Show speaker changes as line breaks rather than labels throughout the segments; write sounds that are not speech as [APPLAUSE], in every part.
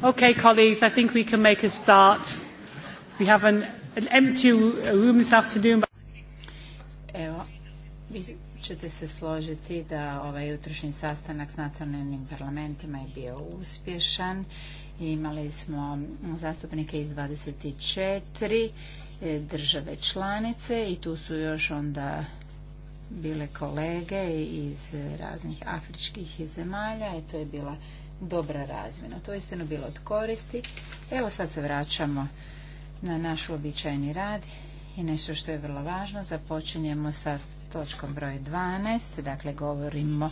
Ok, colleagues, I think we can make a start. We have an, empty room this afternoon. Evo, vi ćete se
složiti da ovaj jutrošnji sastanak s nacionalnim parlamentima je bio uspješan. Imali smo zastupnike iz 24 e, države članice i tu su još onda bile kolege iz raznih afričkih zemalja i to je bila dobra razmjena. To je istinu bilo od koristi. Evo sad se vraćamo na naš običajni rad i nešto što je vrlo važno. Započinjemo sa točkom broj 12, dakle govorimo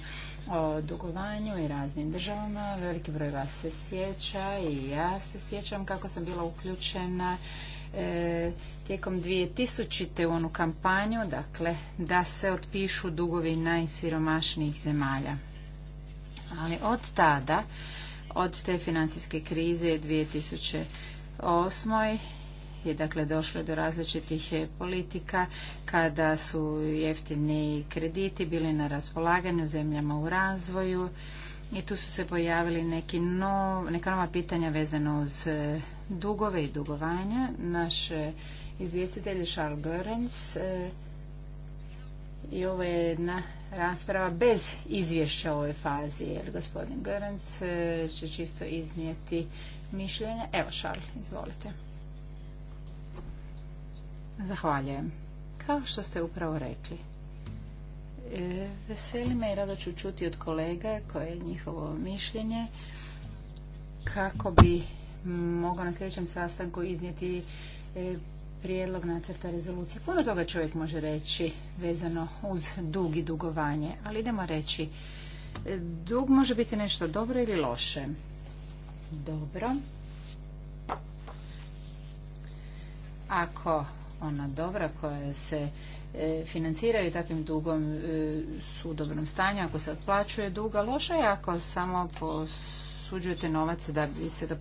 o dugovanju i raznim državama. Veliki broj vas se sjeća i ja se sjećam kako sam bila uključena e, tijekom 2000. u onu kampanju, dakle da se otpišu dugovi najsiromašnijih zemalja. Ali od tada, od te financijske krize 2008 je dakle došlo do različitih e, politika kada su jeftini krediti bili na raspolaganju zemljama u razvoju i tu su se pojavili neki neka nova pitanja vezano uz e, dugove i dugovanja. Naš e, izvjestitelj Charles Görens i ovo je jedna rasprava bez izvješća o ovoj fazi, jer gospodin Gorenc e, će čisto iznijeti mišljenje. Evo, Šarl, izvolite. Zahvaljujem. Kao što ste upravo rekli, e, veseli me i rado ću čuti od kolega koje je njihovo mišljenje kako bi mogao na sljedećem sastanku iznijeti e, prijedlog nacrta rezolucije. Puno toga čovjek može reći vezano uz dug i dugovanje, ali idemo reći e, dug može biti nešto dobro ili loše. Dobro. Ako ona dobra koja se e, financiraju takvim dugom e, su u dobrom stanju, ako se otplaćuje duga, loša je ako samo posuđujete novac da bi se to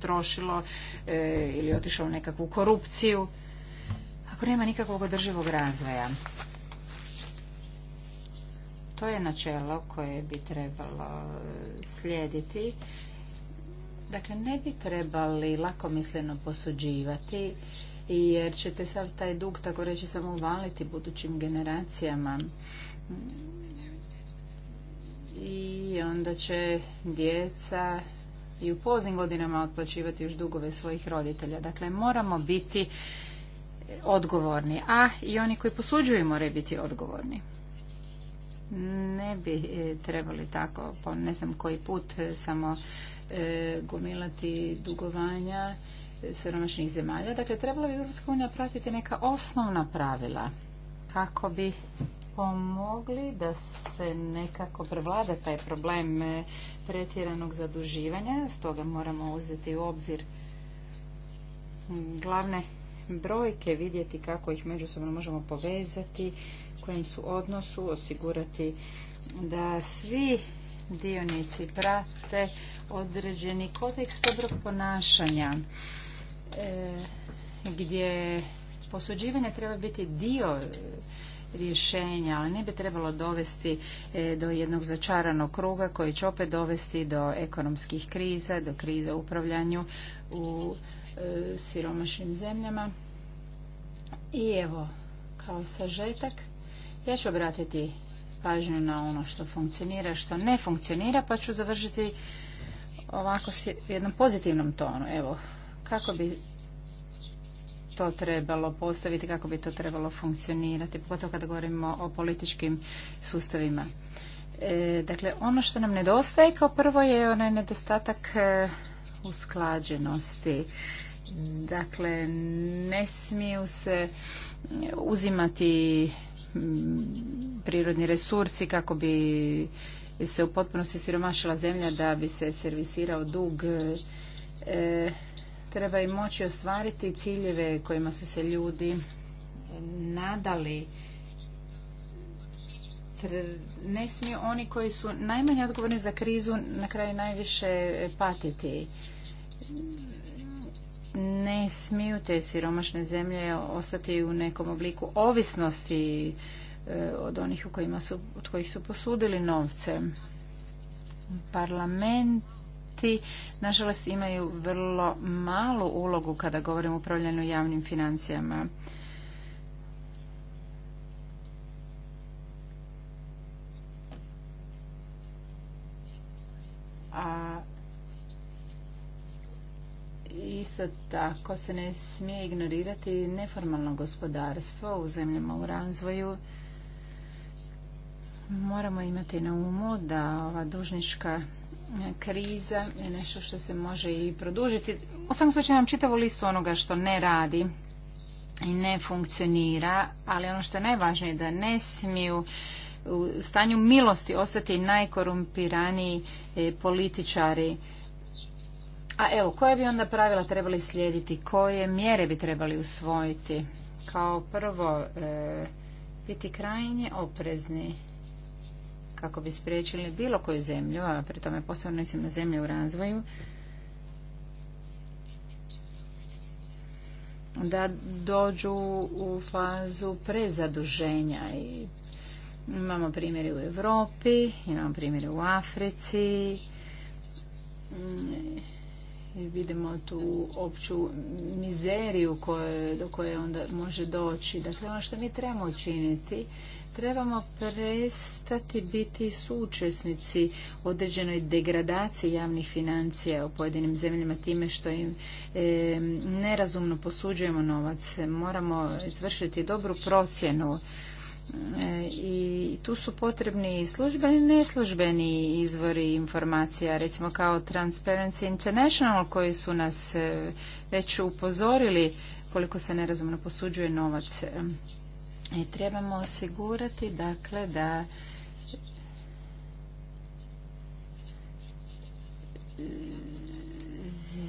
trošilo ili otišlo u nekakvu korupciju. Ako nema nikakvog održivog razvoja, to je načelo koje bi trebalo slijediti. Dakle, ne bi trebali lakomisleno posuđivati, jer ćete sav taj dug, tako reći, samo uvaliti budućim generacijama. I onda će djeca i u poznim godinama otplaćivati još dugove svojih roditelja. Dakle, moramo biti odgovorni, a i oni koji posuđuju moraju biti odgovorni. Ne bi e, trebali tako, po ne znam koji put, e, samo e, gomilati dugovanja siromašnih zemalja. Dakle, trebala bi Europska unija pratiti neka osnovna pravila kako bi pomogli da se nekako prevlada taj problem pretjeranog zaduživanja. Stoga moramo uzeti u obzir glavne brojke, vidjeti kako ih međusobno možemo povezati, kojem su odnosu, osigurati da svi dionici prate određeni kodeks dobrog ponašanja e, gdje posuđivanje treba biti dio rješenja, ali ne bi trebalo dovesti e, do jednog začaranog kruga koji će opet dovesti do ekonomskih kriza, do kriza u upravljanju u E, siromašnim zemljama. I evo, kao sažetak, ja ću obratiti pažnju na ono što funkcionira, što ne funkcionira, pa ću završiti ovako u jednom pozitivnom tonu. Evo, kako bi to trebalo postaviti, kako bi to trebalo funkcionirati, pogotovo kada govorimo o političkim sustavima. E, dakle, ono što nam nedostaje kao prvo je onaj nedostatak e, usklađenosti. Dakle, ne smiju se uzimati mm, prirodni resursi kako bi se u potpunosti siromašila zemlja da bi se servisirao dug. E, treba i moći ostvariti ciljeve kojima su se ljudi nadali ne smiju oni koji su najmanje odgovorni za krizu na kraju najviše patiti ne smiju te siromašne zemlje ostati u nekom obliku ovisnosti e, od onih u kojima su, od kojih su posudili novce. Parlamenti, nažalost, imaju vrlo malu ulogu kada govorimo o upravljanju javnim financijama. A Isto tako se ne smije ignorirati neformalno gospodarstvo u zemljama u razvoju. Moramo imati na umu da ova dužnička kriza je nešto što se može i produžiti. U svakom slučaju imam čitavu listu onoga što ne radi i ne funkcionira, ali ono što je najvažnije da ne smiju u stanju milosti ostati najkorumpiraniji e, političari a evo, koje bi onda pravila trebali slijediti? Koje mjere bi trebali usvojiti? Kao prvo, e, biti krajnje oprezni kako bi spriječili bilo koju zemlju, a pri tome posebno mislim na zemlje u razvoju, da dođu u fazu prezaduženja i imamo primjere u Europi, imamo primjere u Africi, vidimo tu opću mizeriju do koje onda može doći. Dakle, ono što mi trebamo učiniti, trebamo prestati biti sučesnici određenoj degradaciji javnih financija u pojedinim zemljama time što im e, nerazumno posuđujemo novac. Moramo izvršiti dobru procjenu E, i tu su potrebni službeni i neslužbeni izvori informacija, recimo kao Transparency International koji su nas e, već upozorili koliko se nerazumno posuđuje novac. I e, trebamo osigurati dakle da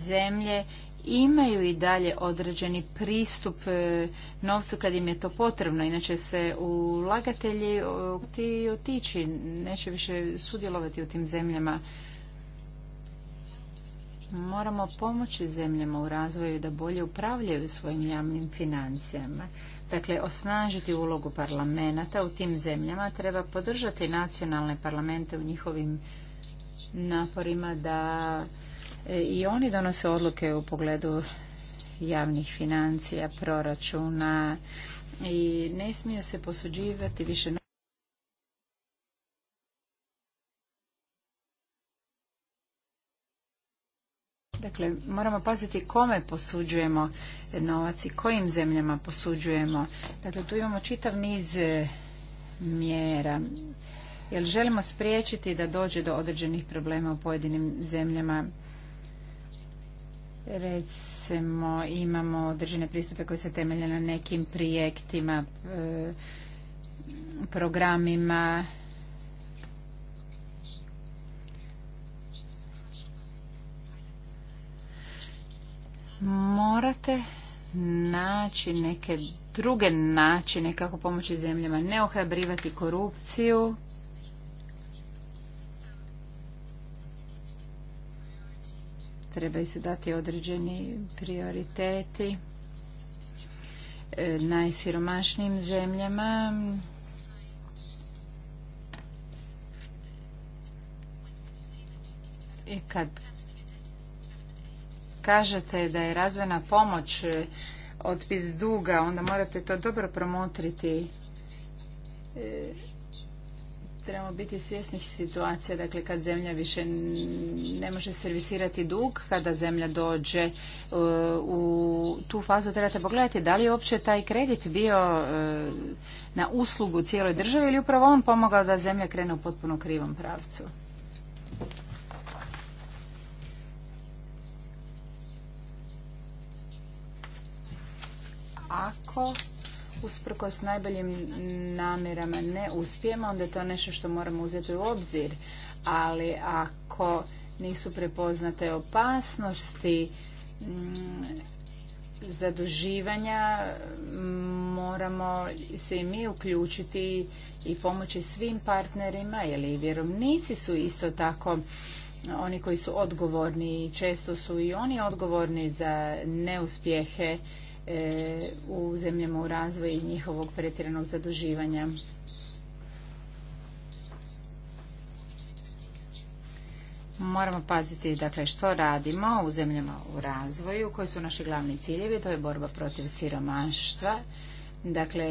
zemlje imaju i dalje određeni pristup e, novcu kad im je to potrebno. Inače se ulagatelji e, ti otići, neće više sudjelovati u tim zemljama. Moramo pomoći zemljama u razvoju da bolje upravljaju svojim javnim financijama. Dakle, osnažiti ulogu parlamenta u tim zemljama treba podržati nacionalne parlamente u njihovim naporima da E, i oni donose odluke u pogledu javnih financija, proračuna i ne smiju se posuđivati više Dakle, moramo paziti kome posuđujemo novac i kojim zemljama posuđujemo. Dakle, tu imamo čitav niz e, mjera. Jer želimo spriječiti da dođe do određenih problema u pojedinim zemljama recimo imamo određene pristupe koje se temelje na nekim projektima, e, programima, morate naći neke druge načine kako pomoći zemljama, ne ohrabrivati korupciju, trebaju se dati određeni prioriteti e, najsiromašnijim zemljama i kad kažete da je razvojna pomoć e, otpis duga onda morate to dobro promotriti e, trebamo biti svjesni situacija, dakle kad zemlja više ne može servisirati dug, kada zemlja dođe uh, u tu fazu trebate pogledati da li je uopće taj kredit bio uh, na uslugu cijeloj državi ili upravo on pomogao da zemlja krene u potpuno krivom pravcu. Ako usprkos najboljim namjerama ne uspijemo, onda je to nešto što moramo uzeti u obzir. Ali ako nisu prepoznate opasnosti mm, zaduživanja, moramo se i mi uključiti i pomoći svim partnerima, jer i vjerovnici su isto tako oni koji su odgovorni i često su i oni odgovorni za neuspjehe E, u zemljama u razvoju i njihovog pretjeranog zaduživanja. Moramo paziti dakle, što radimo u zemljama u razvoju, koji su naši glavni ciljevi, to je borba protiv siromaštva. Dakle,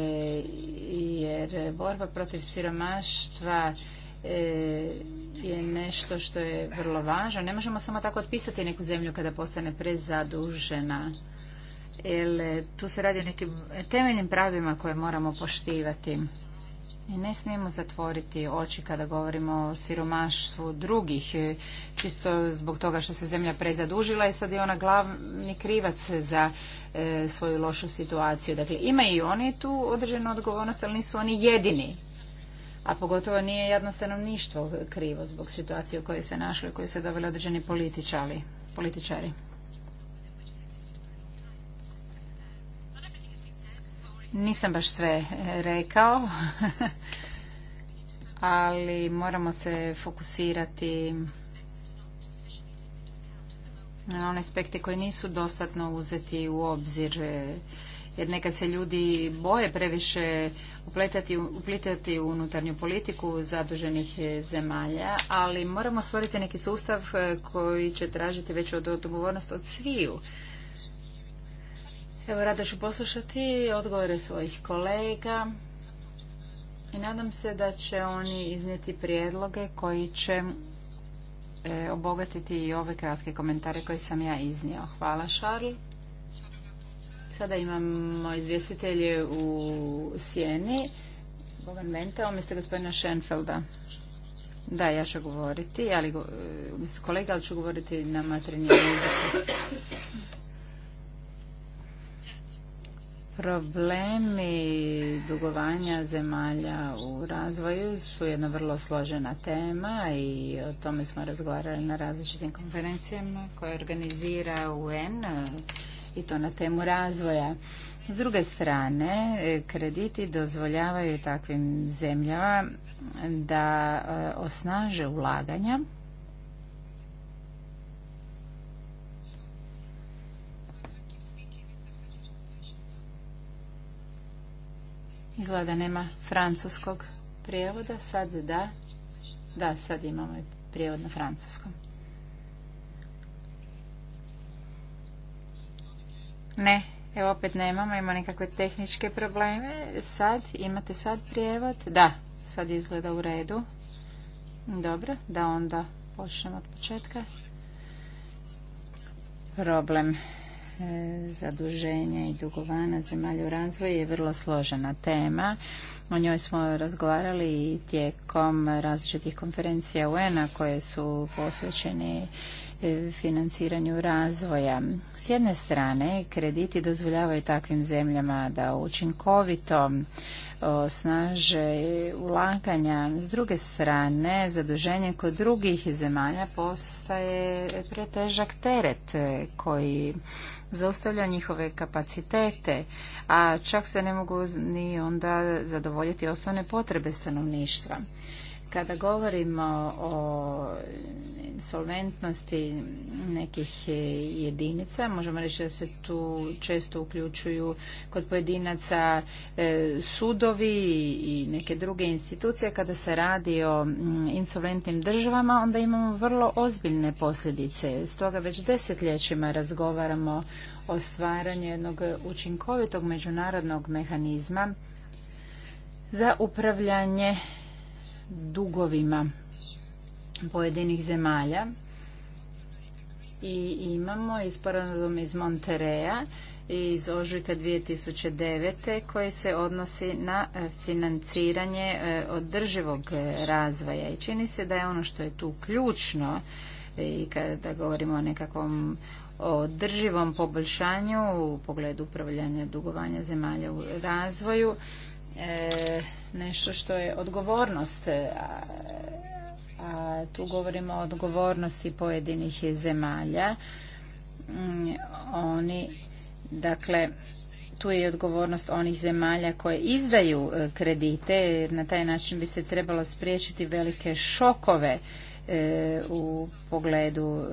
jer borba protiv siromaštva e, je nešto što je vrlo važno. Ne možemo samo tako otpisati neku zemlju kada postane prezadužena jer e, tu se radi o nekim temeljnim pravima koje moramo poštivati. I ne smijemo zatvoriti oči kada govorimo o siromaštvu drugih, e, čisto zbog toga što se zemlja prezadužila i sad je ona glavni krivac za e, svoju lošu situaciju. Dakle, ima i oni tu određenu odgovornost, ali nisu oni jedini. A pogotovo nije jedno stanovništvo krivo zbog situacije u kojoj se našli i kojoj su doveli određeni političari. političari. Nisam baš sve e, rekao, [LAUGHS] ali moramo se fokusirati na one aspekte koji nisu dostatno uzeti u obzir e, jer nekad se ljudi boje previše upletati, uplitati u unutarnju politiku zaduženih e, zemalja, ali moramo stvoriti neki sustav koji će tražiti veću odgovornost od sviju. Evo, rado ću poslušati odgovore svojih kolega i nadam se da će oni iznijeti prijedloge koji će e, obogatiti i ove kratke komentare koje sam ja iznio. Hvala, Šarl. Sada imamo izvjestitelje u Sjeni. Bogan Venta, umjesto gospodina Šenfelda. Da, ja ću govoriti, ali e, umjesto kolega, ali ću govoriti na materinjem Problemi dugovanja zemalja u razvoju su jedna vrlo složena tema i o tome smo razgovarali na različitim konferencijama koje organizira UN e, i to na temu razvoja. S druge strane, e, krediti dozvoljavaju takvim zemljama da e, osnaže ulaganja Izgleda da nema francuskog prijevoda. Sad da. Da, sad imamo prijevod na francuskom. Ne, evo opet nemamo, Imamo nekakve tehničke probleme. Sad, imate sad prijevod? Da, sad izgleda u redu. Dobro, da onda počnemo od početka. Problem E, zaduženja i dugovana zemalja u razvoju je vrlo složena tema. O njoj smo razgovarali i tijekom različitih konferencija UN-a koje su posvećene E, financiranju razvoja. S jedne strane, krediti dozvoljavaju takvim zemljama da učinkovito e, snaže ulaganja. S druge strane, zaduženje kod drugih zemalja postaje pretežak teret e, koji zaustavlja njihove kapacitete, a čak se ne mogu ni onda zadovoljiti osnovne potrebe stanovništva. Kada govorimo o insolventnosti nekih jedinica, možemo reći da se tu često uključuju kod pojedinaca e, sudovi i neke druge institucije. Kada se radi o insolventnim državama, onda imamo vrlo ozbiljne posljedice. Stoga već desetljećima razgovaramo o stvaranju jednog učinkovitog međunarodnog mehanizma za upravljanje dugovima pojedinih zemalja i imamo isporazum iz Montereja iz ožujka 2009. koji se odnosi na e, financiranje e, održivog razvoja i čini se da je ono što je tu ključno e, i kada govorimo o nekakvom održivom poboljšanju u pogledu upravljanja dugovanja zemalja u razvoju E, nešto što je odgovornost e, a, tu govorimo o odgovornosti pojedinih zemalja mm, oni dakle tu je i odgovornost onih zemalja koje izdaju e, kredite na taj način bi se trebalo spriječiti velike šokove u pogledu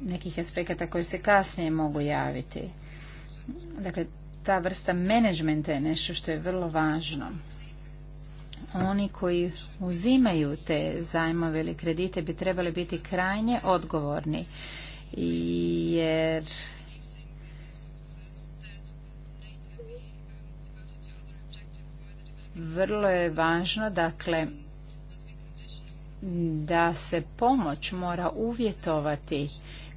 nekih aspekata koji se kasnije mogu javiti. Dakle, ta vrsta menadžmenta je nešto što je vrlo važno. Oni koji uzimaju te zajmove ili kredite bi trebali biti krajnje odgovorni jer vrlo je važno dakle da se pomoć mora uvjetovati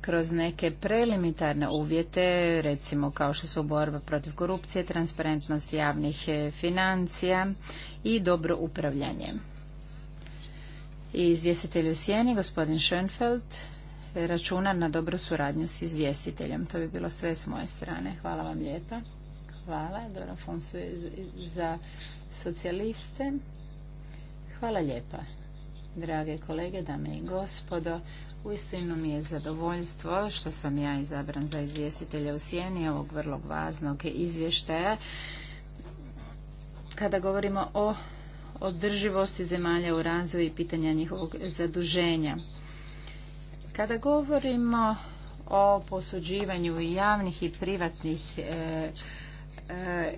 kroz neke prelimitarne uvjete, recimo kao što su borba protiv korupcije, transparentnost javnih e, financija i dobro upravljanje. I izvjestitelj u sjeni, gospodin Schönfeld, računa na dobru suradnju s izvjestiteljem. To bi bilo sve s moje strane. Hvala vam lijepa. Hvala, Dora Fonsu za socijaliste. Hvala lijepa, drage kolege, dame i gospodo. Uistinu mi je zadovoljstvo što sam ja izabran za izvjestitelja u sjeni ovog vrlo važnog izvještaja. Kada govorimo o održivosti zemalja u razvoju i pitanja njihovog zaduženja. Kada govorimo o posuđivanju javnih i privatnih e, e,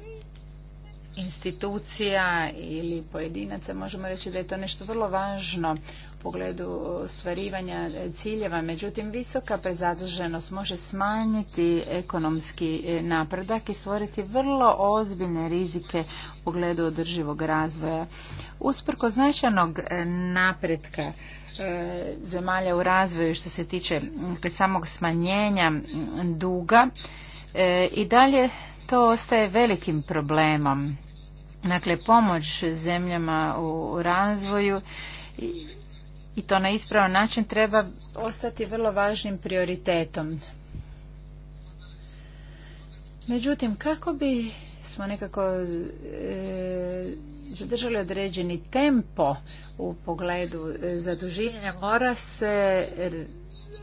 institucija ili pojedinaca, možemo reći da je to nešto vrlo važno pogledu ostvarivanja ciljeva, međutim visoka prezaduženost može smanjiti ekonomski e, napredak i stvoriti vrlo ozbiljne rizike u pogledu održivog razvoja. Usprko značajnog e, napretka e, zemalja u razvoju što se tiče samog smanjenja duga i dalje to ostaje velikim problemom. Dakle, pomoć zemljama u razvoju i to na ispravan način treba ostati vrlo važnim prioritetom. Međutim, kako bi smo nekako e, zadržali određeni tempo u pogledu e, zaduživanja, mora se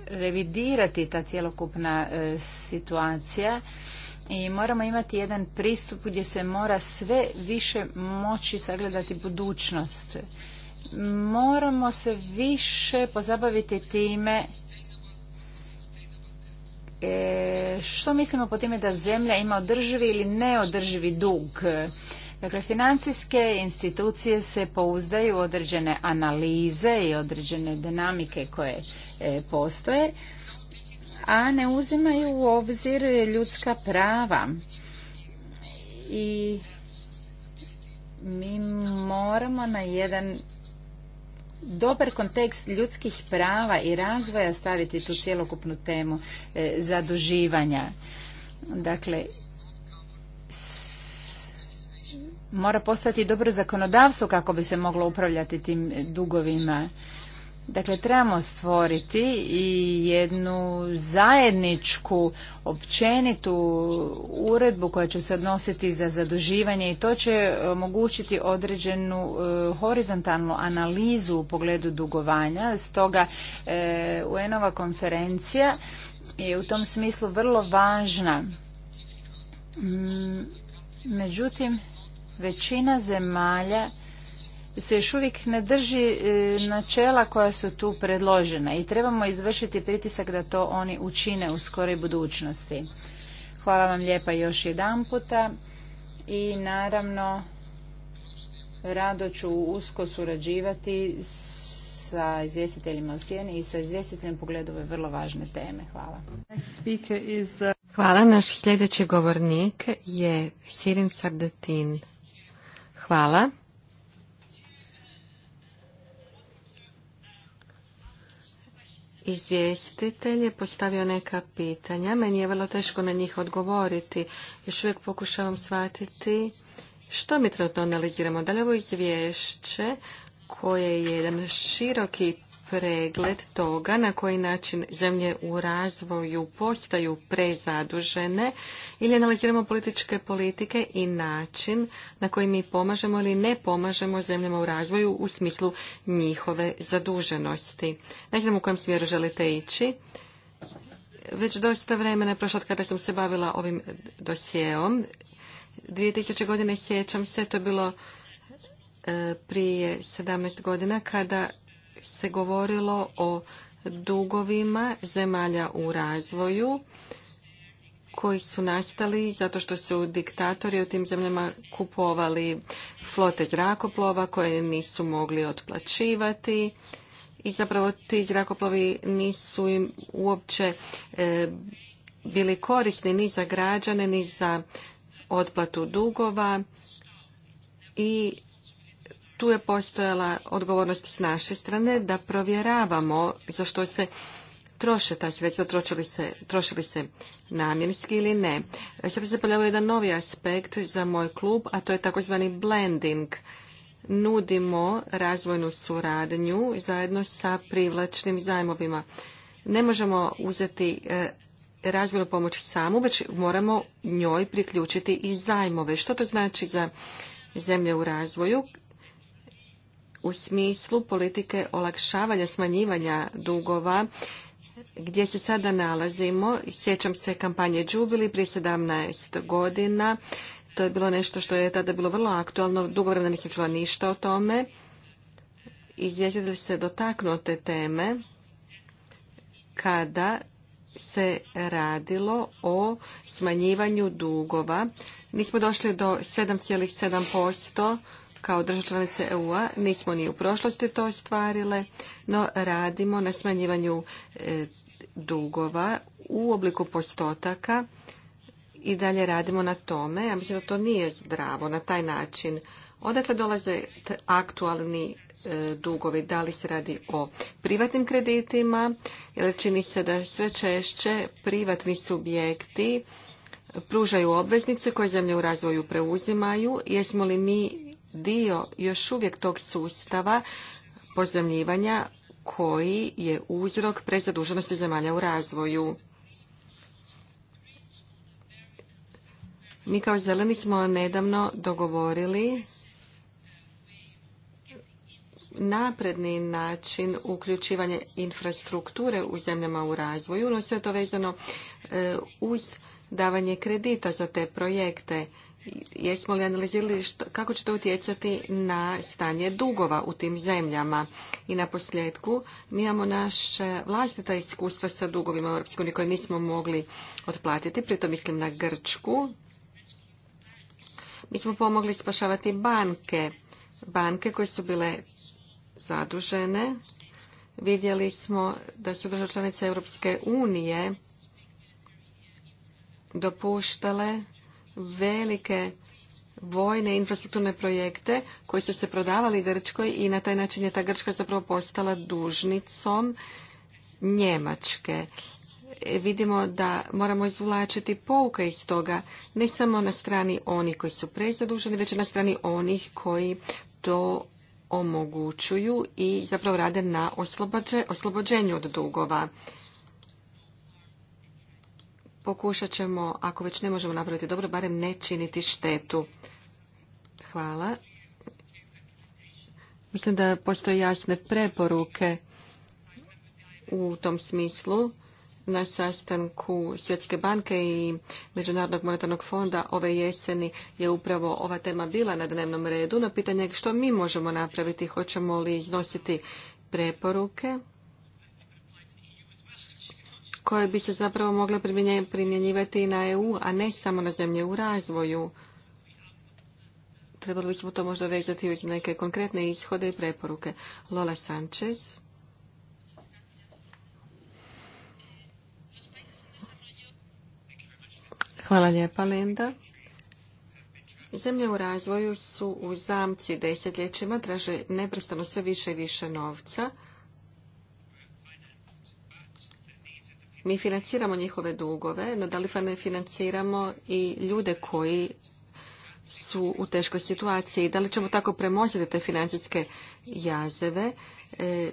revidirati ta cjelokupna e, situacija i moramo imati jedan pristup gdje se mora sve više moći sagledati budućnost moramo se više pozabaviti time e, što mislimo po time da zemlja ima održivi ili neodrživi dug. Dakle, financijske institucije se pouzdaju određene analize i određene dinamike koje e, postoje, a ne uzimaju u obzir ljudska prava. I mi moramo na jedan dobar kontekst ljudskih prava i razvoja staviti tu cjelokupnu temu e, zaduživanja. Dakle, mora postati dobro zakonodavstvo kako bi se moglo upravljati tim dugovima Dakle, trebamo stvoriti i jednu zajedničku, općenitu uredbu koja će se odnositi za zaduživanje i to će omogućiti određenu e, horizontalnu analizu u pogledu dugovanja. Stoga e, UN-ova konferencija je u tom smislu vrlo važna. Međutim, većina zemalja se još uvijek ne drži e, načela koja su tu predložena i trebamo izvršiti pritisak da to oni učine u skoroj budućnosti. Hvala vam lijepa još jedan puta i naravno rado ću usko surađivati sa izvjestiteljima u Sjeni i sa izvjestiteljem pogledu ove vrlo važne
teme. Hvala. Uh,
Hvala. Naš sljedeći govornik je Sirin Sardetin. Hvala. Izvjestitelj je postavio neka pitanja. Meni je vrlo teško na njih odgovoriti. Još uvijek pokušavam shvatiti što mi trenutno analiziramo. Da li ovo izvješće koje je jedan široki pregled toga na koji način zemlje u razvoju postaju prezadužene ili analiziramo političke politike i način na koji mi pomažemo ili ne pomažemo zemljama u razvoju u smislu njihove zaduženosti. Ne znam u kojem smjeru želite ići. Već dosta vremena je prošlo od kada sam se bavila ovim dosjeom. 2000 godine sjećam se, to je bilo e, prije 17 godina kada se govorilo o dugovima zemalja u razvoju koji su nastali zato što su diktatori u tim zemljama kupovali flote zrakoplova koje nisu mogli otplaćivati i zapravo ti zrakoplovi nisu im uopće e, bili korisni ni za građane ni za otplatu dugova i tu je postojala odgovornost s naše strane da provjeravamo za što se troše ta sredstva, trošili se, se namjenski ili ne. Sada se pojavio jedan novi aspekt za moj klub, a to je takozvani blending. Nudimo razvojnu suradnju zajedno sa privlačnim zajmovima. Ne možemo uzeti e, razvojnu pomoć samu, već moramo njoj priključiti i zajmove. Što to znači za zemlje u razvoju? u smislu politike olakšavanja smanjivanja dugova gdje se sada nalazimo. Sjećam se kampanje Džubili prije 17 godina. To je bilo nešto što je tada bilo vrlo aktualno. Dugo vremena nisam čula ništa o tome. Izvjestitelj se dotaknuo te teme kada se radilo o smanjivanju dugova. Nismo došli do 7,7%, kao države članice EU-a nismo ni u prošlosti to ostvarile, no radimo na smanjivanju e, dugova u obliku postotaka i dalje radimo na tome. Ja mislim da to nije zdravo na taj način. Odakle dolaze aktualni e, dugovi, da li se radi o privatnim kreditima, jer čini se da sve češće privatni subjekti pružaju obveznice koje zemlje u razvoju preuzimaju. Jesmo li mi dio još uvijek tog sustava pozemljivanja koji je uzrok prezaduženosti zemalja u razvoju. Mi kao zeleni smo nedavno dogovorili napredni način uključivanja infrastrukture u zemljama u razvoju, no sve to vezano e, uz davanje kredita za te projekte jesmo li analizirali kako će to utjecati na stanje dugova u tim zemljama. I na posljedku mi imamo naše vlastita iskustva sa dugovima u EU koje nismo mogli otplatiti, pritom mislim na Grčku. Mi smo pomogli spašavati banke, banke koje su bile zadužene. Vidjeli smo da su države članice Europske unije dopuštale velike vojne infrastrukturne projekte koji su se prodavali Grčkoj i na taj način je ta Grčka zapravo postala dužnicom Njemačke. E, vidimo da moramo izvlačiti pouka iz toga, ne samo na strani onih koji su prezaduženi, već i na strani onih koji to omogućuju i zapravo rade na oslobođenju od dugova pokušat ćemo, ako već ne možemo napraviti dobro, barem ne činiti štetu. Hvala. Mislim da postoje jasne preporuke u tom smislu na sastanku Svjetske banke i Međunarodnog monetarnog fonda ove jeseni je upravo ova tema bila na dnevnom redu, Na pitanje što mi možemo napraviti, hoćemo li iznositi preporuke koje bi se zapravo mogle primjenjivati i na EU, a ne samo na zemlje u razvoju. Trebali bismo to možda vezati uz neke konkretne ishode i preporuke. Lola Sanchez. Hvala lijepa, Linda. Zemlje u razvoju su u zamci desetljećima, traže neprestano sve više i više novca. Mi financiramo njihove dugove, no da li ne financiramo i ljude koji su u teškoj situaciji. Da li ćemo tako premoćiti te financijske jazeve? E,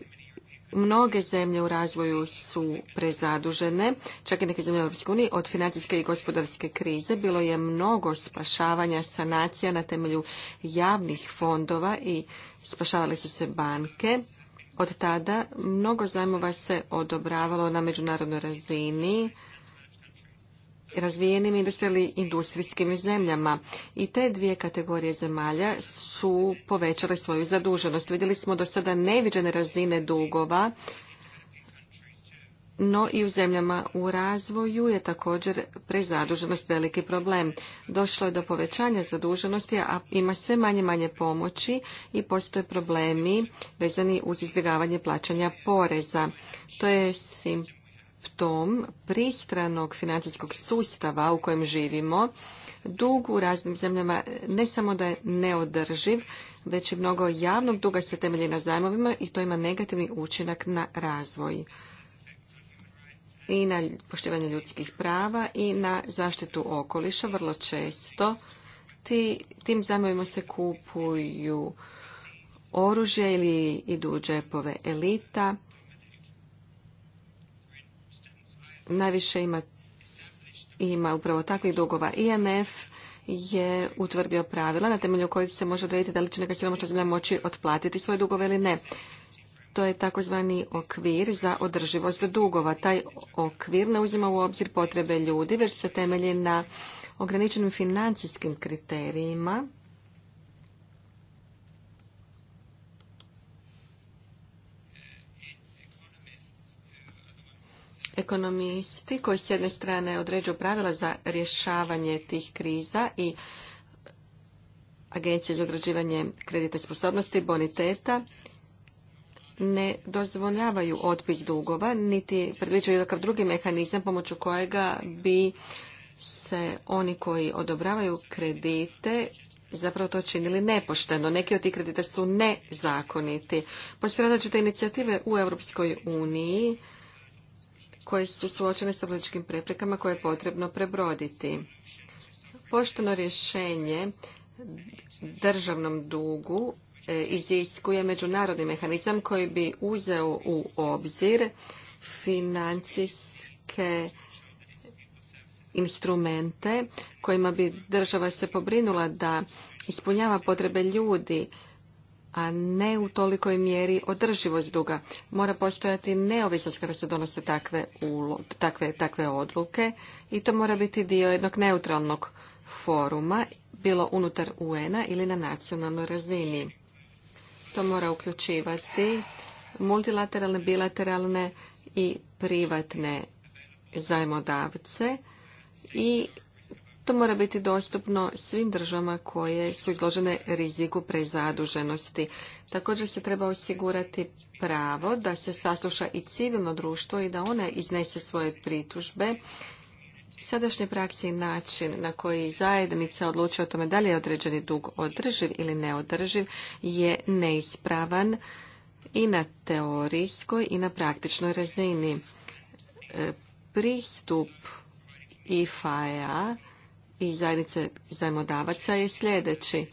mnoge zemlje u razvoju su prezadužene, čak i neke zemlje u EU, od financijske i gospodarske krize. Bilo je mnogo spašavanja, sanacija na temelju javnih fondova i spašavale su se banke. Od tada mnogo zajmova se odobravalo na međunarodnoj razini razvijenim i industrijskim zemljama. I te dvije kategorije zemalja su povećale svoju zaduženost. Vidjeli smo do sada neviđene razine dugova no i u zemljama u razvoju je također prezaduženost veliki problem. Došlo je do povećanja zaduženosti, a ima sve manje manje pomoći i postoje problemi vezani uz izbjegavanje plaćanja poreza. To je simptom pristranog financijskog sustava u kojem živimo. Dug u raznim zemljama ne samo da je neodrživ, već i mnogo javnog duga se temelji na zajmovima i to ima negativni učinak na razvoj i na poštivanje ljudskih prava i na zaštitu okoliša vrlo često. Ti, tim zajmovima se kupuju oružje ili idu u džepove elita. Najviše ima, ima upravo takvih dugova. IMF je utvrdio pravila na temelju kojih se može odrediti da li će neka siromašna zemlja moći otplatiti svoje dugove ili ne to je takozvani okvir za održivost dugova. Taj okvir ne uzima u obzir potrebe ljudi, već se temelji na ograničenim financijskim kriterijima. Ekonomisti koji s jedne strane određuju pravila za rješavanje tih kriza i agencije za određivanje kredita sposobnosti, boniteta, ne dozvoljavaju otpis dugova, niti predviđaju takav drugi mehanizam pomoću kojega bi se oni koji odobravaju kredite zapravo to činili nepošteno. Neki od tih kredita su nezakoniti. Postoje različite inicijative u Europskoj uniji koje su suočene sa političkim preprekama koje je potrebno prebroditi. Pošteno rješenje državnom dugu E, iziskuje međunarodni mehanizam koji bi uzeo u obzir financijske instrumente kojima bi država se pobrinula da ispunjava potrebe ljudi, a ne u tolikoj mjeri održivost duga. Mora postojati neovisnost kada se donose takve, takve, takve odluke i to mora biti dio jednog neutralnog foruma, bilo unutar UN-a ili na nacionalnoj razini što mora uključivati multilateralne, bilateralne i privatne zajmodavce i to mora biti dostupno svim državama koje su izložene riziku prezaduženosti. Također se treba osigurati pravo da se sasluša i civilno društvo i da one iznese svoje pritužbe sadašnje praksi i način na koji zajednica odlučuje o tome da li je određeni dug održiv ili neodrživ je neispravan i na teorijskoj i na praktičnoj razini. E, pristup IFA-a i zajednice zajmodavaca je sljedeći.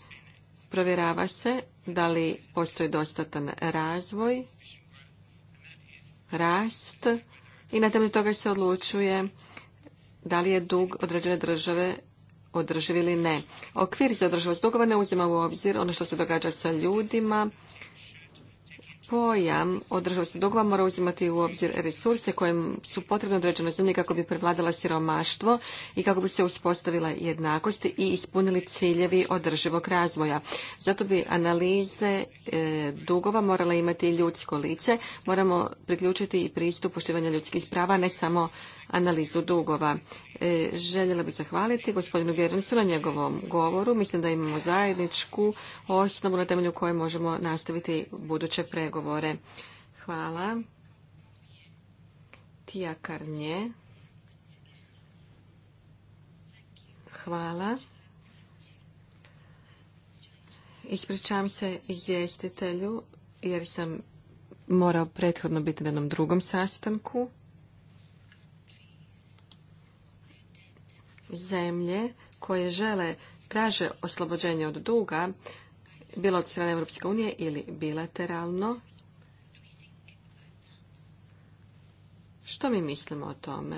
Provjerava se da li postoji dostatan razvoj, rast i na temelju toga se odlučuje da li je dug određene države održiv ili ne. Okvir za održivost dugova ne uzima u obzir ono što se događa sa ljudima. Pojam održivosti dugova mora uzimati u obzir resurse kojim su potrebne određene zemlje kako bi prevladala siromaštvo i kako bi se uspostavila jednakost i ispunili ciljevi održivog razvoja. Zato bi analize e, dugova morala imati ljudsko lice. Moramo priključiti i pristup poštivanja ljudskih prava, ne samo analizu dugova. E, željela bih zahvaliti gospodinu Gerencu na njegovom govoru. Mislim da imamo zajedničku osnovu na temelju koje možemo nastaviti buduće pregovore. Hvala. Tija Karnje. Hvala. Ispričavam se izvjestitelju jer sam morao prethodno biti na jednom drugom sastanku. zemlje koje žele traže oslobođenje od duga, bilo od strane Europske unije ili bilateralno. Što mi mislimo o tome?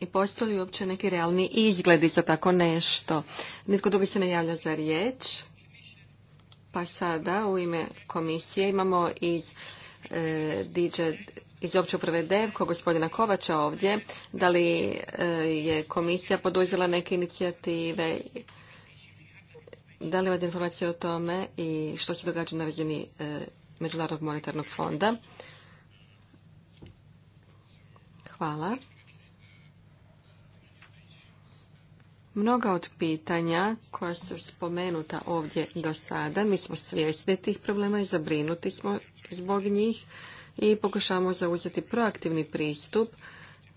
I postoji li uopće neki realni izgledi za tako nešto? Nitko drugi se ne javlja za riječ. Pa sada u ime komisije imamo iz e, iz opće uprave DEVKO, gospodina Kovača ovdje, da li e, je komisija poduzela neke inicijative, da li imate informacije o tome i što se događa na razini e, Međunarodnog monetarnog fonda? Hvala. Mnoga od pitanja koja su spomenuta ovdje do sada, mi smo svjesni tih problema i zabrinuti smo zbog njih i pokušavamo zauzeti proaktivni pristup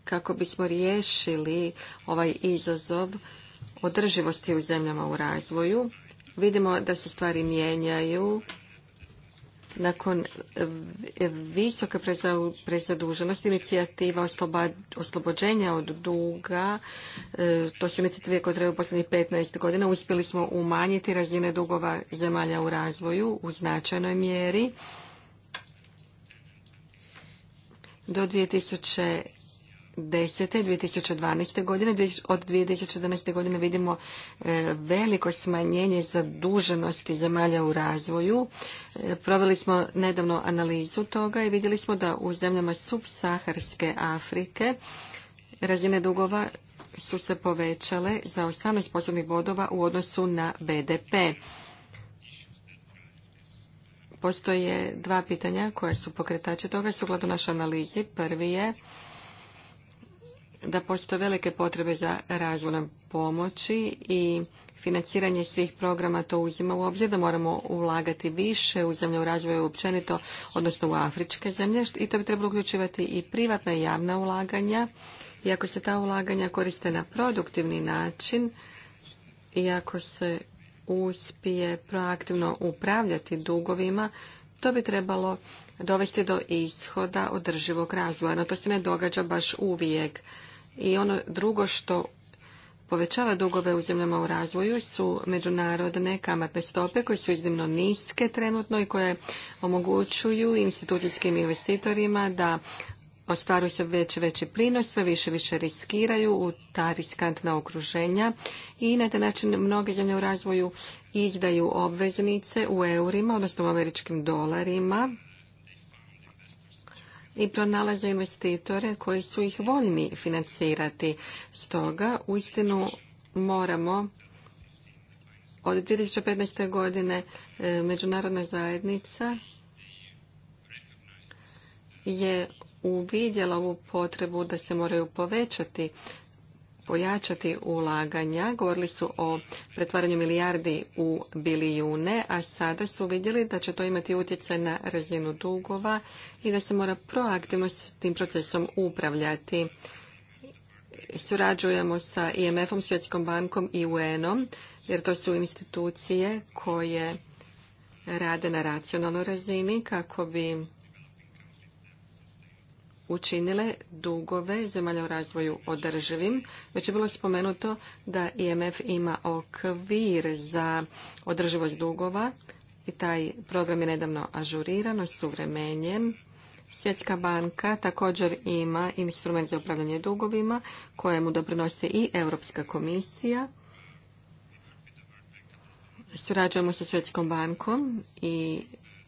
kako bismo riješili ovaj izazov održivosti u zemljama u razvoju. Vidimo da se stvari mijenjaju nakon visoke prezaduženosti inicijativa oslobođenja od duga, e, to su inicijative koje trebaju posljednjih 15 godina, uspjeli smo umanjiti razine dugova zemalja u razvoju u značajnoj mjeri do 2010. 2012. godine. Od 2014. godine vidimo e, veliko smanjenje zaduženosti zemalja u razvoju. E, proveli smo nedavno analizu toga i vidjeli smo da u zemljama subsaharske Afrike razine dugova su se povećale za 18 posebnih bodova u odnosu na BDP. Postoje dva pitanja koja su pokretači toga sukladno našoj analizi. Prvi je da postoje velike potrebe za razvojnom pomoći i financiranje svih programa to uzima u obzir da moramo ulagati više u zemlje u razvoju općenito, odnosno u afričke zemlje i to bi trebalo uključivati i privatna i javna ulaganja. I ako se ta ulaganja koriste na produktivni način i ako se uspije proaktivno upravljati dugovima, to bi trebalo dovesti do ishoda održivog razvoja. No to se ne događa baš uvijek. I ono drugo što povećava dugove u zemljama u razvoju su međunarodne kamatne stope koje su iznimno niske trenutno i koje omogućuju institucijskim investitorima da ostvaruju se već veći prinos, sve više više riskiraju u ta riskantna okruženja i na taj način mnoge zemlje u razvoju izdaju obveznice u eurima, odnosno u američkim dolarima i pronalaze investitore koji su ih voljni financirati. Stoga, u istinu, moramo od 2015. godine e, međunarodna zajednica je uvidjela ovu potrebu da se moraju povećati pojačati ulaganja. Govorili su o pretvaranju milijardi u bilijune, a sada su vidjeli da će to imati utjecaj na razinu dugova i da se mora proaktivno s tim procesom upravljati. Surađujemo sa IMF-om, Svjetskom bankom i UN-om, jer to su institucije koje rade na racionalnoj razini kako bi učinile dugove zemalja u razvoju održivim. Već je bilo spomenuto da IMF ima okvir za održivost dugova i taj program je nedavno ažuriran, osuvremenjen. Svjetska banka također ima instrument za upravljanje dugovima kojemu doprinose i Europska komisija. Surađujemo sa Svjetskom bankom i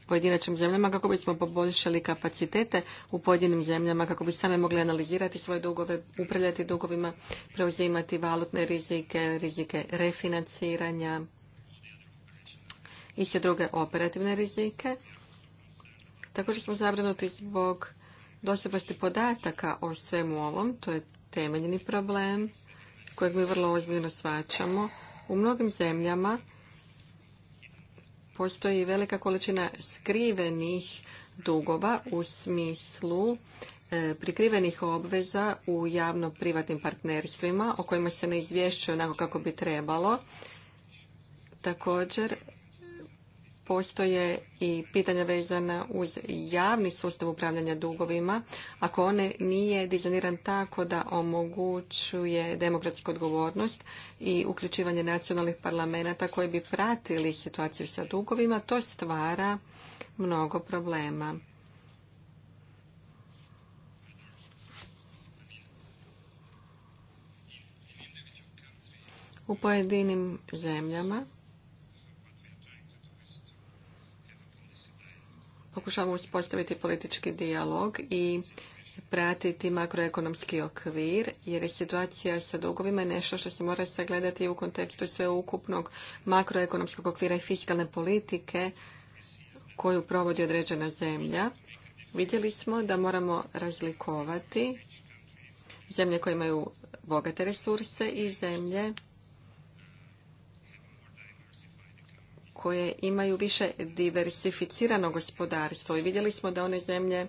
pojedinačnim zemljama kako bismo poboljšali kapacitete u pojedinim zemljama kako bi same mogli analizirati svoje dugove, upravljati dugovima, preuzimati valutne rizike, rizike refinanciranja i sve druge operativne rizike. Također smo zabrinuti zbog dostupnosti podataka o svemu ovom, to je temeljni problem kojeg mi vrlo ozbiljno svačamo. U mnogim zemljama postoji velika količina skrivenih dugova u smislu e, prikrivenih obveza u javno-privatnim partnerstvima o kojima se ne izvješćuje onako kako bi trebalo. Također postoje i pitanja vezana uz javni sustav upravljanja dugovima, ako one nije dizajniran tako da omogućuje demokratsku odgovornost i uključivanje nacionalnih parlamenta koji bi pratili situaciju sa dugovima, to stvara mnogo problema. U pojedinim zemljama pokušavamo uspostaviti politički dijalog i pratiti makroekonomski okvir, jer je situacija sa dugovima nešto što se mora sagledati u kontekstu sveukupnog makroekonomskog okvira i fiskalne politike koju provodi određena zemlja. Vidjeli smo da moramo razlikovati zemlje koje imaju bogate resurse i zemlje koje imaju više diversificirano gospodarstvo i vidjeli smo da one zemlje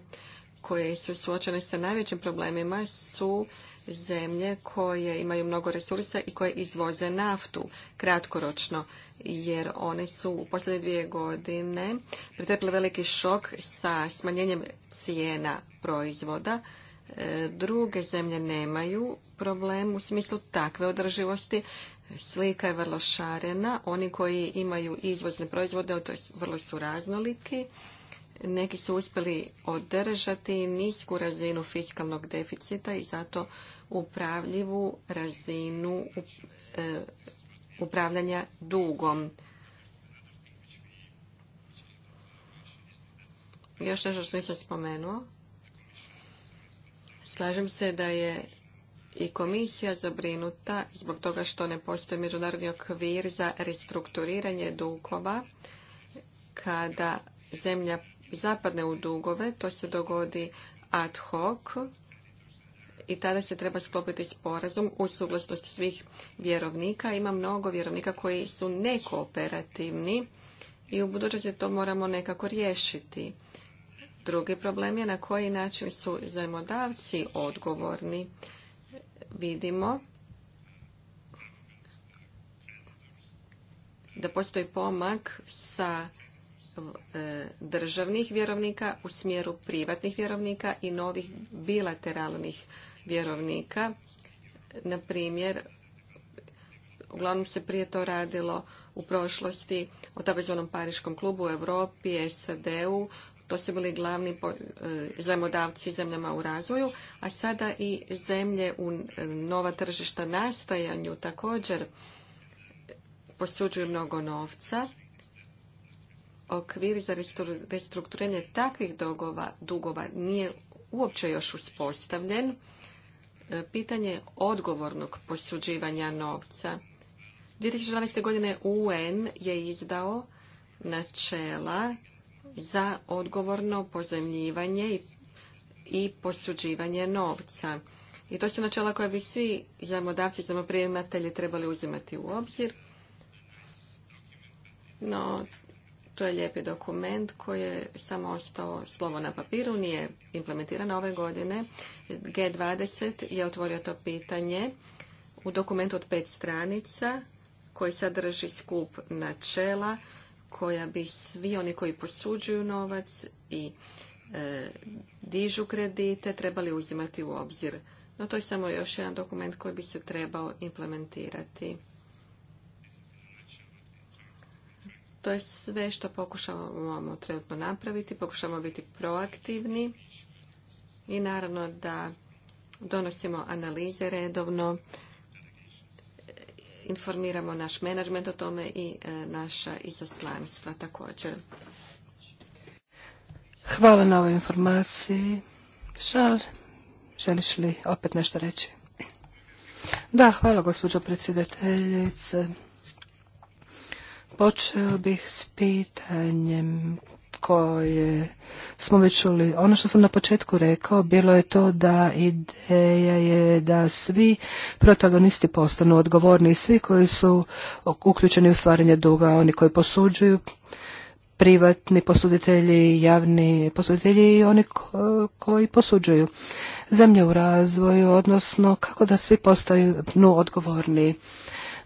koje su suočene sa najvećim problemima su zemlje koje imaju mnogo resursa i koje izvoze naftu kratkoročno, jer one su u posljednje dvije godine pretrpile veliki šok sa smanjenjem cijena proizvoda. E, druge zemlje nemaju problem u smislu takve održivosti, Slika je vrlo šarena. Oni koji imaju izvozne proizvode, to je vrlo su raznoliki. Neki su uspjeli održati nisku razinu fiskalnog deficita i zato upravljivu razinu e, upravljanja dugom. Još nešto što nisam spomenuo. Slažem se da je i komisija zabrinuta zbog toga što ne postoji međunarodni okvir za restrukturiranje dugova kada zemlja zapadne u dugove, to se dogodi ad hoc i tada se treba sklopiti sporazum u suglasnosti svih vjerovnika. Ima mnogo vjerovnika koji su nekooperativni i u budućnosti to moramo nekako riješiti. Drugi problem je na koji način su zajmodavci odgovorni vidimo da postoji pomak sa e, državnih vjerovnika u smjeru privatnih vjerovnika i novih bilateralnih vjerovnika. Na primjer, uglavnom se prije to radilo u prošlosti o tzv. Pariškom klubu u Europi, SAD-u, to su bili glavni e, zajmodavci zemljama u razvoju, a sada i zemlje u e, nova tržišta nastajanju također posuđuju mnogo novca. Okvir za restrukturiranje takvih dugova, dugova nije uopće još uspostavljen. E, pitanje odgovornog posuđivanja novca. 2012. godine UN je izdao načela za odgovorno pozemljivanje i posuđivanje novca. I to su načela koja bi svi zajmodavci, zajmoprijematelji trebali uzimati u obzir. No, to je lijepi dokument koji je samo ostao slovo na papiru, nije implementiran ove godine. G20 je otvorio to pitanje u dokumentu od pet stranica koji sadrži skup načela koja bi svi oni koji posuđuju novac i e, dižu kredite trebali uzimati u obzir. No to je samo još jedan dokument koji bi se trebao implementirati. To je sve što pokušavamo trenutno napraviti, pokušavamo biti proaktivni i naravno da donosimo analize redovno informiramo naš menadžment o tome i e, naša izoslanstva također.
Hvala na ovoj informaciji. Šal, želiš li opet nešto reći? Da, hvala gospođo predsjedateljice. Počeo bih s pitanjem koje smo već čuli. Ono što sam na početku rekao, bilo je to da ideja je da svi protagonisti postanu odgovorni i svi koji su uključeni u stvaranje duga, oni koji posuđuju, privatni posuditelji, javni posuditelji i oni koji posuđuju zemlje u razvoju, odnosno kako da svi postaju odgovorni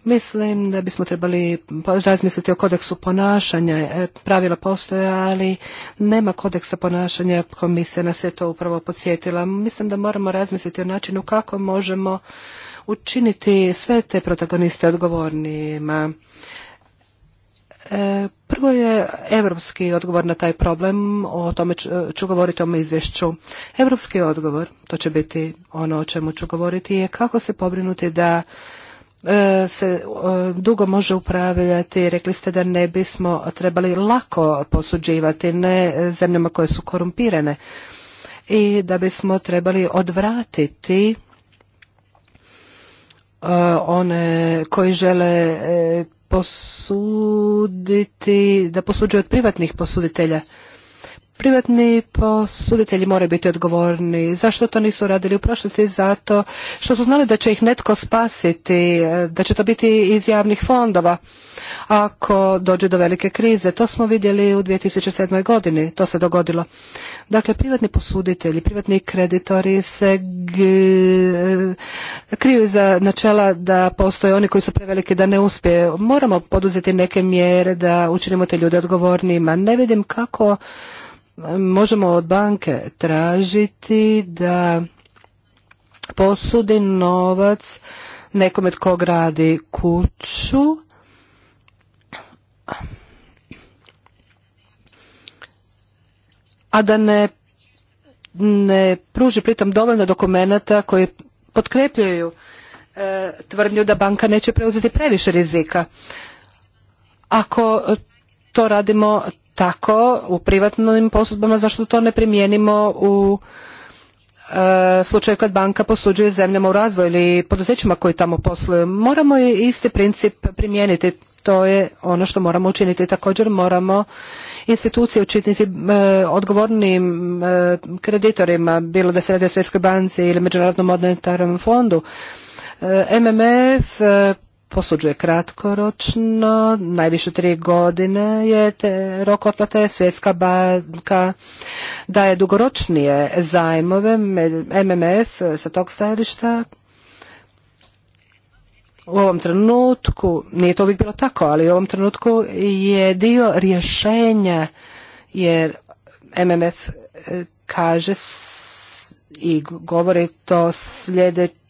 Mislim da bismo trebali pa razmisliti o kodeksu ponašanja. E, pravila postoje, ali nema kodeksa ponašanja. Komisija nas je to upravo podsjetila. Mislim da moramo razmisliti o načinu kako možemo učiniti sve te protagoniste odgovornijima. E, prvo je evropski odgovor na taj problem, o tome ću, govoriti o ovom izvješću. Evropski odgovor, to će biti ono o čemu ću govoriti, je kako se pobrinuti da E, se e, dugo može upravljati. Rekli ste da ne bismo trebali lako posuđivati, ne zemljama koje su korumpirane i da bismo trebali odvratiti e, one koji žele posuditi, da posuđuju od privatnih posuditelja. Privatni posuditelji moraju biti odgovorni. Zašto to nisu radili u prošlosti? Zato što su znali da će ih netko spasiti, e, da će to biti iz javnih fondova ako dođe do velike krize. To smo vidjeli u 2007. godini. To se dogodilo. Dakle, privatni posuditelji, privatni kreditori se e, kriju za načela da postoje oni koji su preveliki da ne uspije. Moramo poduzeti neke mjere da učinimo te ljude odgovornima. Ne vidim kako možemo od banke tražiti da posudi novac nekome tko gradi kuću a da ne, ne pruži pritom dovoljno dokumenata koji potkrepljuju e, tvrdnju da banka neće preuzeti previše rizika. Ako to radimo tako u privatnim posudbama, zašto to ne primijenimo u e, slučaju kad banka posuđuje zemljama u razvoju ili poduzećima koji tamo posluju. Moramo isti princip primijeniti. To je ono što moramo učiniti. Također moramo institucije učiniti e, odgovornim e, kreditorima, bilo da se radi o Svjetskoj banci ili Međunarodnom monetarnom fondu. MMF posuđuje kratkoročno, najviše tri godine je te, rok otplate, svjetska banka daje dugoročnije zajmove, MMF sa tog stajališta. U ovom trenutku, nije to uvijek bilo tako, ali u ovom trenutku je dio rješenja jer MMF e, kaže i govori to sljedeće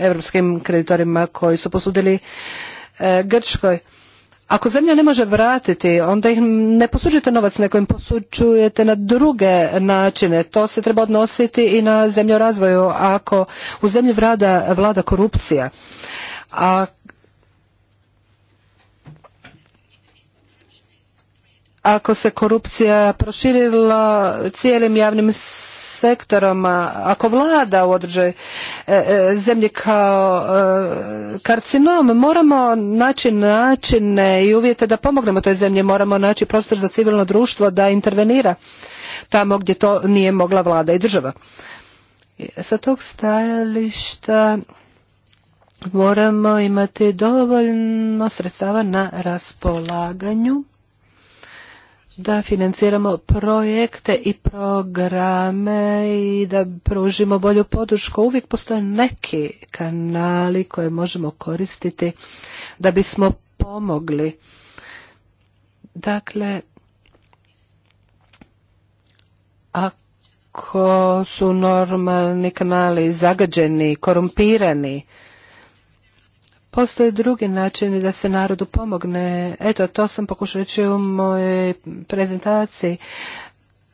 europskim kreditorima koji su posudili e, Grčkoj. Ako zemlja ne može vratiti, onda ih ne posuđujete novac, nego im posuđujete na druge načine. To se treba odnositi i na zemlju razvoju. Ako u zemlji vlada, vlada korupcija, a ako se korupcija proširila cijelim javnim sektorom, ako vlada u e, e, zemlje kao e, karcinom, moramo naći načine i uvjete da pomognemo toj zemlji, moramo naći prostor za civilno društvo da intervenira tamo gdje to nije mogla vlada i država. Sa tog stajališta moramo imati dovoljno sredstava na raspolaganju da financiramo projekte i programe i da pružimo bolju podršku. Uvijek postoje neki kanali koje možemo koristiti da bismo pomogli. Dakle, ako su normalni kanali zagađeni, korumpirani, postoje drugi načini da se narodu pomogne. Eto, to sam pokušao reći u mojoj prezentaciji.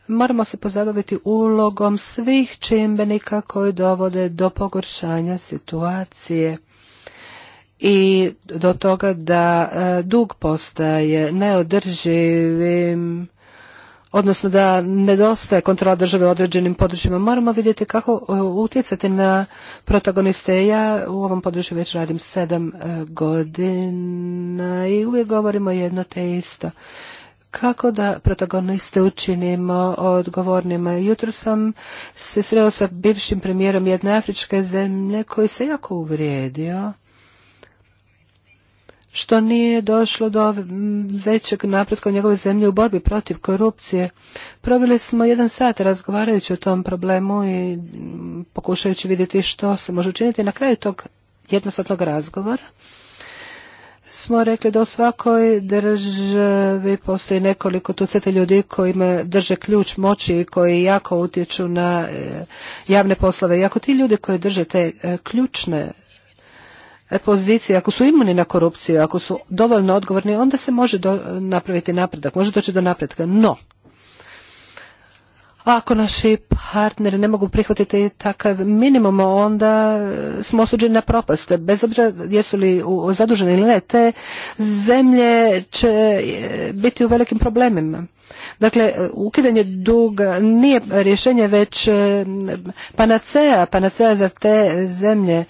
Moramo se pozabaviti ulogom svih čimbenika koji dovode do pogoršanja situacije i do toga da e, dug postaje neodrživim odnosno da nedostaje kontrola države u određenim područjima. Moramo vidjeti kako e, utjecati na protagoniste. Ja u ovom području već radim sedam e, godina i uvijek govorimo jedno te isto. Kako da protagoniste učinimo odgovornima? Jutro sam se sreo sa bivšim premijerom jedne afričke zemlje koji se jako uvrijedio što nije došlo do većeg napretka u njegove zemlje u borbi protiv korupcije. Proveli smo jedan sat razgovarajući o tom problemu i pokušajući vidjeti što se može učiniti. Na kraju tog jednostavnog razgovora smo rekli da u svakoj državi postoji nekoliko tucete ljudi koji drže ključ moći i koji jako utječu na e, javne poslove. I ako ti ljudi koji drže te e, ključne pozicije, ako su imuni na korupciju, ako su dovoljno odgovorni, onda se može napraviti napredak, može doći do napretka. No, ako naši partneri ne mogu prihvatiti takav minimum, onda e, smo osuđeni na propast. Bez obzira jesu li zaduženi ili ne, te zemlje će e, biti u velikim problemima. Dakle, e, ukidanje duga nije rješenje već panacea, panacea za te zemlje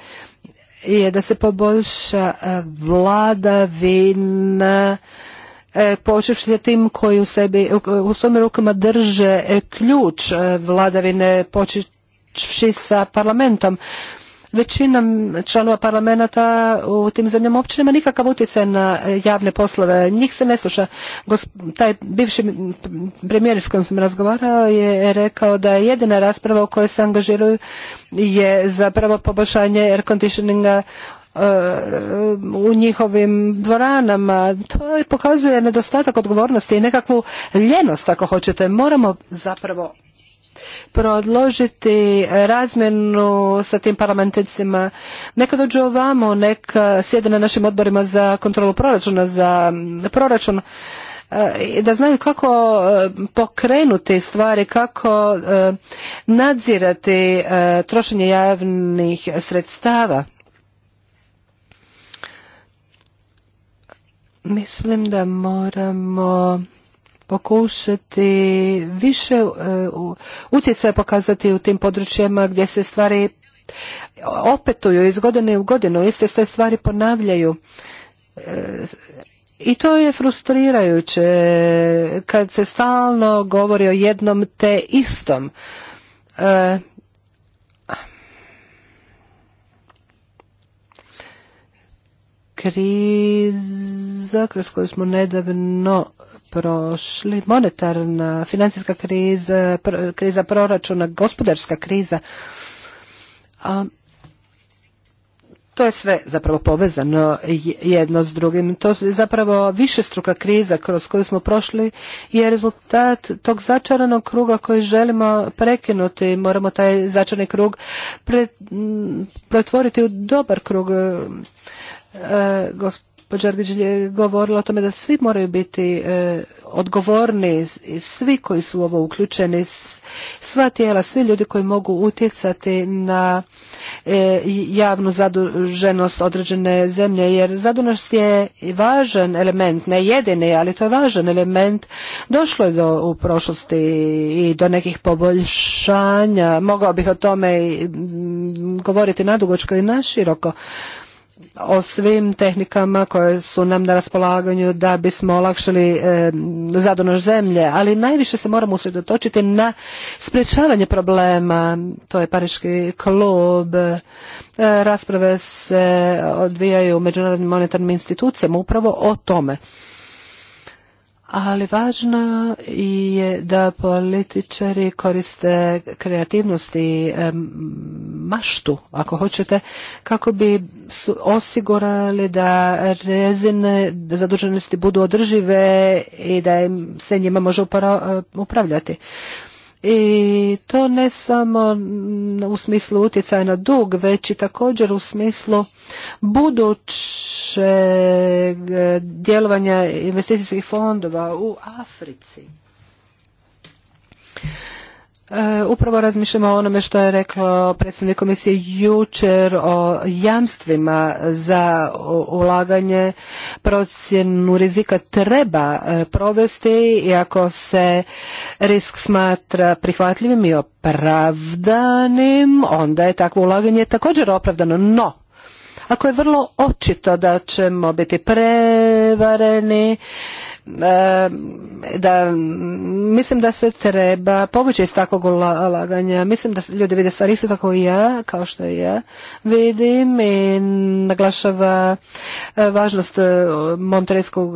je da se poboljša e, vladavina e, počevši tim koji u, sebi, u svojim rukama drže e, ključ vladavine počevši sa parlamentom većina članova parlamenta u tim zemljama uopće nema nikakav utjecaj na javne poslove. Njih se ne sluša. Taj bivši premijer s kojim sam razgovarao je rekao da jedina rasprava u kojoj se angažiraju je zapravo poboljšanje air conditioninga e, u njihovim dvoranama. To pokazuje nedostatak odgovornosti i nekakvu ljenost, ako hoćete. Moramo zapravo Prodložiti razmjenu sa tim parlamentarcima. Neka dođu ovamo, neka sjede na našim odborima za kontrolu proračuna, za proračun da znaju kako pokrenuti stvari, kako nadzirati trošenje javnih sredstava. Mislim da moramo pokušati više e, utjecaja pokazati u tim područjima gdje se stvari opetuju iz godine u godinu, iste se stvari ponavljaju. E, I to je frustrirajuće kad se stalno govori o jednom te istom. E, kriza kroz koju smo nedavno prošli, monetarna, financijska kriza, kriza proračuna, gospodarska kriza. A, to je sve zapravo povezano jedno s drugim. To je zapravo višestruka kriza kroz koju smo prošli i je rezultat tog začaranog kruga koji želimo prekinuti. Moramo taj začarani krug pretvoriti u dobar krug. E, Đorgić je govorila o tome da svi moraju biti e, odgovorni, svi koji su u ovo uključeni, sva tijela, svi ljudi koji mogu utjecati na e, javnu zaduženost određene zemlje, jer zaduženost je važan element, ne jedini, ali to je važan element. Došlo je do, u prošlosti i do nekih poboljšanja, mogao bih o tome i, govoriti nadugočko i naširoko o svim tehnikama koje su nam na raspolaganju da bismo olakšali e, zemlje, ali najviše se moramo usredotočiti na sprečavanje problema. To je Pariški klub. E, rasprave se odvijaju u međunarodnim monetarnim institucijama upravo o tome ali važno je da političari koriste kreativnost i maštu, ako hoćete, kako bi osigurali da rezine zaduženosti budu održive i da im se njima može upravljati. I to ne samo u smislu utjecaja na dug, već i također u smislu budućeg e, djelovanja investicijskih fondova u Africi. E, upravo razmišljamo o onome što je reklo predsjednik komisije jučer o jamstvima za ulaganje. Procjenu rizika treba e, provesti i ako se risk smatra prihvatljivim i opravdanim, onda je takvo ulaganje također opravdano. No, ako je vrlo očito da ćemo biti prevareni, E, da mislim da se treba povući iz takvog ulaganja. Mislim da ljudi vide stvari isto kako i ja, kao što i ja vidim i naglašava e, važnost e, Monterejskog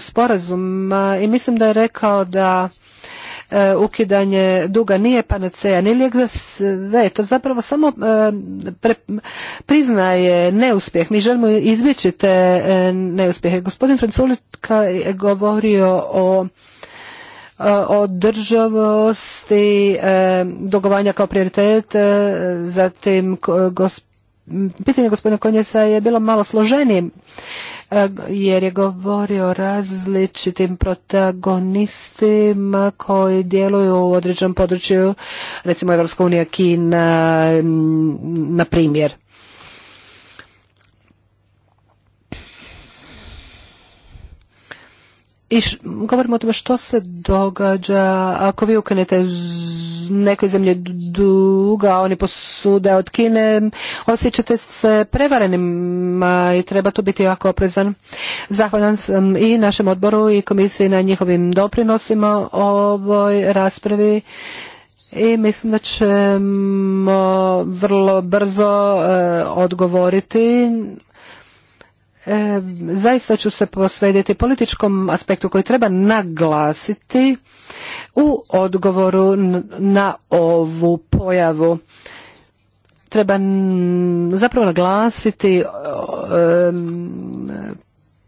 sporazuma i mislim da je rekao da E, ukidanje duga nije panaceja, ni lijek za sve. To zapravo samo e, priznaje neuspjeh. Mi želimo izbjeći te e, neuspjehe. Gospodin Franculika je govorio o državosti dogovanja kao prioritet, zatim gospodin pitanje gospodina Konjesa je bilo malo složenije e, jer je govorio o različitim protagonistima koji djeluju u određenom području, recimo Evropska unija, Kina, na primjer. i š, govorimo o tome što se događa ako vi ukinete nekoj zemlji duga, oni posude od Kine, osjećate se prevarenima i treba tu biti jako oprezan. Zahvalan sam i našem odboru i komisiji na njihovim doprinosima ovoj raspravi i mislim da ćemo vrlo brzo e, odgovoriti zaista ću se posvediti političkom aspektu koji treba naglasiti u odgovoru na ovu pojavu. Treba zapravo naglasiti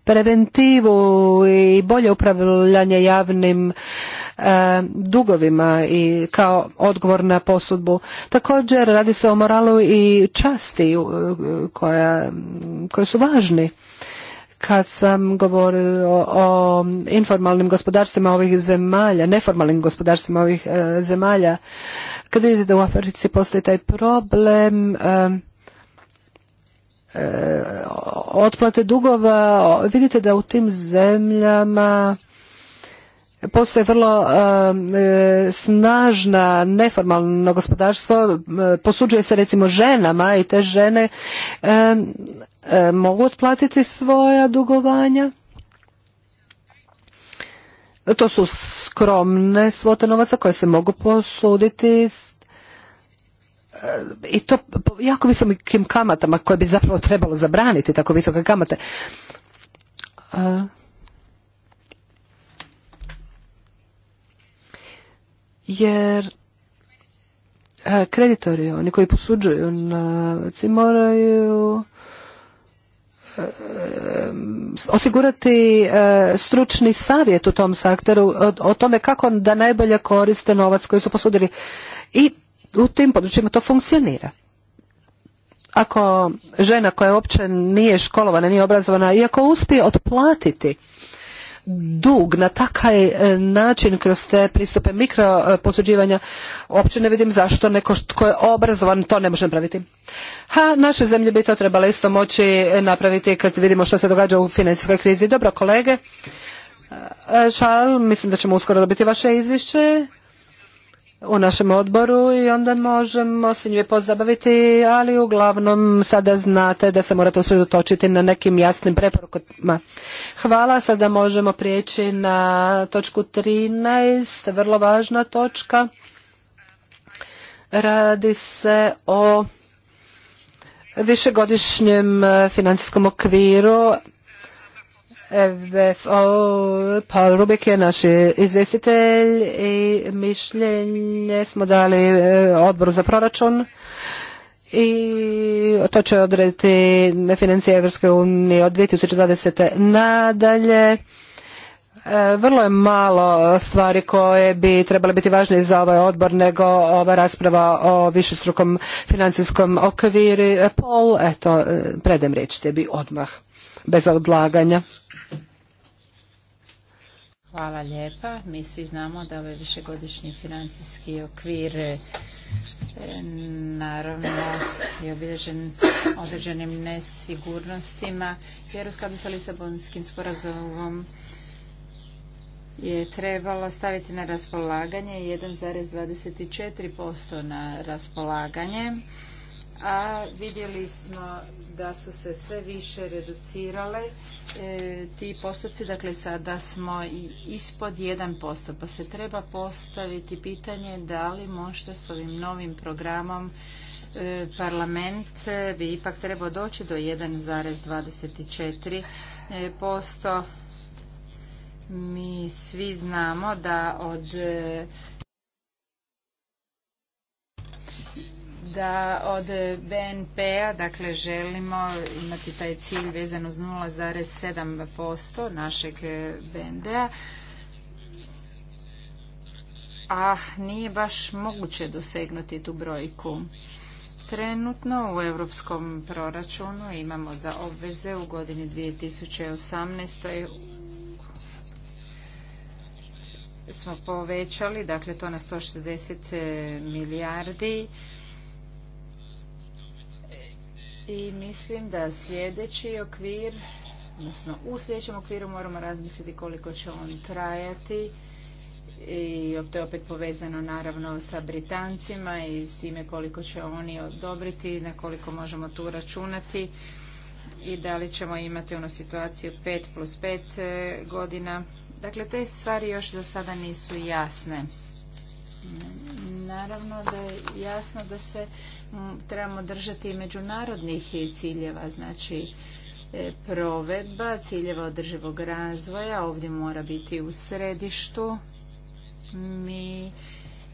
preventivu i bolje upravljanje javnim e, dugovima i kao odgovor na posudbu. Također radi se o moralu i časti e, koja, koje su važni kad sam govorio o, informalnim gospodarstvima ovih zemalja, neformalnim gospodarstvima ovih e, zemalja, kad vidite da u Africi postoji taj problem E, otplate dugova, vidite da u tim zemljama postoje vrlo e, snažna neformalno gospodarstvo e, posuđuje se recimo ženama i te žene mogu otplatiti svoja dugovanja to su skromne svote novaca koje se mogu posuditi i to jako visokim kamatama koje bi zapravo trebalo zabraniti tako visoke kamate. E, jer e, kreditori, oni koji posuđuju na novci moraju e, osigurati stručni savjet u tom sektoru o tome kako da najbolje koriste novac koji su posudili. I u tim područjima to funkcionira. Ako žena koja uopće nije školovana, nije obrazovana, iako uspije otplatiti dug na takaj e, način kroz te pristupe mikroposuđivanja, e, uopće ne vidim zašto neko tko je obrazovan to ne može napraviti. Ha, naše zemlje bi to trebalo isto moći e, napraviti kad vidimo što se događa u financijskoj krizi. Dobro, kolege, Šal, mislim da ćemo uskoro dobiti vaše izvješće u našem odboru i onda možemo se njime pozabaviti, ali uglavnom sada znate da se morate usredotočiti na nekim jasnim preporukama. Hvala, sada možemo prijeći na točku 13, vrlo važna točka. Radi se o višegodišnjem financijskom okviru Paul Rubik je naš izvjestitelj i mišljenje smo dali e, odboru za proračun i to će odrediti financije Evropske unije od 2020. nadalje. E, vrlo je malo stvari koje bi trebale biti važne za ovaj odbor nego ova rasprava o višestrukom financijskom okviru. E, Pol, eto, predem reći tebi odmah, bez odlaganja.
Hvala lijepa. Mi svi znamo da ovaj višegodišnji financijski okvir e, naravno je obilježen određenim nesigurnostima jer u skladu sa Lisabonskim sporazumom je trebalo staviti na raspolaganje 1,24% na raspolaganje a vidjeli smo da su se sve više reducirale e, ti postoci, dakle sada smo i ispod 1%, pa se treba postaviti pitanje da li možda s ovim novim programom e, parlament e, bi ipak trebao doći do 1,24%. Mi svi znamo da od da od BNP-a dakle želimo imati taj cilj vezan uz 0,7% našeg BND-a a nije baš moguće dosegnuti tu brojku. Trenutno u europskom proračunu imamo za obveze u godini 2018. smo povećali, dakle to na 160 milijardi i mislim da sljedeći okvir, odnosno u sljedećem okviru moramo razmisliti koliko će on trajati i to je opet povezano naravno sa Britancima i s time koliko će oni odobriti, na koliko možemo tu računati i da li ćemo imati ono situaciju 5 plus 5 e, godina. Dakle, te stvari još za sada nisu jasne naravno da je jasno da se trebamo držati i međunarodnih ciljeva, znači e, provedba ciljeva održivog razvoja ovdje mora biti u središtu. Mi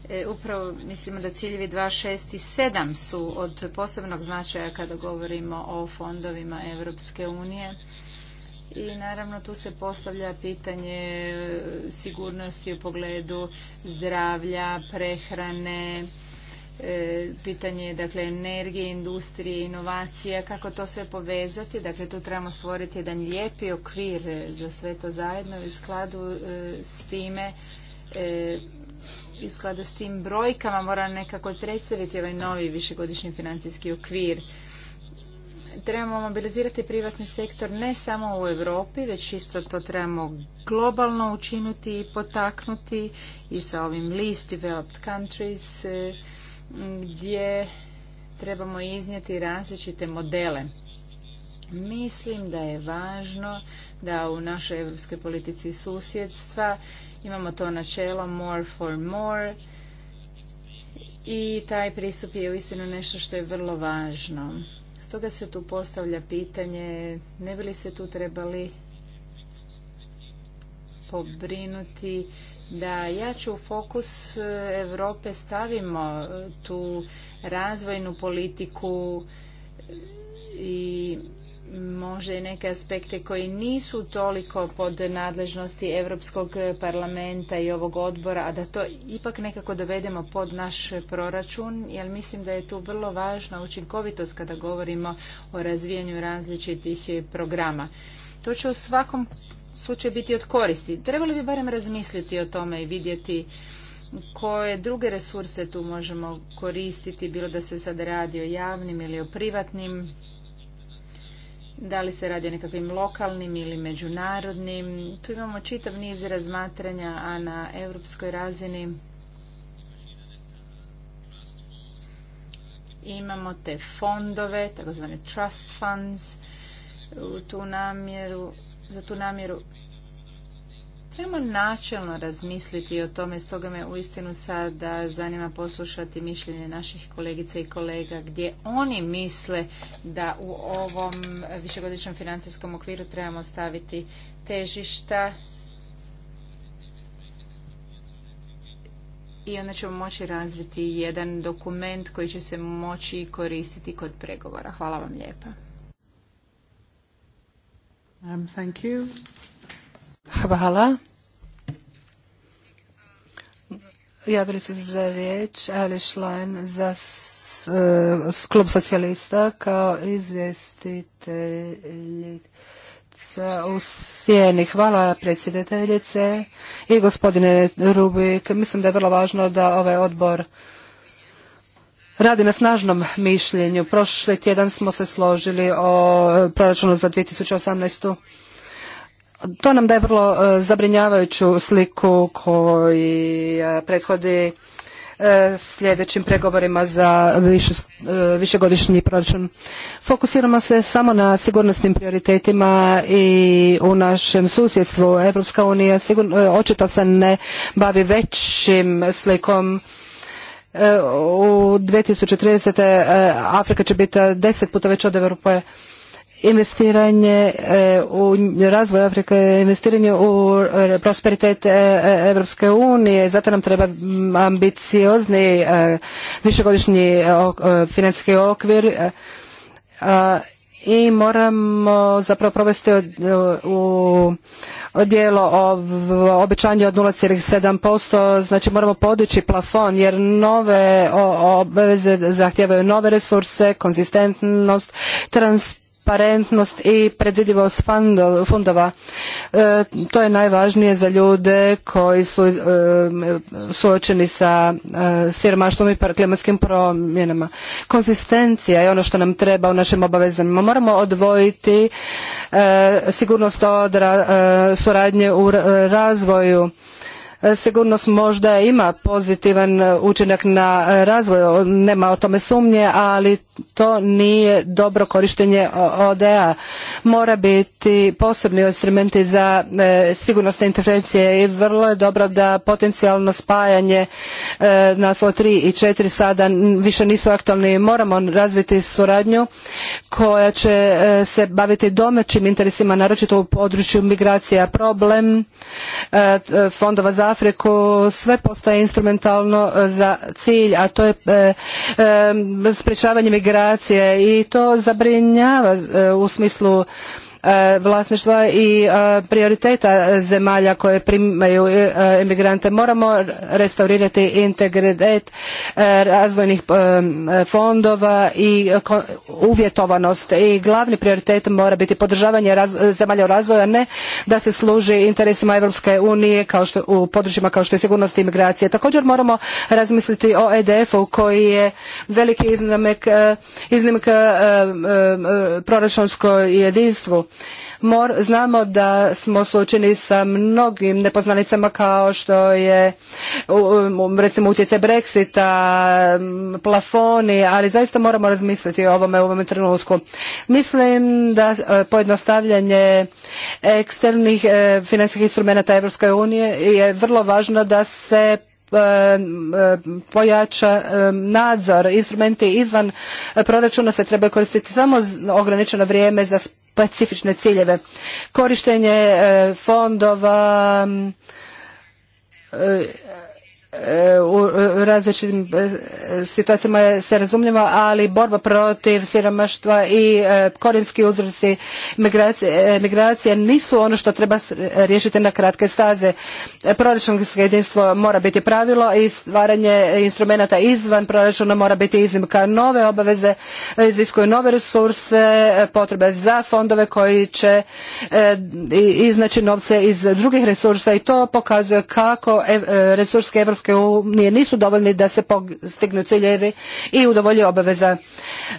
e, upravo mislimo da ciljevi 2, 6 i 7 su od posebnog značaja kada govorimo o fondovima Europske unije i naravno tu se postavlja pitanje e, sigurnosti u pogledu zdravlja, prehrane, e, pitanje dakle energije, industrije, inovacije, kako to sve povezati. Dakle, tu trebamo stvoriti jedan lijepi okvir za sve to zajedno i u skladu e, s time i u skladu s tim brojkama mora nekako predstaviti ovaj novi višegodišnji financijski okvir trebamo mobilizirati privatni sektor ne samo u Europi, već isto to trebamo globalno učiniti i potaknuti i sa ovim list developed countries e, gdje trebamo iznijeti različite modele. Mislim da je važno da u našoj europskoj politici susjedstva imamo to načelo more for more i taj pristup je uistinu nešto što je vrlo važno. Stoga se tu postavlja pitanje ne bi li se tu trebali pobrinuti da u fokus Europe stavimo tu razvojnu politiku i možda i neke aspekte koji nisu toliko pod nadležnosti Europskog parlamenta i ovog odbora, a da to ipak nekako dovedemo pod naš proračun, jer mislim da je tu vrlo važna učinkovitost kada govorimo o razvijanju različitih programa. To će u svakom slučaju biti od koristi. Trebali bi barem razmisliti o tome i vidjeti koje druge resurse tu možemo koristiti, bilo da se sad radi o javnim ili o privatnim da li se radi o nekakvim lokalnim ili međunarodnim. Tu imamo čitav niz razmatranja, a na europskoj razini imamo te fondove, takozvane trust funds, u tu namjeru, za tu namjeru Trebamo načelno razmisliti o tome, stoga me uistinu sada zanima poslušati mišljenje naših kolegica i kolega gdje oni misle da u ovom višegodišnjem financijskom okviru trebamo staviti težišta i onda ćemo moći razviti jedan dokument koji će se moći koristiti kod pregovora. Hvala vam lijepa.
Um, thank Hvala. Javili su se za riječ Ali Šlajn za s, klub socijalista kao izvjestiteljica u sjeni. Hvala predsjedateljice i gospodine Rubik. Mislim da je vrlo važno da ovaj odbor Radi na snažnom mišljenju. Prošli tjedan smo se složili o proračunu za 2018. To nam daje vrlo e, zabrinjavajuću sliku koji e, prethodi e, sljedećim pregovorima za višegodišnji proračun. Fokusiramo se samo na sigurnosnim prioritetima i u našem susjedstvu. Evropska unija očito se ne bavi većim slikom u 2030. Afrika će biti deset puta veća od Europe investiranje e, u razvoj Afrike, investiranje u e, prosperitet e, Evropske unije, zato nam treba ambiciozni višegodišnji financijski okvir i moramo zapravo provesti u djelo običanje od 0,7%, znači moramo podići plafon jer nove obveze zahtijevaju nove resurse, konzistentnost, trans transparentnost i predvidljivost fondova. E, to je najvažnije za ljude koji su e, suočeni sa e, siromaštvom i klimatskim promjenama. Konsistencija je ono što nam treba u našim obavezama. Moramo odvojiti sigurnost od suradnje u razvoju E, sigurnost možda ima pozitivan e, učinak na razvoj, nema o tome sumnje, ali to nije dobro korištenje ODA. Mora biti posebni instrumenti za e, sigurnosne intervencije i vrlo je dobro da potencijalno spajanje na naslova 3 i 4 sada više nisu aktualni. Moramo razviti suradnju koja će se baviti domaćim interesima, naročito u području migracija. Problem fondova za Afriku, sve postaje instrumentalno e, za cilj, a to je e, e, sprečavanje migracije i to zabrinjava u smislu E, vlasništva i e, prioriteta zemalja koje primaju imigrante e, Moramo restaurirati integritet razvojnih fondova i uvjetovanost i glavni prioritet mora biti podržavanje zemalja u razvoju, a ne da se služi interesima Europske unije kao što, u područjima kao što je sigurnost imigracije. Također moramo razmisliti o EDF-u koji je veliki iznimak, iznimak proračunskoj jedinstvu znamo da smo suočeni sa mnogim nepoznanicama kao što je recimo utjecaj Brexita, plafoni, ali zaista moramo razmisliti o ovome u ovom trenutku. Mislim da e, pojednostavljanje eksternih e, financijskih instrumenata EU unije je vrlo važno da se E, e, pojača e, nadzor. Instrumenti izvan proračuna se treba koristiti samo ograničeno vrijeme za specifične ciljeve. Korištenje fondova u različitim e, situacijama se razumljivo, ali borba protiv siromaštva i e, korijenski uzroci e, migracije, nisu ono što treba riješiti na kratke staze. Proračunsko jedinstvo mora biti pravilo i stvaranje instrumenata izvan proračuna mora biti iznimka. Nove obaveze iziskuju nove resurse, potrebe za fondove koji će iznaći novce iz drugih resursa i to pokazuje kako resurske Evropske Europske nisu dovoljni da se postignu ciljevi i udovolji obaveza.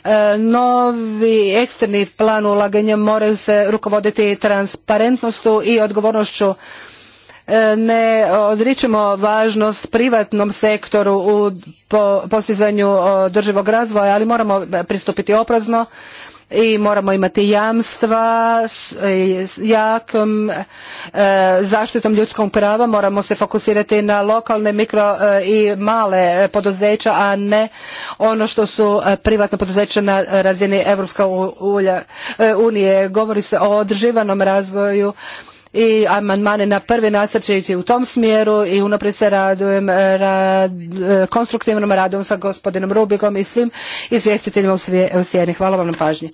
E, novi eksterni plan ulaganja moraju se rukovoditi transparentnostu i odgovornošću e, ne odričemo važnost privatnom sektoru u postizanju održivog razvoja ali moramo pristupiti oprazno i moramo imati jamstva s e, jakom e, zaštitom ljudskog prava, moramo se fokusirati na lokalne mikro e, i male poduzeća, a ne ono što su privatna poduzeća na razini Europske unije. Govori se o održivanom razvoju i amandmane na prvi nacrt će ići u tom smjeru i unaprijed se radujem e, e, konstruktivnom radom sa gospodinom Rubikom i svim izvjestiteljima u Sjeni. Hvala vam na pažnji.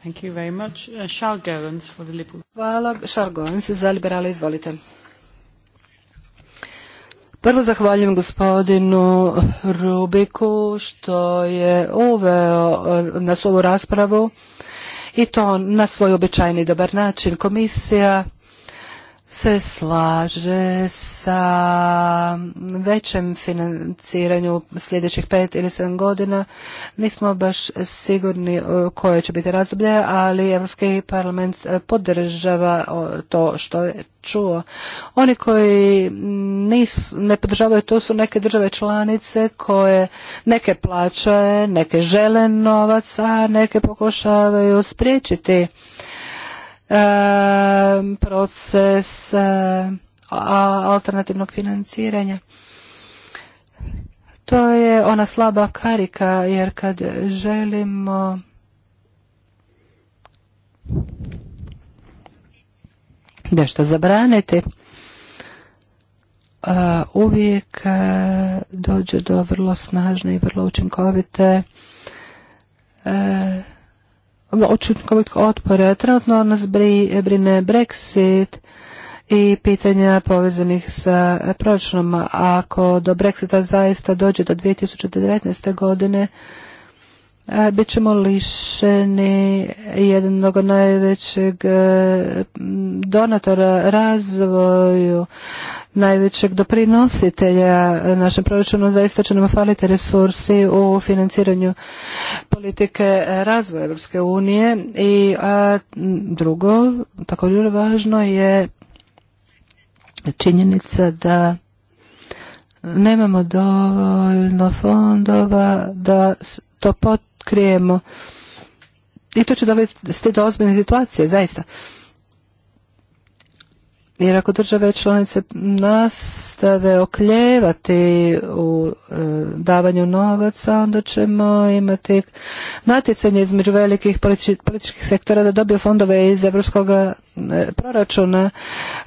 Thank you very much.
Uh, for the Hvala, Charles za liberale, izvolite. Prvo zahvaljujem gospodinu Rubiku što je uveo e, nas ovu raspravu i to na svoj običajni dobar način. Komisija se slaže sa većem financiranju sljedećih pet ili sedam godina. Nismo baš sigurni e, koje će biti razdoblje, ali Europski parlament e, podržava to što je čuo. Oni koji ne podržavaju to su neke države članice koje neke plaćaju, neke žele novac, a neke pokušavaju spriječiti proces alternativnog financiranja. To je ona slaba karika jer kad želimo nešto zabraniti, uvijek e, dođe do vrlo snažne i vrlo učinkovite e, učinkovitog otpora. Trenutno nas brine Brexit i pitanja povezanih sa proračunom. Ako do Brexita zaista dođe do 2019. godine, e, bit ćemo lišeni jednog od najvećeg e, donatora razvoju najvećeg doprinositelja našem proračunu, zaista će nam faliti resursi u financiranju politike razvoja Europske unije i drugo, također važno je činjenica da nemamo dovoljno fondova da to potkrijemo i to će dovesti do ozbiljne situacije, zaista. Jer ako države članice nastave okljevati u e, davanju novaca, onda ćemo imati natjecanje između velikih političkih sektora da dobiju fondove iz evropskog e, proračuna,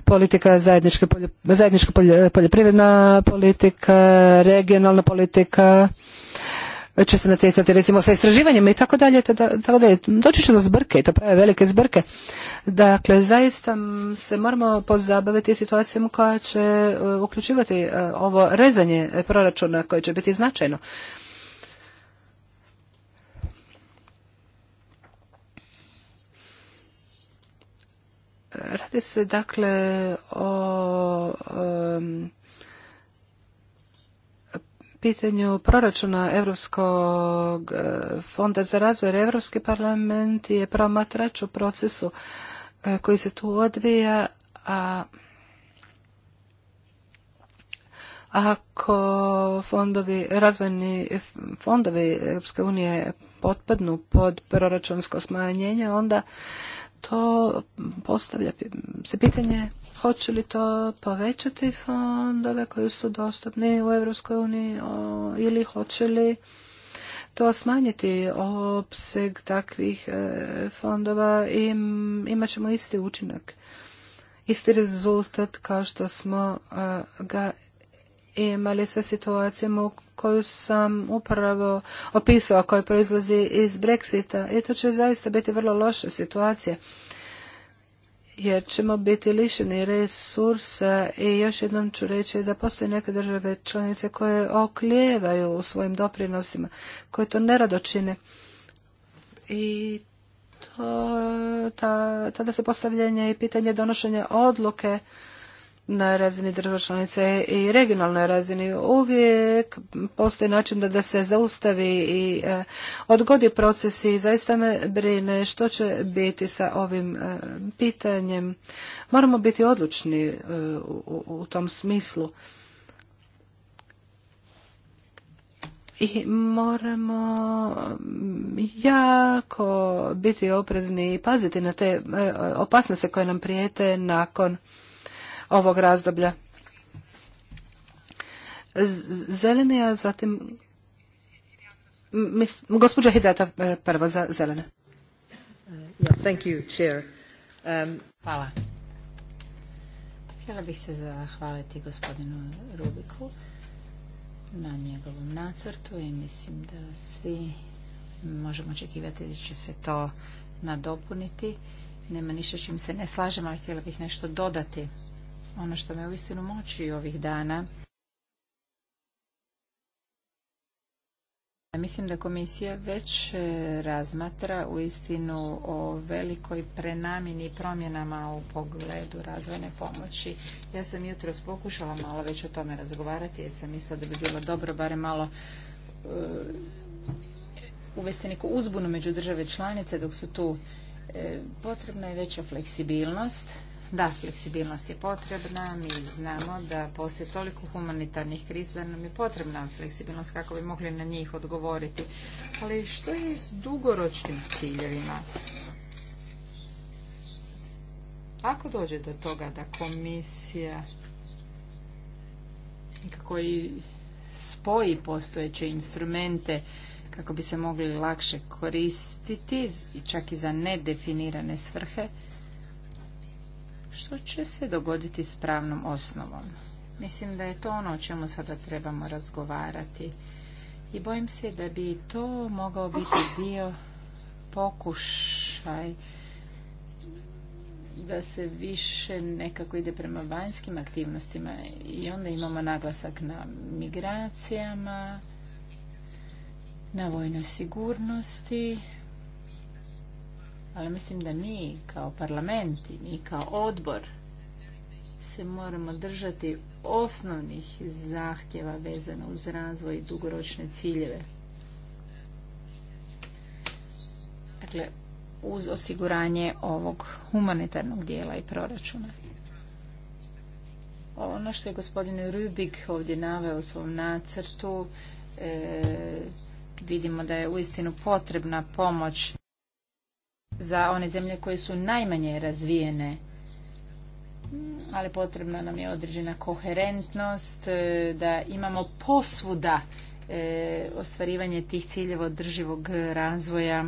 politika zajednička poljoprivredna politika, regionalna politika, će se natjecati recimo sa istraživanjem i tako dalje, tako dalje. Doći će do zbrke i to prave velike zbrke. Dakle, zaista se moramo pozabaviti situacijom koja će e, uključivati e, ovo rezanje proračuna koje će biti značajno. Radi se dakle o pitanju proračuna Europskog e, fonda za razvoj, Europski parlament je promatrač u procesu e, koji se tu odvija, a ako fondovi, razvojni fondovi Europske unije potpadnu pod proračunsko smanjenje, onda to postavlja se pitanje hoće li to povećati fondove koji su dostupni u Europskoj uniji ili hoće li to smanjiti opseg takvih e, fondova i imat ćemo isti učinak, isti rezultat kao što smo e, ga imali sa situacijom u koju sam upravo opisao, koja proizlazi iz Brexita i to će zaista biti vrlo loša situacija jer ćemo biti lišeni resursa i još jednom ću reći da postoje neke države članice koje oklijevaju u svojim doprinosima, koje to nerado čine. I to, ta, tada se postavljanje i pitanje donošenja odluke na razini država članice i regionalnoj razini. Uvijek postoji način da, da se zaustavi i e, odgodi proces i zaista me brine što će biti sa ovim e, pitanjem. Moramo biti odlučni e, u, u tom smislu. I moramo mm, jako biti oprezni i paziti na te opasnosti koje nam prijete nakon ovog razdoblja. Zelene, a zatim Gospodža gospođa Hidata e, prvo za zelene. Uh,
um, hvala. Htjela bih se zahvaliti gospodinu Rubiku na njegovom nacrtu i mislim da svi možemo očekivati da će se to nadopuniti. Nema ništa čim se ne slažem, ali htjela bih nešto dodati. Ono što me uistinu moći ovih dana Mislim da komisija već e, razmatra u istinu o velikoj prenamjeni i promjenama u pogledu razvojne pomoći. Ja sam jutros pokušala malo već o tome razgovarati jer sam mislila da bi bilo dobro barem malo e, uvesti neku uzbunu među države članice dok su tu e, potrebna je veća fleksibilnost da, fleksibilnost je potrebna. Mi znamo da postoje toliko humanitarnih kriza da nam je potrebna fleksibilnost kako bi mogli na njih odgovoriti. Ali što je s dugoročnim ciljevima? Ako dođe do toga da komisija koji spoji postojeće instrumente kako bi se mogli lakše koristiti, čak i za nedefinirane svrhe, što će se dogoditi s pravnom osnovom? Mislim da je to ono o čemu sada trebamo razgovarati. I bojim se da bi to mogao biti dio pokušaj da se više nekako ide prema vanjskim aktivnostima i onda imamo naglasak na migracijama, na vojnoj sigurnosti, ali mislim da mi kao parlament i mi kao odbor se moramo držati osnovnih zahtjeva vezano uz razvoj i dugoročne ciljeve. Dakle, uz osiguranje ovog humanitarnog dijela i proračuna. Ono što je gospodin Rubik ovdje naveo u svom nacrtu, e, vidimo da je uistinu potrebna pomoć za one zemlje koje su najmanje razvijene ali potrebna nam je određena koherentnost e, da imamo posvuda e, ostvarivanje tih ciljeva održivog razvoja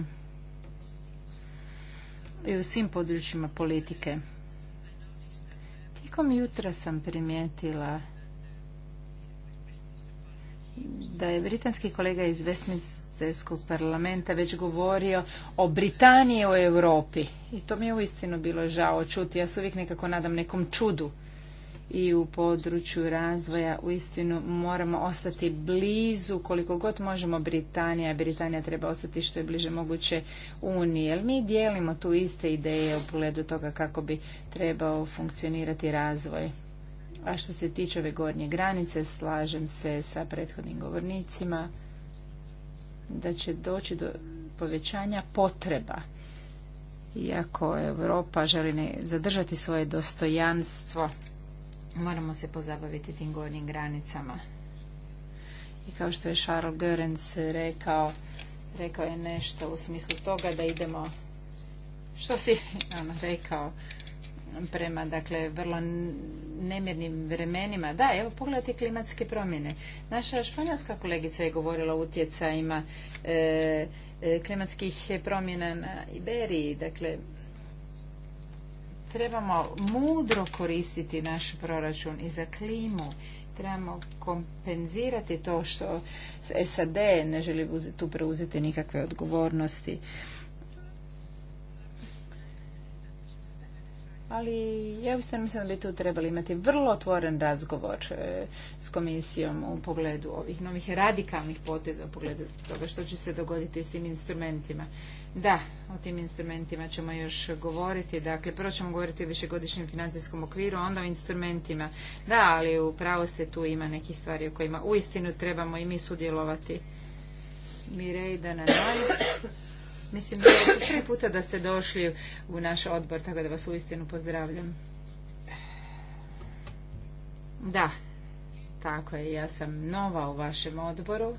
i u svim područjima politike. Tijekom jutra sam primijetila da je britanski kolega iz Westminster Estonskog parlamenta već govorio o Britaniji u Europi. I to mi je uistinu bilo žao čuti. Ja se uvijek nekako nadam nekom čudu i u području razvoja uistinu moramo ostati blizu koliko god možemo Britanija. Britanija treba ostati što je bliže moguće Uniji. Jer mi dijelimo tu iste ideje u pogledu toga kako bi trebao funkcionirati razvoj. A što se tiče ove gornje granice, slažem se sa prethodnim govornicima da će doći do povećanja potreba. Iako Europa želi zadržati svoje dostojanstvo, moramo se pozabaviti tim gornjim granicama. I kao što je Charles Görens rekao, rekao je nešto u smislu toga da idemo, što si [LAUGHS] rekao, prema dakle vrlo nemirnim vremenima. Da, evo pogledajte klimatske promjene. Naša španjolska kolegica je govorila o utjecajima e, e, klimatskih promjena na Iberiji. Dakle, trebamo mudro koristiti naš proračun i za klimu. Trebamo kompenzirati to što SAD ne želi tu preuzeti nikakve odgovornosti. ali ja uistinu mislim da bi tu trebali imati vrlo otvoren razgovor e, s komisijom u pogledu ovih novih radikalnih poteza, u pogledu toga što će se dogoditi s tim instrumentima. Da, o tim instrumentima ćemo još govoriti. Dakle, prvo ćemo govoriti o višegodišnjem financijskom okviru, onda o instrumentima. Da, ali u pravosti tu ima nekih stvari o kojima uistinu trebamo i mi sudjelovati. Mirej, da na Mislim da je prvi puta da ste došli u naš odbor, tako da vas uistinu pozdravljam. Da, tako je, ja sam nova u vašem odboru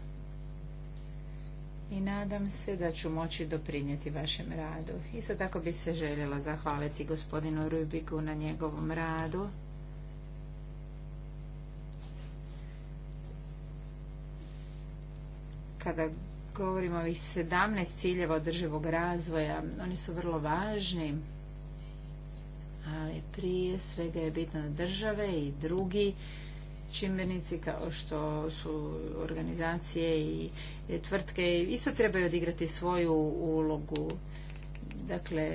i nadam se da ću moći doprinijeti vašem radu. Isto tako bi se željela zahvaliti gospodinu Rubiku na njegovom radu. Kada govorimo o ovih 17 ciljeva održivog razvoja. Oni su vrlo važni, ali prije svega je bitno države i drugi čimbenici kao što su organizacije i tvrtke isto trebaju odigrati svoju ulogu. Dakle,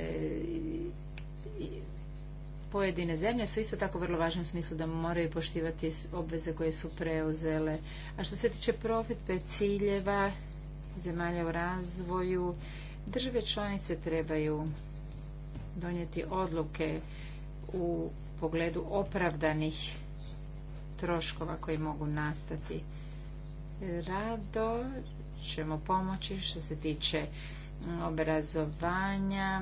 pojedine zemlje su isto tako vrlo važne u smislu da moraju poštivati obveze koje su preuzele. A što se tiče profitbe ciljeva, zemalja u razvoju, države članice trebaju donijeti odluke u pogledu opravdanih troškova koji mogu nastati. Rado ćemo pomoći što se tiče obrazovanja,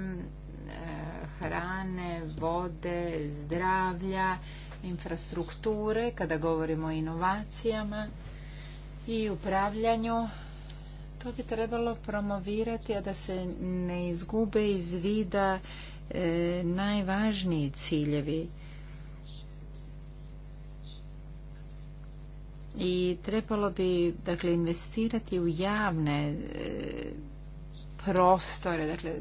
hrane, vode, zdravlja, infrastrukture, kada govorimo o inovacijama i upravljanju to bi trebalo promovirati, a da se ne izgube iz vida e, najvažniji ciljevi. I trebalo bi dakle investirati u javne e, prostore, dakle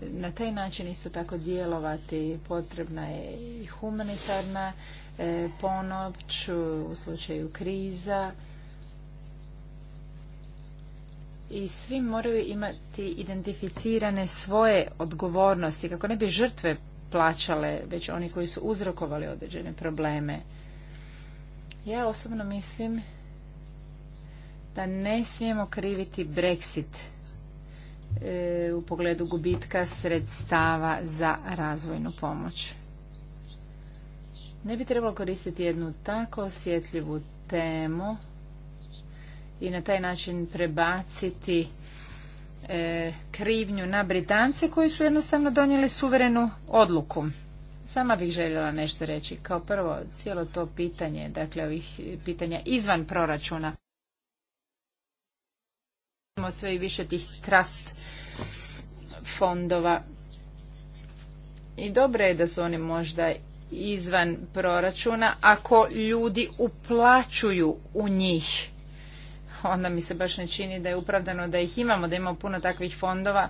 na taj način isto tako djelovati potrebna je i humanitarna e, u slučaju kriza i svi moraju imati identificirane svoje odgovornosti kako ne bi žrtve plaćale, već oni koji su uzrokovali određene probleme. Ja osobno mislim da ne smijemo kriviti Brexit e, u pogledu gubitka sredstava za razvojnu pomoć. Ne bi trebalo koristiti jednu tako osjetljivu temu i na taj način prebaciti e, krivnju na Britance koji su jednostavno donijeli suverenu odluku. Sama bih željela nešto reći. Kao prvo, cijelo to pitanje, dakle ovih pitanja izvan proračuna. Imamo sve i više tih trust fondova. I dobro je da su oni možda izvan proračuna ako ljudi uplaćuju u njih onda mi se baš ne čini da je upravdano da ih imamo, da imamo puno takvih fondova,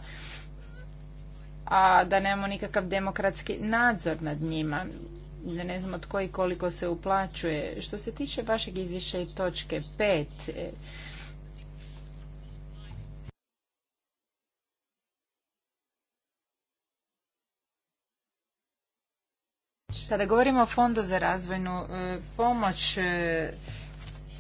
a da nemamo nikakav demokratski nadzor nad njima da ne znamo tko i koliko se uplaćuje. Što se tiče vašeg izvješća i točke 5, e, Kada govorimo o fondu za razvojnu e, pomoć, e,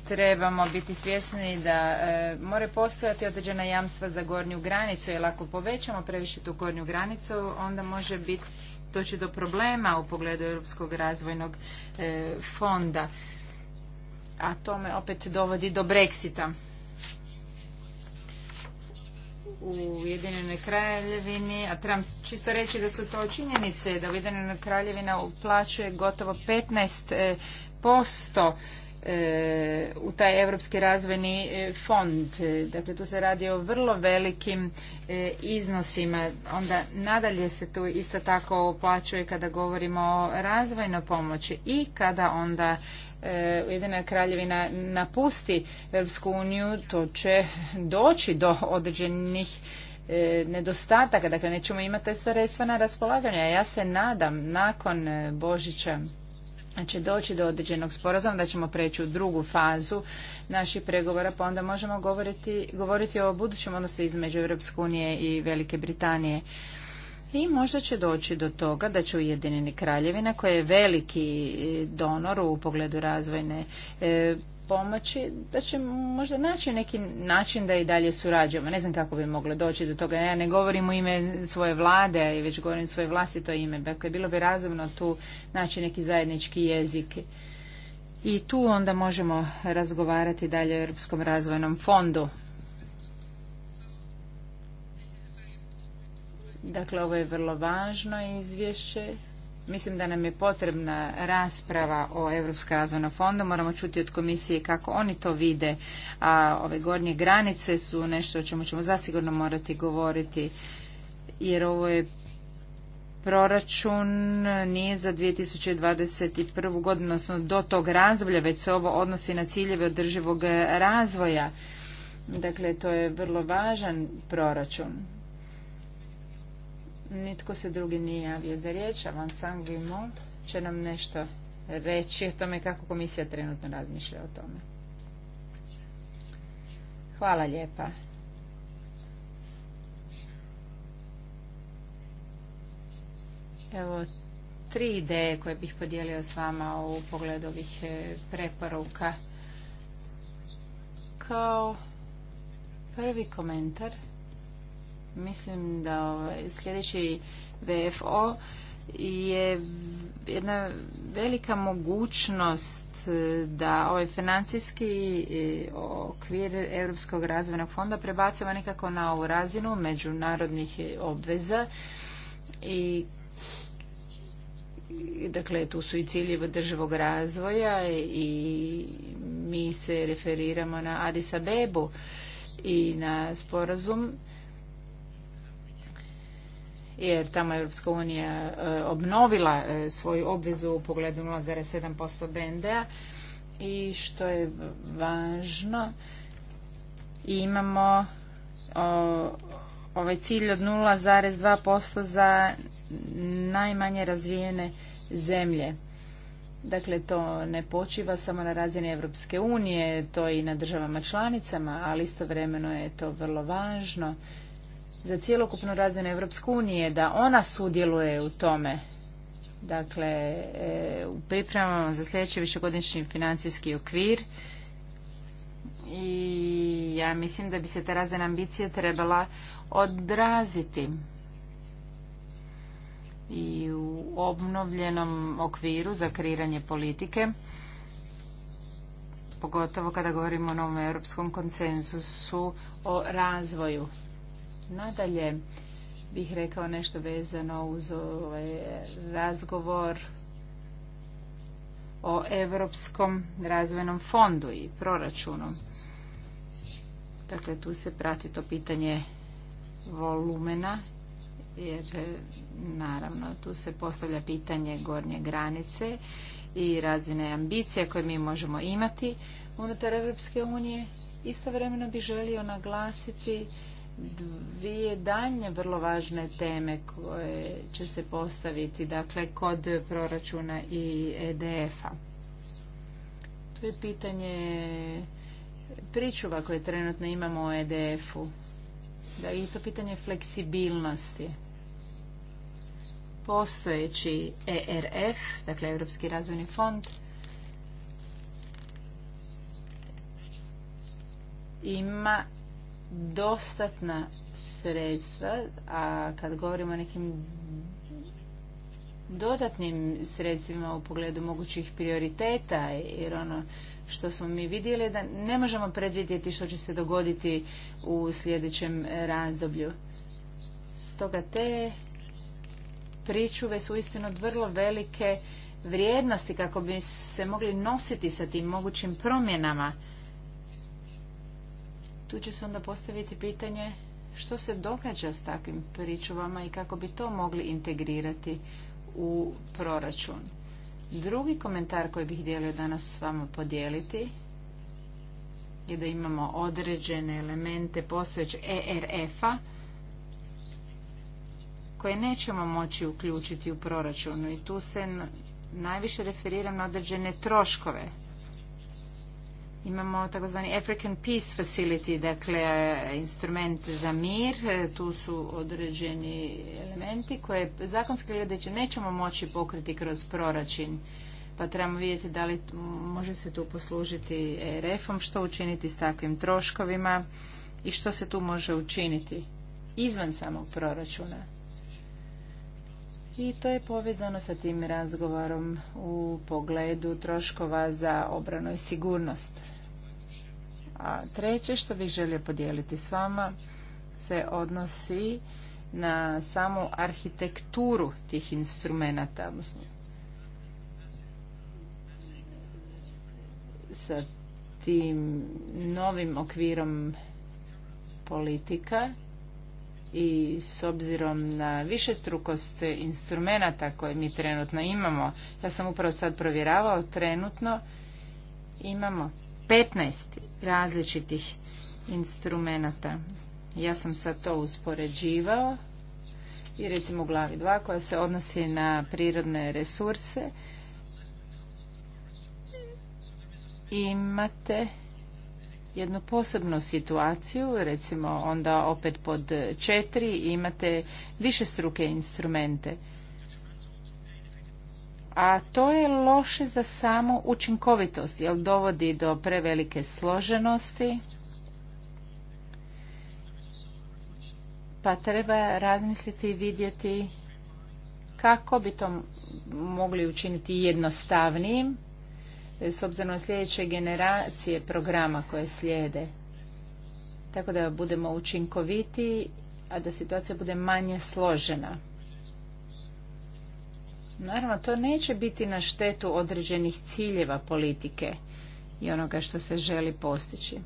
trebamo biti svjesni da e, more postojati određena jamstva za gornju granicu, jer ako povećamo previše tu gornju granicu, onda može biti doći do problema u pogledu Europskog razvojnog e, fonda. A to me opet dovodi do Brexita. U Ujedinjenoj kraljevini, a trebam čisto reći da su to činjenice, da Ujedinjena kraljevina uplaćuje gotovo 15% e, posto E, u taj Europski razvojni e, fond. E, dakle, tu se radi o vrlo velikim iznosima. Onda nadalje se tu isto tako uplaćuje kada govorimo o razvojnoj pomoći i kada onda Ujedina kraljevina napusti Evropsku uniju, to će doći do određenih nedostataka. Dakle, nećemo imati sredstva na a Ja se nadam nakon Božića će doći do određenog sporazuma, da ćemo preći u drugu fazu naših pregovora, pa onda možemo govoriti, govoriti o budućem odnosu između Europske unije i Velike Britanije. I možda će doći do toga da će Ujedinjeni kraljevina, koja je veliki eh, donor u pogledu razvojne eh, pomoći, da će možda naći neki način da i dalje surađujemo. Ne znam kako bi moglo doći do toga. Ja ne govorim u ime svoje vlade, već govorim svoje vlastito ime. Dakle, bilo bi razumno tu naći neki zajednički jezik. I tu onda možemo razgovarati dalje o Europskom razvojnom fondu. Dakle, ovo je vrlo važno izvješće Mislim da nam je potrebna rasprava o Europska razvojna fondu. Moramo čuti od komisije kako oni to vide, a ove gornje granice su nešto o čemu ćemo zasigurno morati govoriti, jer ovo je proračun nije za 2021. godinu, odnosno do tog razdoblja, već se ovo odnosi na ciljeve održivog razvoja. Dakle, to je vrlo važan proračun Nitko se drugi nije javio za riječ, a Van će nam nešto reći o tome kako komisija trenutno razmišlja o tome. Hvala lijepa. Evo, tri ideje koje bih podijelio s vama u pogledu ovih e, preporuka. Kao prvi komentar, Mislim da ovaj sljedeći VFO je jedna velika mogućnost e, da ovaj financijski e, okvir Europskog razvojnog fonda prebacimo nekako na ovu razinu međunarodnih e, obveza i dakle tu su i ciljevi državog razvoja i mi se referiramo na Addis Abebu i na sporazum jer tamo Europska unija e, obnovila e, svoju obvezu u pogledu 0,7% BND-a i što je važno imamo ovaj cilj od 0,2% za najmanje razvijene zemlje. Dakle, to ne počiva samo na razini Europske unije, to i na državama članicama, ali istovremeno je to vrlo važno za cjelokupnu razinu Europske unije, da ona sudjeluje u tome. Dakle, e, u pripremama za sljedeći višegodišnji financijski okvir i ja mislim da bi se ta razina ambicije trebala odraziti i u obnovljenom okviru za kreiranje politike, pogotovo kada govorimo o novom europskom konsenzusu o razvoju. Nadalje bih rekao nešto vezano uz ovaj razgovor o Europskom razvojnom fondu i proračunu. Dakle, tu se prati to pitanje volumena, jer e, naravno tu se postavlja pitanje gornje granice i razine ambicije koje mi možemo imati unutar Europske unije. Istovremeno bih želio naglasiti dvije danje vrlo važne teme koje će se postaviti dakle kod proračuna i EDF-a. To je pitanje pričuva koje trenutno imamo o EDF-u. Da i to pitanje fleksibilnosti. Postojeći ERF, dakle Europski razvojni fond,
ima
dostatna sredstva, a kad govorimo o nekim dodatnim sredstvima u pogledu mogućih prioriteta, jer ono što smo mi vidjeli da ne možemo predvidjeti što će se dogoditi u sljedećem razdoblju. Stoga te pričuve su istinu vrlo velike vrijednosti kako bi se mogli nositi sa tim mogućim promjenama. Tu će se onda postaviti pitanje što se događa s takvim pričuvama i kako bi to mogli integrirati u proračun. Drugi komentar koji bih htjela danas s vama podijeliti je da imamo određene elemente posveć ERF-a koje nećemo moći uključiti u proračunu i tu se najviše referiram na određene troškove Imamo takozvani African Peace Facility, dakle instrument za mir. Tu su određeni elementi koje zakonski gledajući nećemo moći pokriti kroz proračun. Pa trebamo vidjeti da li može se tu poslužiti e RF-om, što učiniti s takvim troškovima i što se tu može učiniti izvan samog proračuna i to je povezano sa tim razgovorom u pogledu troškova za obranu i sigurnost. A treće što bih želio podijeliti s vama se odnosi na samu arhitekturu tih instrumenata. Sa tim novim okvirom politika i s obzirom na višestrukost instrumenta koje mi trenutno imamo, ja sam upravo sad provjeravao, trenutno imamo 15 različitih instrumenata. Ja sam sad to uspoređivao i recimo u glavi 2 koja se odnosi na prirodne resurse imate jednu posebnu situaciju, recimo onda opet pod četiri imate više struke instrumente. A to je loše za samu učinkovitost, jer dovodi do prevelike složenosti, pa treba razmisliti i vidjeti kako bi to mogli učiniti jednostavnijim E, s obzirom na sljedeće generacije programa koje slijede. Tako da budemo učinkoviti, a da situacija bude manje složena. Naravno, to neće biti na štetu određenih ciljeva politike i onoga što se želi postići,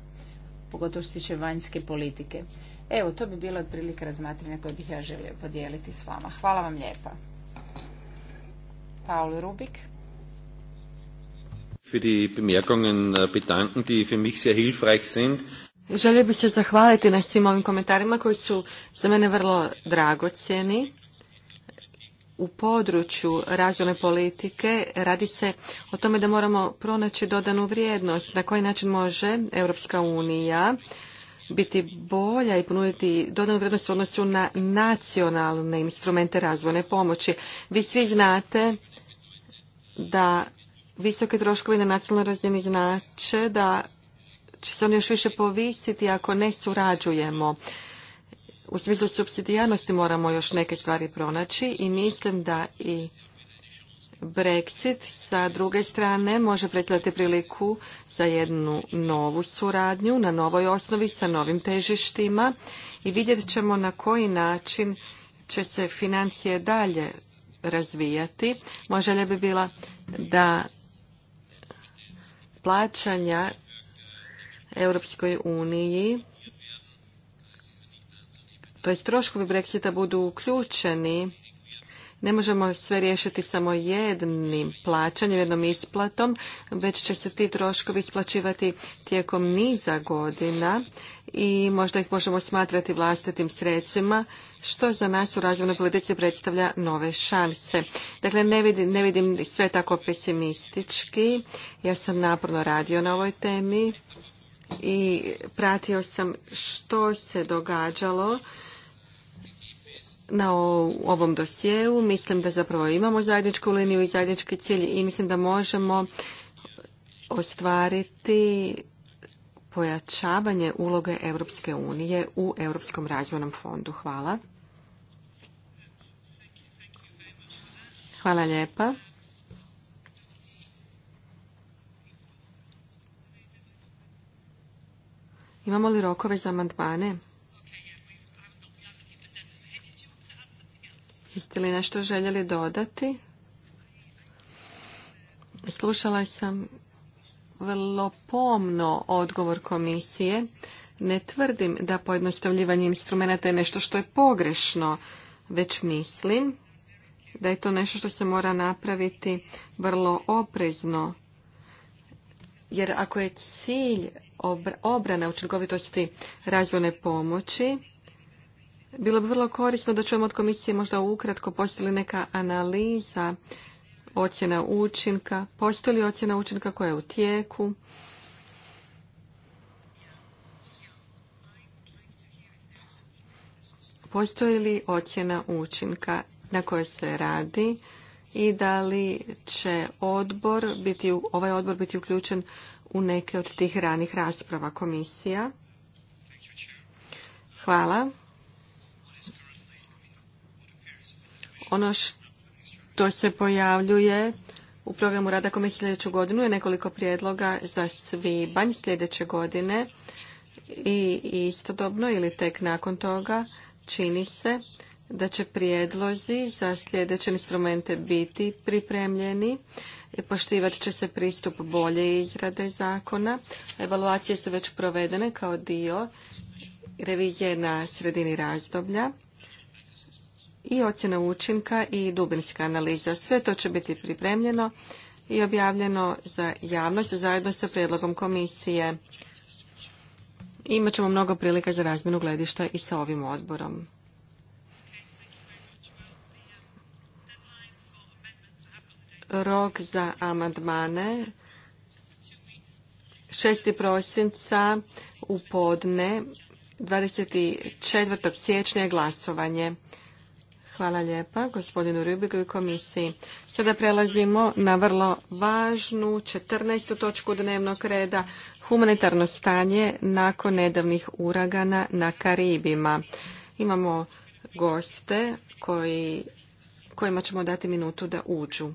pogotovo što tiče vanjske politike. Evo, to bi bilo otprilike razmatranja koje bih ja želio podijeliti s vama. Hvala vam lijepa. Paul Rubik
für Bemerkungen äh, Želio bih se zahvaliti na svim ovim komentarima koji su za mene vrlo dragocjeni. U području razvojne politike radi se o tome da moramo pronaći dodanu vrijednost na koji način može Europska unija biti bolja i ponuditi dodanu vrijednost u odnosu na nacionalne instrumente razvojne pomoći. Vi svi znate da visoke troškovi na nacionalnoj razini znače da će se oni još više povisiti ako ne surađujemo. U smislu subsidijarnosti moramo još neke stvari pronaći i mislim da i Brexit sa druge strane može predstavljati priliku za jednu novu suradnju na novoj osnovi sa novim težištima i vidjet ćemo na koji način će se financije dalje razvijati. Moja želja bi bila da plaćanja Europskoj uniji, to je troškovi Brexita budu uključeni ne možemo sve riješiti samo jednim plaćanjem, jednom isplatom, već će se ti troškovi isplaćivati tijekom niza godina i možda ih možemo smatrati vlastitim sredstvima, što za nas u razvojnoj politici predstavlja nove šanse. Dakle, ne vidim, ne vidim sve tako pesimistički. Ja sam naporno radio na ovoj temi i pratio sam što se događalo na ovom dosjeu. Mislim da zapravo imamo zajedničku liniju i zajednički cilj i mislim da možemo ostvariti pojačavanje uloge Europske unije u Europskom razvojnom fondu. Hvala. Hvala lijepa. Imamo li rokove za amandmane? Jeste li nešto željeli dodati? Slušala sam vrlo pomno odgovor komisije. Ne tvrdim da pojednostavljivanje instrumenta je nešto što je pogrešno, već mislim da je to nešto što se mora napraviti vrlo oprezno. Jer ako je cilj obrana učinkovitosti razvojne pomoći, bilo bi vrlo korisno da čujemo od komisije možda ukratko postoji li neka analiza ocjena učinka, postoji li ocjena učinka koja je u tijeku. Postoji li ocjena učinka na kojoj se radi i da li će odbor biti, ovaj odbor biti uključen u neke od tih ranih rasprava komisija? Hvala. Ono što se pojavljuje u programu rada komisije sljedeću godinu je nekoliko prijedloga za svibanj sljedeće godine i istodobno ili tek nakon toga čini se da će prijedlozi za sljedeće instrumente biti pripremljeni, poštivat će se pristup bolje izrade zakona. Evaluacije su već provedene kao dio revizije na sredini razdoblja i ocjena učinka i dubinska analiza. Sve to će biti pripremljeno i objavljeno za javnost zajedno sa prijedlogom komisije. Imaćemo mnogo prilika za razmjenu gledišta i sa ovim odborom. Rok za amandmane 6. prosinca u podne 24. siječnja glasovanje. Hvala lijepa gospodinu Rubiku i komisiji. Sada prelazimo na vrlo važnu 14. točku dnevnog reda humanitarno stanje nakon nedavnih uragana na Karibima. Imamo goste kojima ćemo dati minutu da uđu.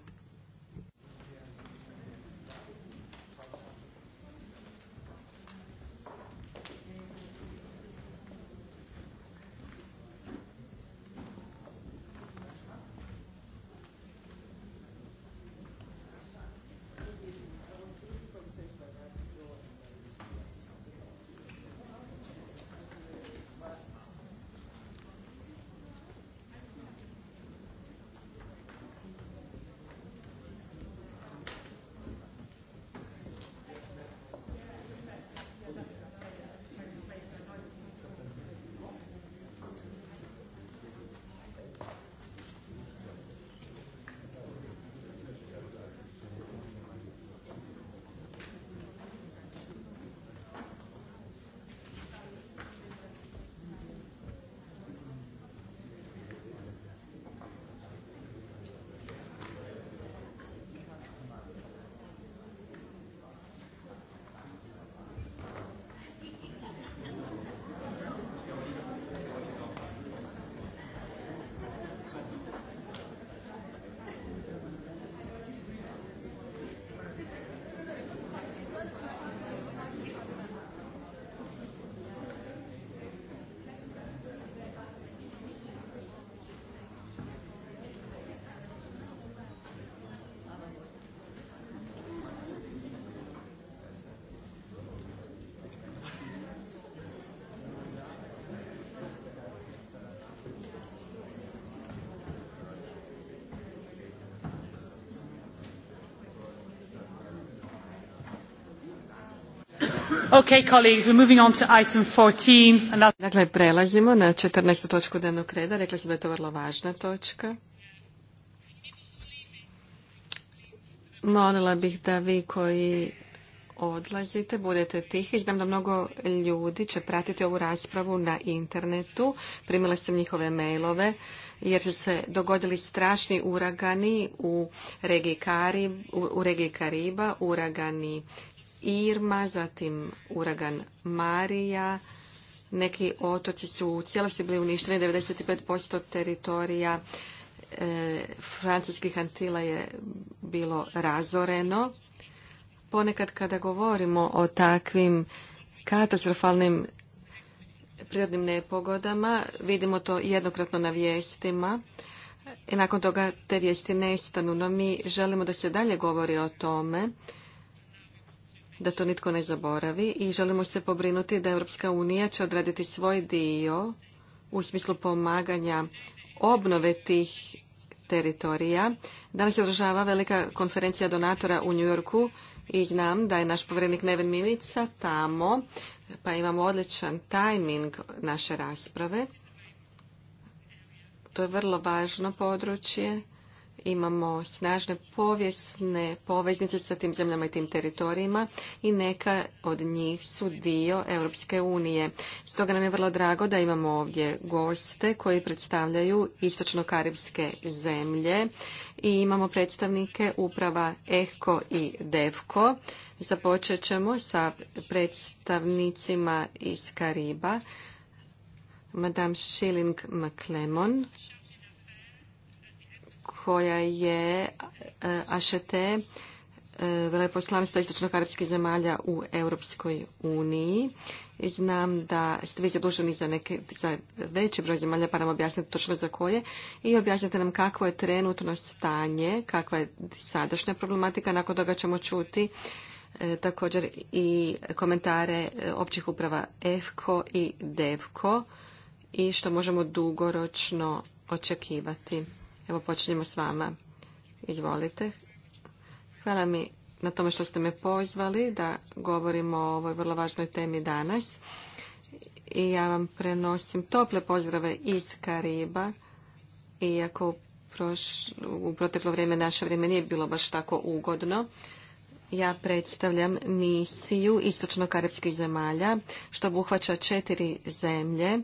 Dakle, prelazimo na
14. točku dnevnog reda. Rekla sam da je to vrlo važna točka. Molila bih da vi koji odlazite, budete tihi. Znam da mnogo ljudi će pratiti ovu raspravu na internetu. Primila sam njihove mailove jer su se dogodili strašni uragani u regiji, u regiji Kariba, uragani Irma, zatim uragan Marija. Neki otoci su u cijelosti bili uništeni, 95% teritorija e, francuskih antila je bilo razoreno. Ponekad kada govorimo o takvim katastrofalnim prirodnim nepogodama, vidimo to jednokratno na vijestima i nakon toga te vijesti nestanu, no mi želimo da se dalje govori o tome da to nitko ne zaboravi i želimo se pobrinuti da Europska unija će odraditi svoj dio u smislu pomaganja obnove tih teritorija. Danas se održava velika konferencija donatora u Yorku i znam da je naš povrednik Neven Milica tamo, pa imamo odličan tajming naše rasprave. To je vrlo važno područje imamo snažne povijesne poveznice sa tim zemljama i tim teritorijima i neka od njih su dio Europske unije. Stoga nam je vrlo drago da imamo ovdje goste koji predstavljaju istočno-karibske zemlje i imamo predstavnike uprava EHKO i DEVKO. Započet ćemo sa predstavnicima iz Kariba. Madame Schilling McLemon koja je e, AŠT e, veleposlanstva istočnog arapskih zemalja u Europskoj uniji. znam da ste vi zaduženi za, neke, za veći broj zemalja, pa nam objasnite točno za koje. I objasnite nam kakvo je trenutno stanje, kakva je sadašnja problematika. Nakon toga ćemo čuti e, također i komentare općih uprava EFKO i DEVKO i što možemo dugoročno očekivati. Evo počinjemo s vama. Izvolite. Hvala mi na tome što ste me pozvali da govorimo o ovoj vrlo važnoj temi danas. I ja vam prenosim tople pozdrave iz Kariba. Iako u proteklo vrijeme, naše vrijeme nije bilo baš tako ugodno. Ja predstavljam misiju istočno-karibskih zemalja, što obuhvaća četiri zemlje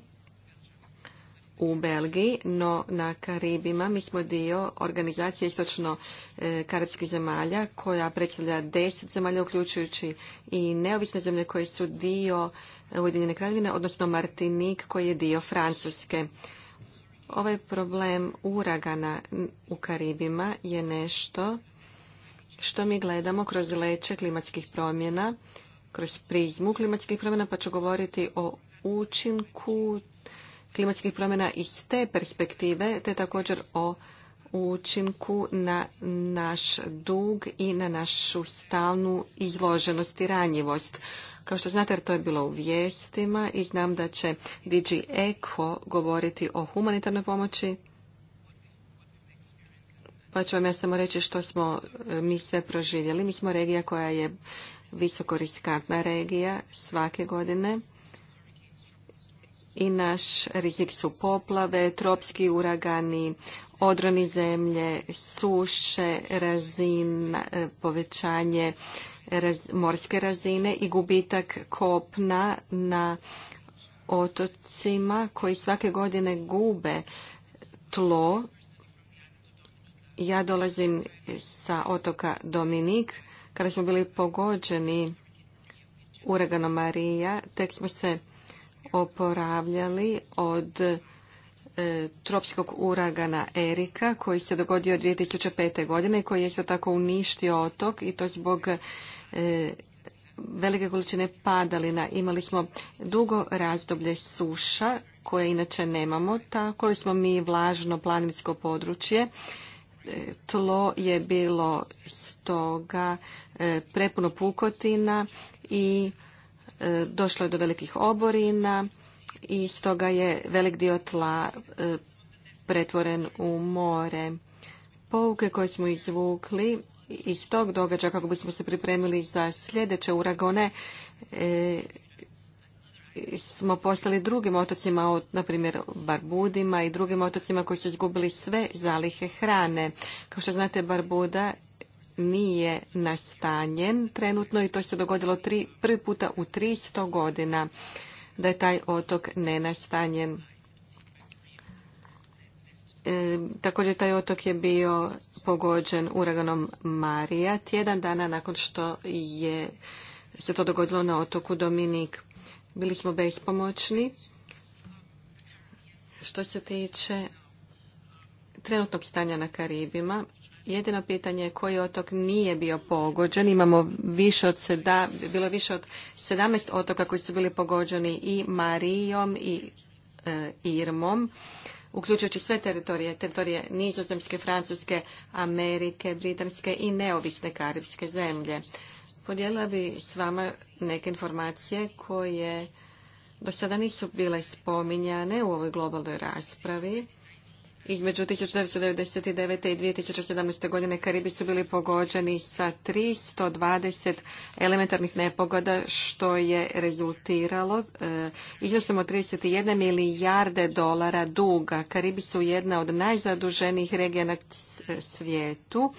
u Belgiji, no na Karibima mi smo dio organizacije istočno e, karibskih zemalja koja predstavlja deset zemalja uključujući i neovisne zemlje koje su dio Ujedinjene kraljevine, odnosno Martinik koji je dio Francuske. Ovaj problem uragana u Karibima je nešto što mi gledamo kroz leće klimatskih promjena, kroz prizmu klimatskih promjena, pa ću govoriti o učinku klimatskih promjena iz te perspektive, te također o učinku na naš dug i na našu stalnu izloženost i ranjivost. Kao što znate, jer to je bilo u vijestima i znam da će DG ECHO govoriti o humanitarnoj pomoći, pa ću vam ja samo reći što smo e, mi sve proživjeli. Mi smo regija koja je visoko regija svake godine i naš rizik su poplave, tropski uragani, odroni zemlje, suše, razin, e, povećanje morske razine i gubitak kopna na otocima koji svake godine gube tlo. Ja dolazim sa otoka Dominik. Kada smo bili pogođeni uraganom Marija, tek smo se oporavljali od e, tropskog uragana Erika koji se dogodio 2005. godine i koji je isto tako uništio otok i to zbog e, velike količine padalina. Imali smo dugo razdoblje suša koje inače nemamo, tako li smo mi vlažno planinsko područje. E, tlo je bilo stoga prepuno pukotina i E, došlo je do velikih oborina i stoga je velik dio tla e, pretvoren u more. Pouke koje smo izvukli iz tog događaja kako bismo se pripremili za sljedeće uragone e, smo postali drugim otocima, na primjer Barbudima i drugim otocima koji su izgubili sve zalihe hrane. Kao što znate, Barbuda nije nastanjen trenutno i to se dogodilo tri, prvi puta u 300 godina da je taj otok nenastanjen. E, također taj otok je bio pogođen uraganom Marija tjedan dana nakon što je se to dogodilo na otoku Dominik. Bili smo bespomoćni. Što se tiče trenutnog stanja na Karibima, Jedino pitanje je koji otok nije bio pogođen. Imamo više od bilo više od 17 otoka koji su bili pogođeni i Marijom i e, Irmom, uključujući sve teritorije, teritorije Nizozemske, Francuske, Amerike, Britanske i neovisne karibske zemlje. Podijelila bi s vama neke informacije koje do sada nisu bile spominjane u ovoj globalnoj raspravi između 1999. i 2017. godine Karibi su bili pogođeni sa 320 elementarnih nepogoda, što je rezultiralo e, iznosom od 31 milijarde dolara duga. Karibi su jedna od najzaduženijih regija na e, svijetu.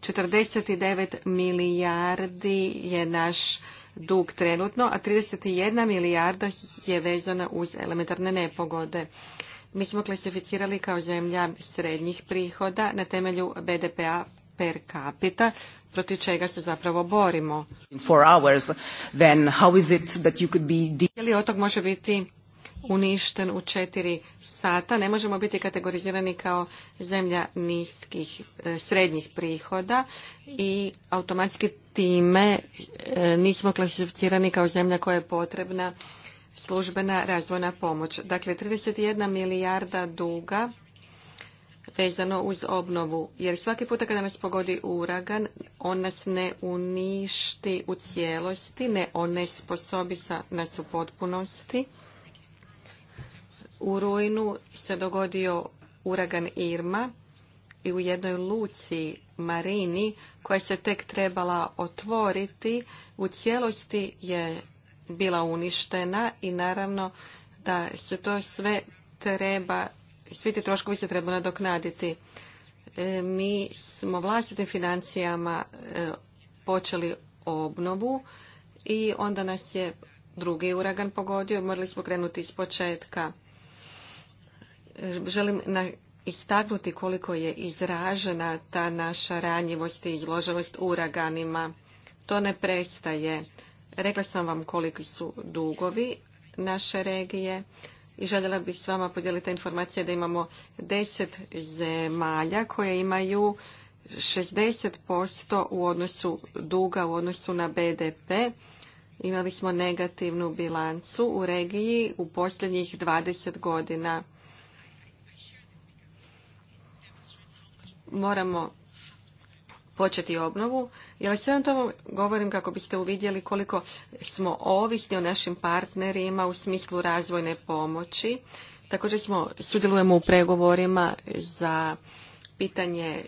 49 milijardi je naš dug trenutno, a 31 milijarda je vezana uz elementarne nepogode. Mi smo klasificirali kao zemlja srednjih prihoda na temelju BDP-a per capita, protiv čega se zapravo borimo. li otok može biti uništen u četiri sata. Ne možemo biti kategorizirani kao zemlja niskih, e, srednjih prihoda i automatski time e, nismo klasificirani kao zemlja koja je potrebna službena razvojna pomoć. Dakle, 31 milijarda duga vezano uz obnovu. Jer svaki puta kada nas pogodi uragan, on nas ne uništi u cijelosti, ne onesposobi nas u potpunosti. U rujnu se dogodio uragan Irma i u jednoj luci Marini koja se tek trebala otvoriti u cijelosti je bila uništena i naravno da se to sve treba, svi ti troškovi se treba nadoknaditi. E, mi smo vlastitim financijama e, počeli obnovu i onda nas je drugi uragan pogodio, morali smo krenuti iz početka. E, želim istaknuti koliko je izražena ta naša ranjivost i izloženost uraganima. To ne prestaje. Rekla sam vam koliki su dugovi naše regije i željela bih s vama podijeliti informacije da imamo 10 zemalja koje imaju 60% u odnosu duga u odnosu na BDP. Imali smo negativnu bilancu u regiji u posljednjih 20 godina. Moramo početi obnovu, jer sve to govorim kako biste uvidjeli koliko smo ovisni o našim partnerima u smislu razvojne pomoći. Također smo, sudjelujemo u pregovorima za pitanje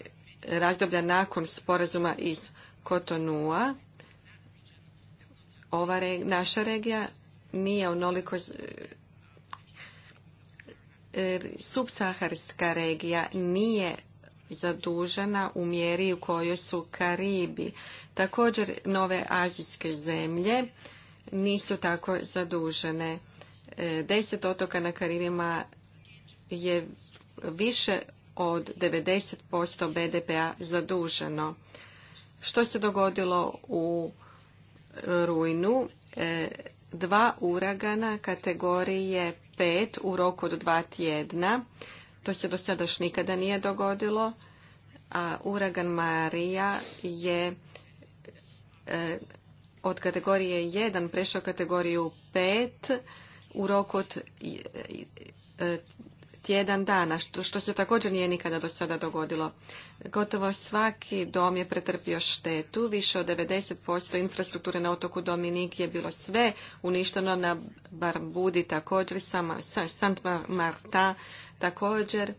razdoblja nakon sporazuma iz Kotonua. Ova naša regija nije onoliko e, subsaharska regija nije zadužena u mjeri u kojoj su Karibi. Također nove azijske zemlje nisu tako zadužene. E, deset otoka na Karibima je više od 90% BDP-a zaduženo. Što se dogodilo u rujnu? E, dva uragana kategorije 5 u roku od dva tjedna to se do sada još nikada nije dogodilo, a uragan Marija je e, od kategorije 1 prešao kategoriju 5 u roku od E, tjedan dana, što, se također nije nikada do sada dogodilo. Gotovo svaki dom je pretrpio štetu, više od 90% infrastrukture na otoku Dominik je bilo sve uništeno, na Barbudi također, sama, Sant Marta također.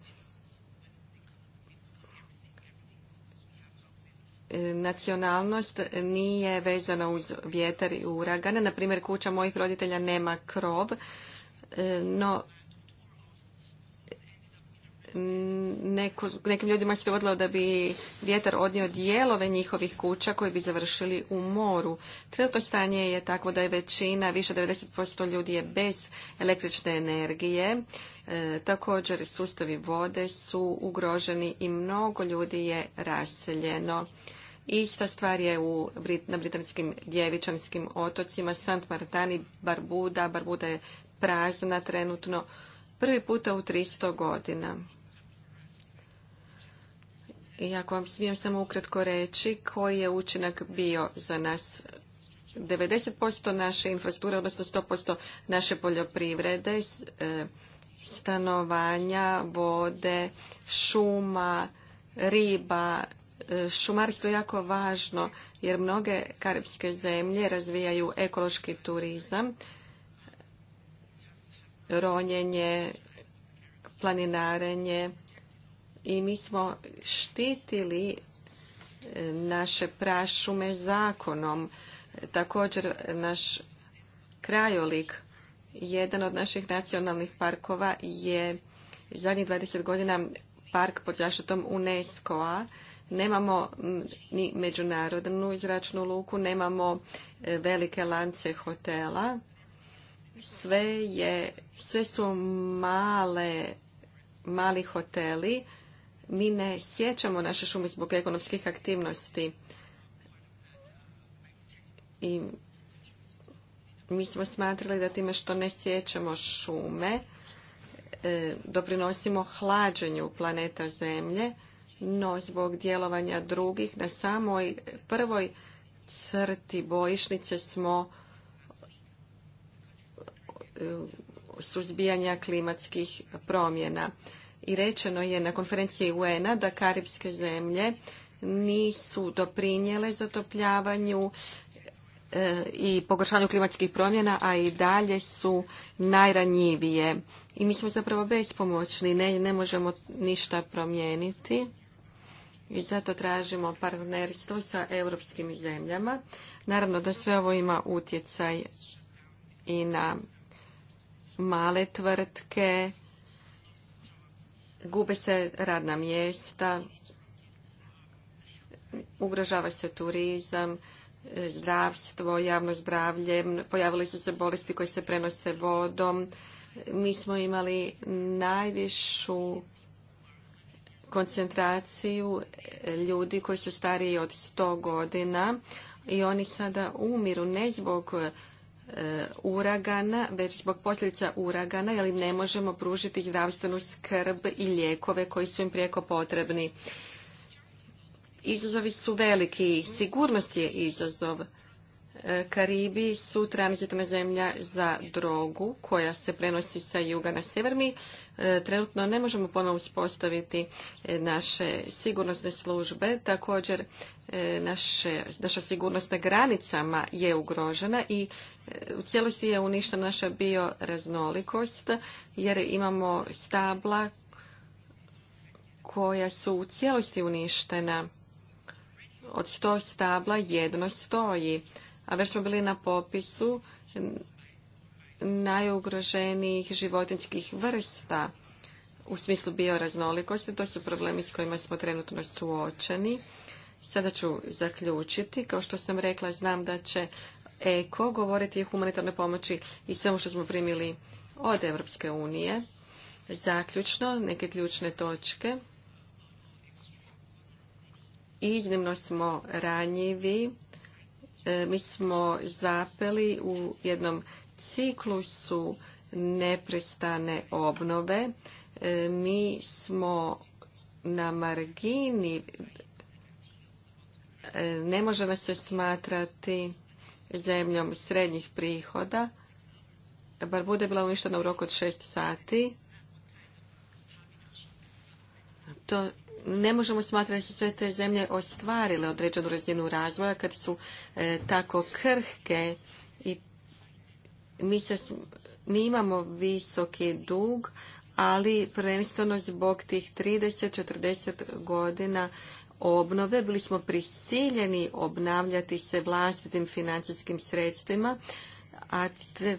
E, nacionalnost nije vezana uz vjetar i uragane. Naprimjer, kuća mojih roditelja nema krov, e, no Neko, nekim ljudima se dogodilo da bi vjetar odnio dijelove njihovih kuća koji bi završili u moru. Trenutno stanje je takvo da je većina, više 90% ljudi je bez električne energije. E, također sustavi vode su ugroženi i mnogo ljudi je raseljeno. Ista stvar je u, na britanskim djevičanskim otocima, Sant Martani, Barbuda. Barbuda je prazna trenutno prvi puta u 300 godina. I ako vam smijem samo ukratko reći koji je učinak bio za nas 90% naše infrastrukture, odnosno 100% naše poljoprivrede, e, stanovanja, vode, šuma, riba, e, šumarstvo je jako važno jer mnoge karibske zemlje razvijaju ekološki turizam, ronjenje, planinarenje, i mi smo štitili e, naše prašume zakonom. Također naš krajolik, jedan od naših nacionalnih parkova je zadnjih 20 godina park pod zaštitom UNESCO-a. Nemamo ni međunarodnu izračnu luku, nemamo e, velike lance hotela. Sve, sve su male, mali hoteli mi ne sjećamo naše šume zbog ekonomskih aktivnosti. I mi smo smatrali da time što ne sjećamo šume, e, doprinosimo hlađenju planeta Zemlje, no zbog djelovanja drugih na samoj prvoj crti bojišnice smo e, suzbijanja klimatskih promjena i rečeno je na konferenciji UN-a da karibske zemlje nisu doprinjele zatopljavanju e, i pogoršanju klimatskih promjena, a i dalje su najranjivije. I mi smo zapravo bespomoćni, ne, ne možemo ništa promijeniti. I zato tražimo partnerstvo sa europskim zemljama. Naravno da sve ovo ima utjecaj i na male tvrtke, Gube se radna mjesta, ugrožava se turizam, zdravstvo, javno zdravlje, pojavili su se bolesti koje se prenose vodom. Mi smo imali najvišu koncentraciju ljudi koji su stariji od 100 godina i oni sada umiru ne zbog E, uragana, već zbog posljedica uragana, jer im ne možemo pružiti zdravstvenu skrb i lijekove koji su im prijeko potrebni. Izazovi su veliki. Sigurnost je izazov. Karibi su tranzitna zemlja za drogu koja se prenosi sa juga na sever. Mi e, trenutno ne možemo ponovno uspostaviti e, naše sigurnosne službe. Također e, naša sigurnost na granicama je ugrožena i u cijelosti je uništena naša bioraznolikost jer imamo stabla koja su u cijelosti uništena. Od sto stabla jedno stoji a već smo bili na popisu najugroženijih životinjskih vrsta u smislu bioraznolikosti. To su problemi s kojima smo trenutno suočeni. Sada ću zaključiti. Kao što sam rekla, znam da će EKO govoriti o humanitarnoj pomoći i samo što smo primili od Europske unije. Zaključno, neke ključne točke. Iznimno smo ranjivi E, mi smo zapeli u jednom ciklusu neprestane obnove. E, mi smo na margini, e, ne može nas se smatrati zemljom srednjih prihoda, bar bude bila uništena u roku od šest sati. To ne možemo smatrati da su sve te zemlje ostvarile određenu razinu razvoja kad su e, tako krhke i mi, se, mi imamo visoki dug, ali prvenstveno zbog tih 30-40 godina obnove bili smo prisiljeni obnavljati se vlastitim financijskim sredstvima a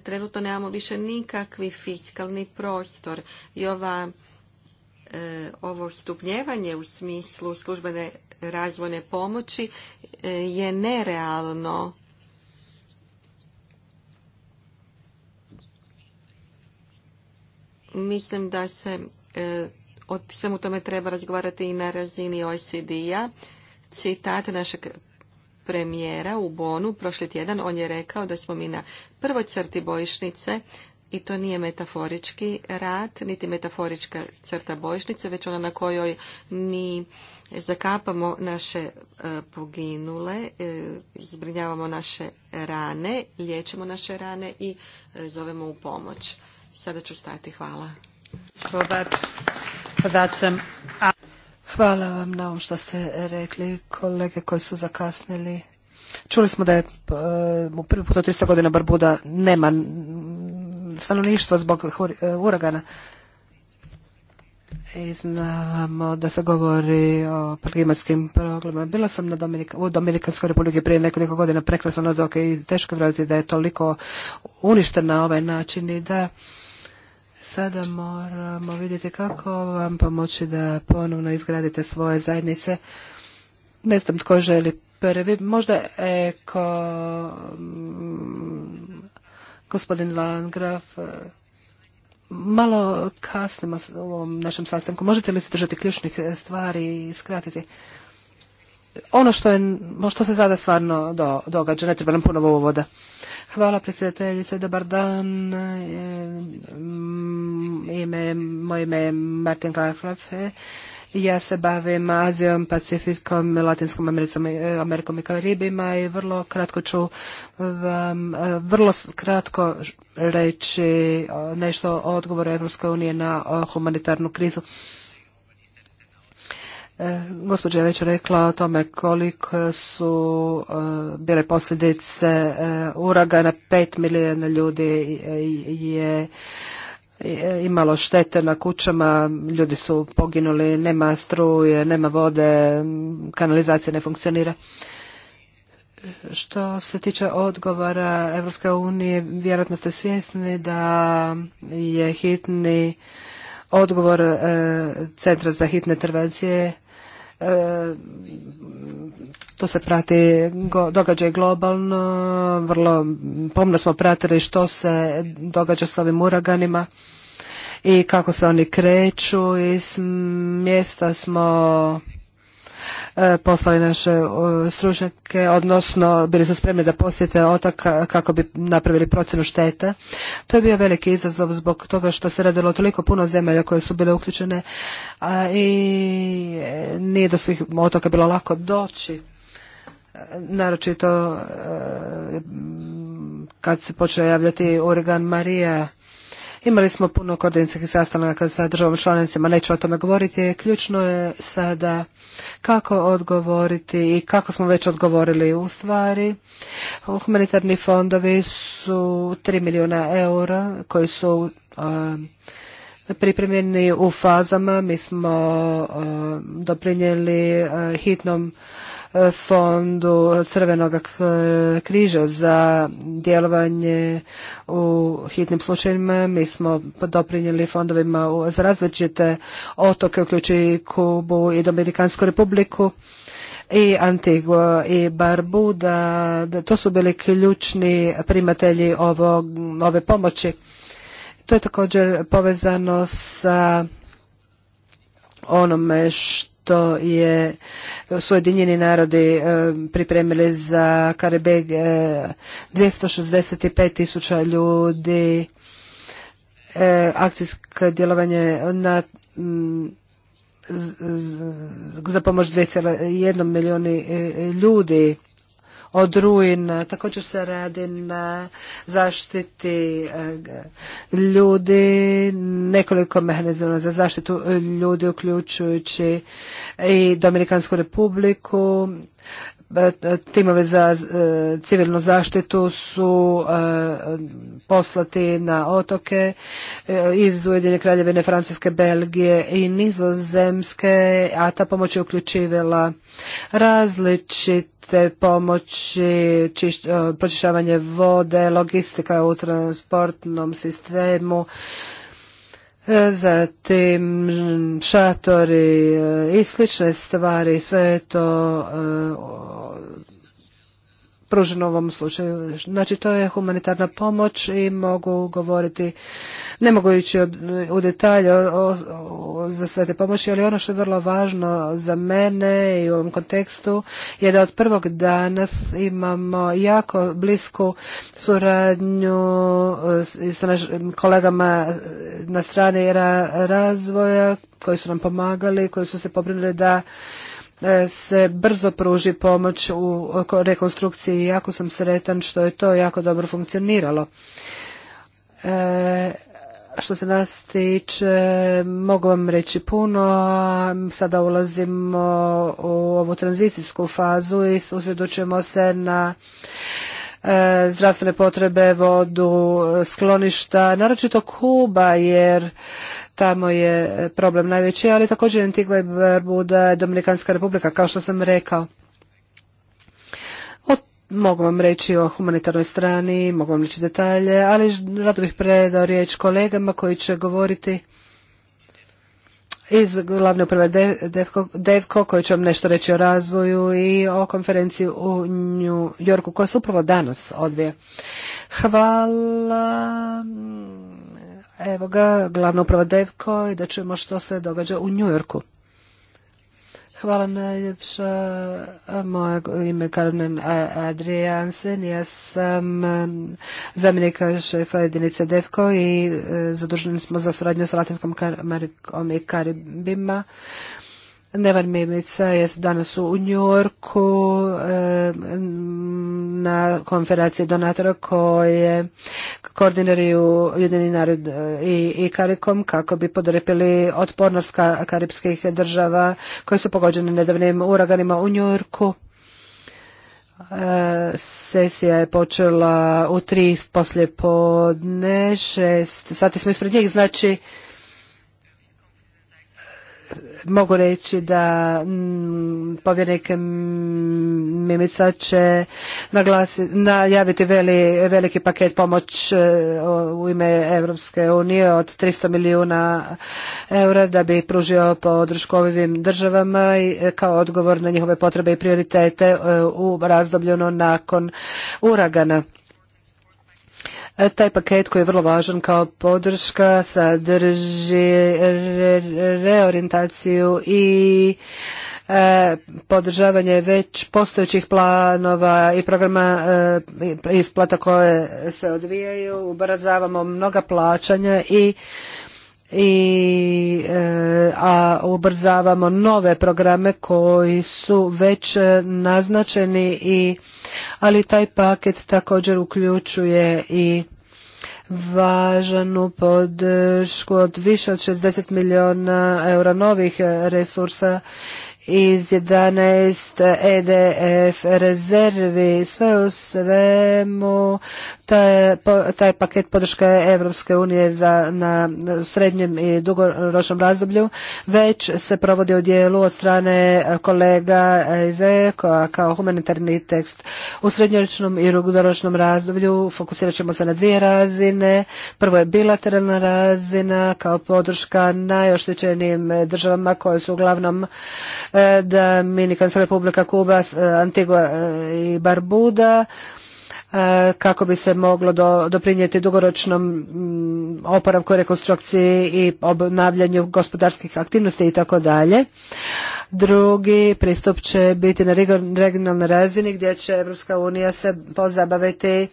trenutno nemamo više nikakvi fiskalni prostor i ova E, ovo stupnjevanje u smislu službene razvojne pomoći e, je nerealno. Mislim da se e, o svemu tome treba razgovarati i na razini OECD-a. Citat našeg premijera u Bonu prošli tjedan, on je rekao da smo mi na prvoj crti bojišnice, i to nije metaforički rad, niti metaforička crta bojišnice, već ona na kojoj mi zakapamo naše e, poginule, e, zbrinjavamo naše rane, liječimo naše rane i e, zovemo u pomoć. Sada ću stati. Hvala.
Hvala vam na ovom što ste rekli, kolege koji su zakasnili. Čuli smo da je u prvi put od 300 godina Barbuda nema stanovništvo zbog e, uragana. I znamo da se govori o klimatskim problemima. Bila sam na u Dominikanskoj republiki prije nekoliko godina prekrasno dok je teško vratiti da je toliko uništena na ovaj način i da sada moramo vidjeti kako vam pomoći da ponovno izgradite svoje zajednice. Ne znam tko želi prvi, možda eko Gospodin Landgraf, e, malo kasnimo u ovom našem sastanku. Možete li se držati ključnih e, stvari i skratiti? Ono što, je, što se sada stvarno događa, ne treba nam puno uvoda. Hvala predsjedateljice, dobar dan. E, moje ime je Martin ja se bavim Azijom, Pacifikom, Latinskom Americom, e, Amerikom i Karibima i vrlo kratko ću vam, e, vrlo kratko reći nešto o odgovoru Evropske unije na humanitarnu krizu. Gospodin e, gospođa je već rekla o tome koliko su bile posljedice uraga uragana, pet milijuna ljudi je imalo štete na kućama, ljudi su poginuli, nema struje, nema vode, kanalizacija ne funkcionira. Što se tiče odgovora Evropske unije, vjerojatno ste svjesni da je hitni odgovor e, Centra za hitne intervencije E, to se prati događaj globalno, vrlo pomno smo pratili što se događa s ovim uraganima i kako se oni kreću i s mjesta smo poslali naše e, stručnjake, odnosno bili su spremni da posjete otak kako bi napravili procjenu štete. To je bio veliki izazov zbog toga što se radilo toliko puno zemalja koje su bile uključene i e, nije do svih otoka bilo lako doći e, naročito kad se počeo javljati Oregon Marija Imali smo puno koordinacijskih sastanaka sa državom članicama, neću o tome govoriti. Ključno je sada kako odgovoriti i kako smo već odgovorili u stvari. Humanitarni fondovi su 3 milijuna eura koji su um, pripremljeni u fazama. Mi smo um, doprinijeli uh, hitnom fondu Crvenog križa za djelovanje u hitnim slučajevima. Mi smo doprinijeli fondovima za različite otoke, uključujući Kubu i Dominikansku republiku i Antigua i Barbuda. To su bili ključni primatelji ove pomoći. To je također povezano sa onome što to je ujedinjeni narodi e, pripremili za Karibeg 265 e, tisuća ljudi e, akcijsko djelovanje na mm, za pomoć 2,1 milijuni ljudi od ruin. Također se radi na zaštiti e, ljudi, nekoliko mehanizama za zaštitu ljudi uključujući i Dominikansku republiku, E, timove za e, civilnu zaštitu su e, poslati na otoke iz Ujedinje kraljevine Francuske, Belgije i Nizozemske, a ta pomoć je uključivala različite pomoći, pročišavanje vode, logistika u transportnom sistemu, zatim šatori i slične stvari, sve je to pruženo ovom slučaju. Znači to je humanitarna pomoć i mogu govoriti, ne mogu ići u detalje za sve te pomoći, ali ono što je vrlo važno za mene i u ovom kontekstu je da od prvog danas imamo jako blisku suradnju e, sa kolegama na strani razvoja koji su nam pomagali, koji su se pobrinuli da E, se brzo pruži pomoć u rekonstrukciji i jako sam sretan što je to jako dobro funkcioniralo. E, što se nas tiče, mogu vam reći puno, sada ulazimo u ovu tranzicijsku fazu i susjedućemo se na E, zdravstvene potrebe, vodu, skloništa, naročito Kuba jer tamo je problem najveći, ali također Antigua i Barbuda Dominikanska republika, kao što sam rekao. mogu vam reći o humanitarnoj strani, mogu vam reći detalje, ali rado bih predao riječ kolegama koji će govoriti iz glavne uprave Devko koji će vam nešto reći o razvoju i o konferenciji u New Yorku koja se upravo danas odvije. Hvala evo ga, glavna uprava Devko i da čujemo što se događa u New Yorku. Hvala najljepša. Moje ime je Carmen Adriansen. Ja sam zamjenika šefa jedinice DEFKO i e, zaduženi smo za suradnju sa Latinskom Amerikom i Karibima. nevar Mimica je danas u Njorku e, na konferenciji donatora koje koordiniraju Ujedini narod e, i, i Karikom kako bi podrepili otpornost ka, karibskih država koje su pogođene nedavnim uraganima u Njurku. E, sesija je počela u tri poslje podne, šest sati smo ispred njih, znači mogu reći da mm, povjerenik Mimica će najaviti veliki paket pomoć e, u ime Europske unije od 300 milijuna eura da bi pružio podršku ovim državama i e, kao odgovor na njihove potrebe i prioritete e, u razdoblju nakon uragana. E, taj paket koji je vrlo važan kao podrška sadrži reorientaciju i e, podržavanje već postojećih planova i programa e, isplata koje se odvijaju. Ubrzavamo mnoga plaćanja i i e, a ubrzavamo nove programe koji su već naznačeni i ali taj paket također uključuje i važanu podršku od više od 60 milijuna eura novih resursa iz 11 EDF rezervi, sve u svemu taj, paket podrške Evropske unije za, na srednjem i dugoročnom razdoblju već se provodi u dijelu od strane kolega iz EKO kao humanitarni tekst. U srednjoročnom i dugoročnom razdoblju fokusirat ćemo se na dvije razine. Prvo je bilateralna razina kao podrška najoštećenijim državama koje su uglavnom Dominikanska republika Kuba, eh, Antigua eh, i Barbuda E, kako bi se moglo doprinijeti dugoročnom mm, oporavku, rekonstrukciji i obnavljanju gospodarskih aktivnosti i tako dalje. Drugi pristup će biti na regionalnoj razini gdje će Evropska unija se pozabaviti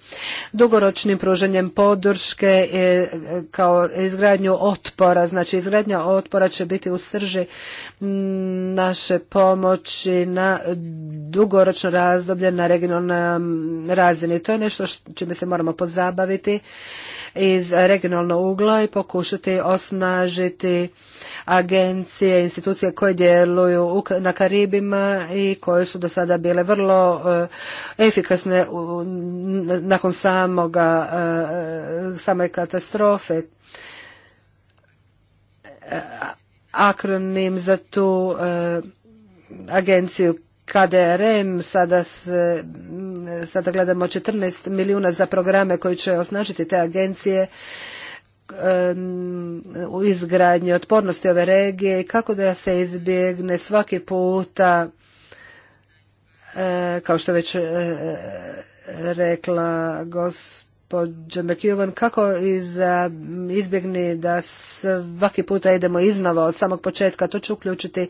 dugoročnim pruženjem podrške e, e, kao izgradnju otpora. Znači izgradnja otpora će biti u srži naše pomoći na dugoročno razdoblje na regionalnoj razini je nešto čime se moramo pozabaviti iz regionalnog ugla i pokušati osnažiti agencije, institucije koje djeluju na Karibima i koje su do sada bile vrlo eh, efikasne nakon samoga, eh, same katastrofe eh, akronim za tu agenciju KDRM, sada, se, sada gledamo 14 milijuna za programe koji će osnažiti te agencije u izgradnji otpornosti ove regije i kako da se izbjegne svaki puta eh, kao što već eh, rekla gospođa McEwan, kako izbjegni da svaki puta idemo iznova od samog početka, to će uključiti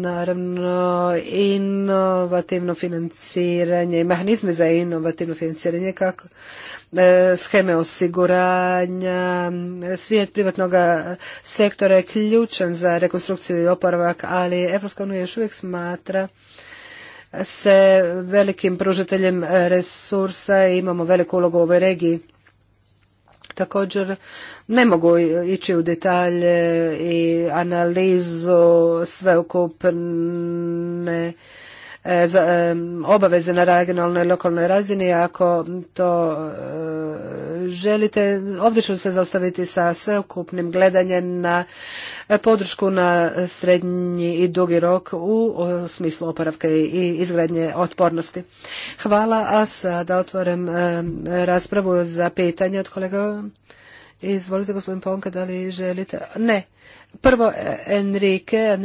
naravno inovativno financiranje i mehanizme za inovativno financiranje kako e, scheme osiguranja svijet privatnog sektora je ključan za rekonstrukciju i oporavak ali Evropska unija još uvijek smatra se velikim pružateljem resursa i imamo veliku ulogu u ovoj regiji Također ne mogu ići u detalje i analizu sveukupne E, e, obaveze na regionalnoj i lokalnoj razini. Ako to e, želite, ovdje ću se zaustaviti sa sveukupnim gledanjem na podršku na srednji i dugi rok u smislu oporavke i izgradnje otpornosti. Hvala, a sada otvorem raspravu za pitanje od kolega. Izvolite, gospodin Ponka, da li želite? Ne. Prvo Enrique,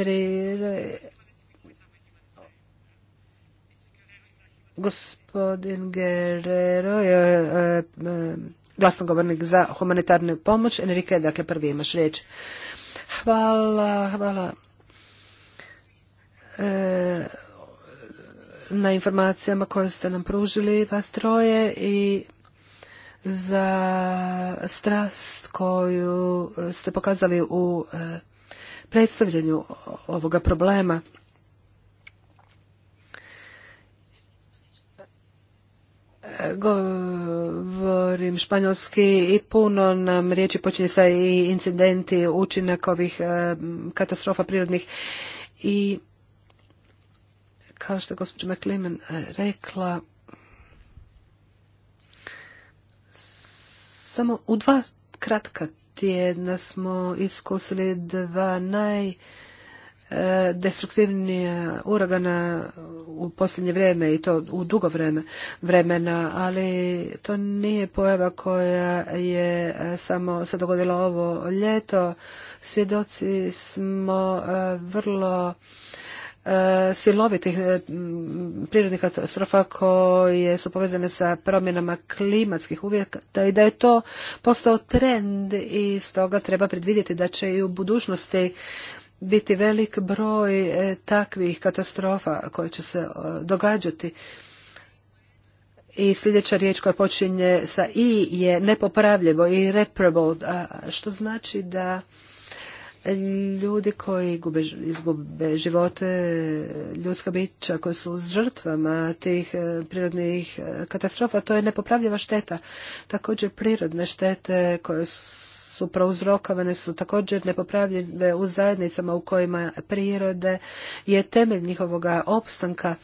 Gospodin Guerrero je e, e, glasnogovornik za humanitarnu pomoć. Enrique, dakle, prvi imaš riječ. Hvala, hvala. E, na informacijama koje ste nam pružili vas troje i za strast koju ste pokazali u predstavljanju ovoga problema. govorim španjolski i puno nam riječi počinje sa i incidenti, učinak ovih e, katastrofa prirodnih i kao što je gospođa McLean e, rekla, samo u dva kratka tjedna smo iskusili dva naj destruktivni uragana u posljednje vrijeme i to u dugo vremena, ali to nije pojava koja je samo se dogodila ovo ljeto. Svjedoci smo e, vrlo e, silovitih e, prirodnih katastrofa koje su povezane sa promjenama klimatskih uvjeta i da je to postao trend i stoga treba predvidjeti da će i u budućnosti biti velik broj e, takvih katastrofa koje će se e, događati. I sljedeća riječ koja počinje sa i je nepopravljivo i irreparable, što znači da ljudi koji gube, izgube živote, ljudska bića koji su s žrtvama tih e, prirodnih katastrofa, to je nepopravljiva šteta. Također prirodne štete koje su su prouzrokovane su također nepopravljive u zajednicama u kojima prirode je temelj njihovog opstanka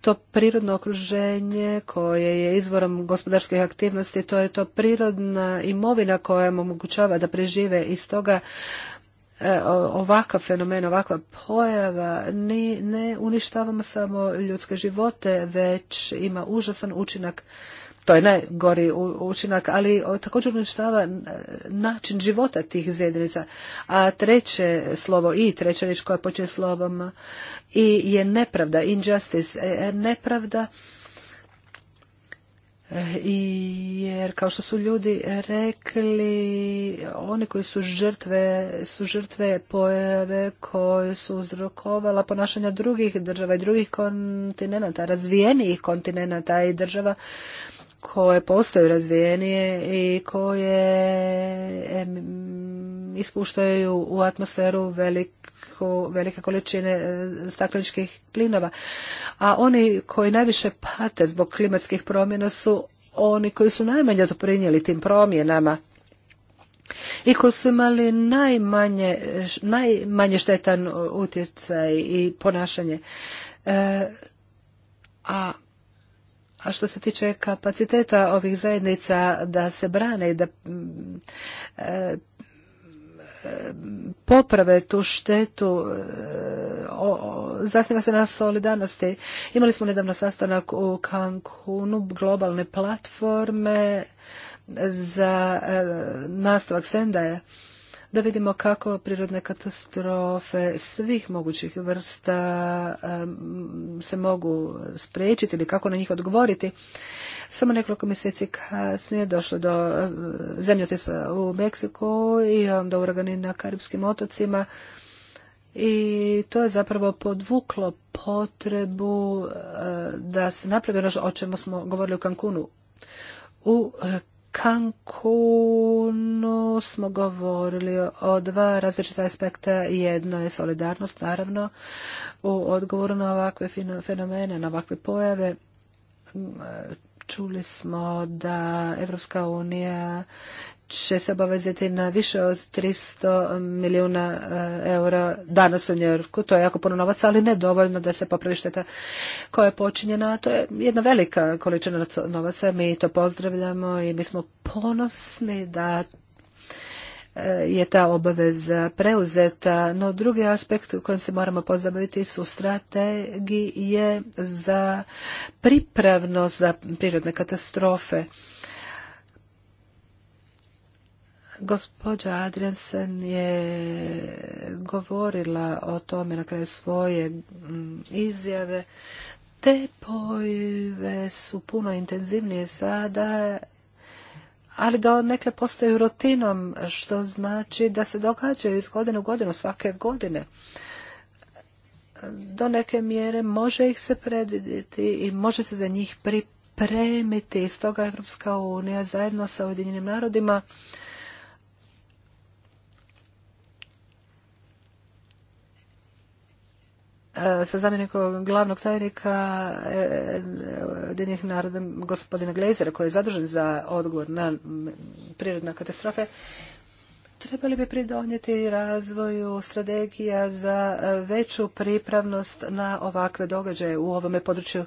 to prirodno okruženje koje je izvorom gospodarskih aktivnosti, to je to prirodna imovina koja im omogućava da prežive i stoga e, ovakav fenomen, ovakva pojava ni, ne uništavamo samo ljudske živote, već ima užasan učinak to je najgori učinak, ali također uništava način života tih zjednica. A treće slovo i, treća riječ koja počne slovom i je nepravda, injustice, e, e, nepravda e, jer kao što su ljudi rekli, oni koji su žrtve, su žrtve pojave koje su uzrokovala ponašanja drugih država i drugih kontinenata, razvijenijih kontinenata i država koje postaju razvijenije i koje ispuštaju u atmosferu veliko, velike količine e, stakleničkih plinova. A oni koji najviše pate zbog klimatskih promjena su oni koji su najmanje doprinijeli tim promjenama i koji su imali najmanje, najmanje štetan utjecaj i ponašanje. E, a a što se tiče kapaciteta ovih zajednica da se brane i da mm, e, e, poprave tu štetu e, zasniva se na solidarnosti. Imali smo nedavno sastanak u Cancunu globalne platforme za nastavak Sendaje da vidimo kako prirodne katastrofe svih mogućih vrsta se mogu spriječiti ili kako na njih odgovoriti. Samo nekoliko mjeseci kasnije došlo do zemljotesa u Meksiku i onda uragani na Karibskim otocima i to je zapravo podvuklo potrebu da se napravi ono o čemu smo govorili u Cancunu. U Cancunu smo govorili o dva različita aspekta. Jedno je solidarnost, naravno, u odgovoru na ovakve fenomene, na ovakve pojave. Mm, čuli smo da Evropska unija će se obavezati na više od 300 milijuna e, eura danas u Njorku. To je jako puno novaca, ali ne dovoljno da se popravi šteta koja je počinjena. to je jedna velika količina novaca. Mi to pozdravljamo i mi smo ponosni da e, je ta obaveza preuzeta, no drugi aspekt u kojem se moramo pozabaviti su strategije za pripravnost za prirodne katastrofe. Gospođa Adriansen je govorila o tome na kraju svoje mm, izjave. Te pojve su puno intenzivnije sada, ali da neke postaju rutinom, što znači da se događaju iz godine u godinu, svake godine. Do neke mjere može ih se predvidjeti i može se za njih pripremiti. toga Evropska unija zajedno sa Ujedinjenim narodima E, sa zamjenikom glavnog tajnika e, e, Ujedinjenih naroda gospodina Glejzera koji je zadužen za odgovor na prirodne katastrofe trebali bi pridonijeti razvoju strategija za veću pripravnost na ovakve događaje u ovome području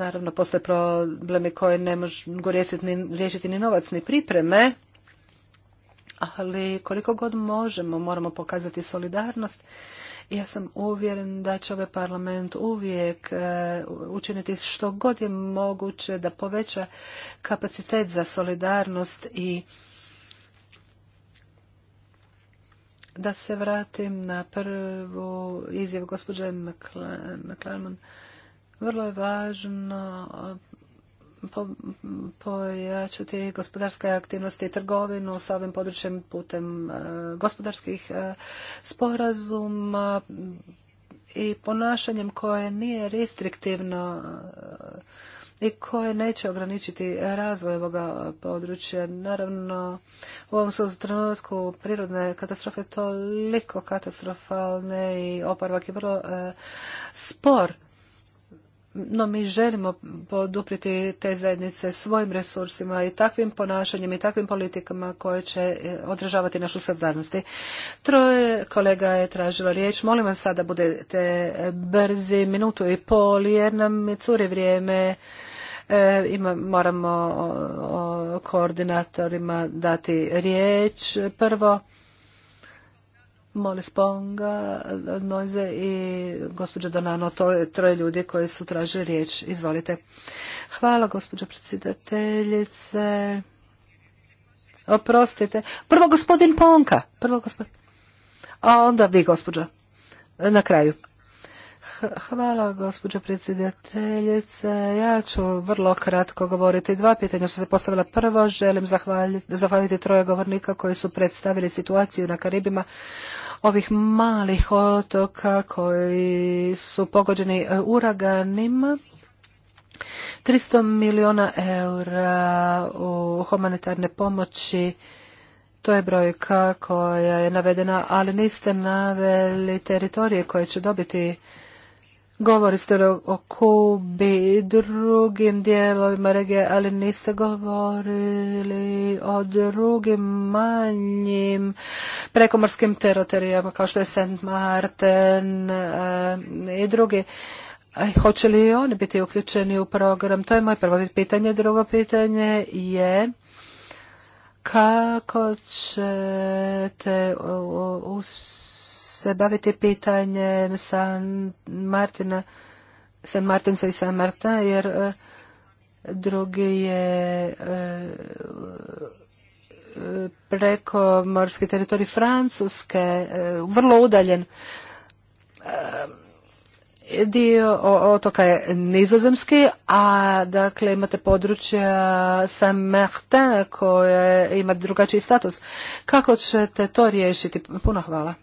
naravno postoje problemi koje ne mogu riješiti ni novac ni pripreme ali koliko god možemo moramo pokazati solidarnost ja sam uvjeren da će ovaj parlament uvijek učiniti što god je moguće da poveća kapacitet za solidarnost i da se vratim na prvu izjavu gospođe McClarmon. Vrlo je važno pojačati gospodarske aktivnosti i trgovinu sa ovim područjem putem e, gospodarskih e, sporazuma i ponašanjem koje nije restriktivno e, i koje neće ograničiti razvoj ovoga područja. Naravno, u ovom su trenutku prirodne katastrofe toliko katastrofalne i oparvak je vrlo spor no mi želimo podupriti te zajednice svojim resursima i takvim ponašanjem i takvim politikama koje će e, održavati našu solidarnost. Troje kolega je tražilo riječ. Molim vas sada budete brzi, minutu i pol, jer nam curi vrijeme. E, ima, moramo koordinatorima dati riječ. Prvo, Molim Ponga, Noize i gospođa Donano, to je troje ljudi koji su tražili riječ. Izvolite. Hvala gospođa predsjedateljice. Oprostite. Prvo gospodin Ponka. Prvo gospodin. A onda vi gospođa. Na kraju. Hvala gospođa predsjedateljice. Ja ću vrlo kratko govoriti dva pitanja što se postavila prvo. Želim zahvaliti, zahvaliti troje govornika koji su predstavili situaciju na Karibima ovih malih otoka koji su pogođeni e, uraganima. 300 milijuna eura u humanitarne pomoći to je brojka koja je navedena, ali niste naveli teritorije koje će dobiti Govori ste o Kubi i drugim dijelovima regije, ali niste govorili o drugim manjim prekomorskim teritorijama kao što je St. Martin eh, i drugi. Hoće li oni biti uključeni u program? To je moje prvo pitanje. Drugo pitanje je kako ćete se baviti pitanjem San Martina, San Martinsa i San Marta, jer e, drugi je e, e, preko morski teritorij Francuske, vrlo udaljen dio otoka je nizozemski, a dakle imate područja Saint Martin koje ima drugačiji status. Kako ćete to riješiti? Puno hvala.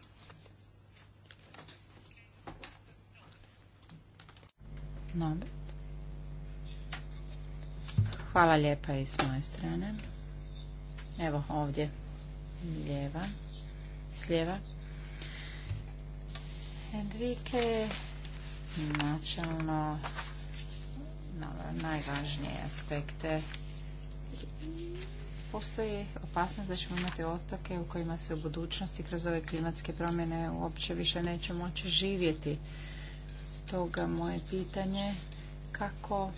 Lambert. Hvala lijepa i s moje strane. Evo ovdje lijeva, slijeva. Enrique načelno na najvažnije aspekte postoji opasnost da ćemo imati otoke u kojima se u budućnosti kroz ove klimatske promjene uopće više neće moći živjeti. Toga moje pitanje kako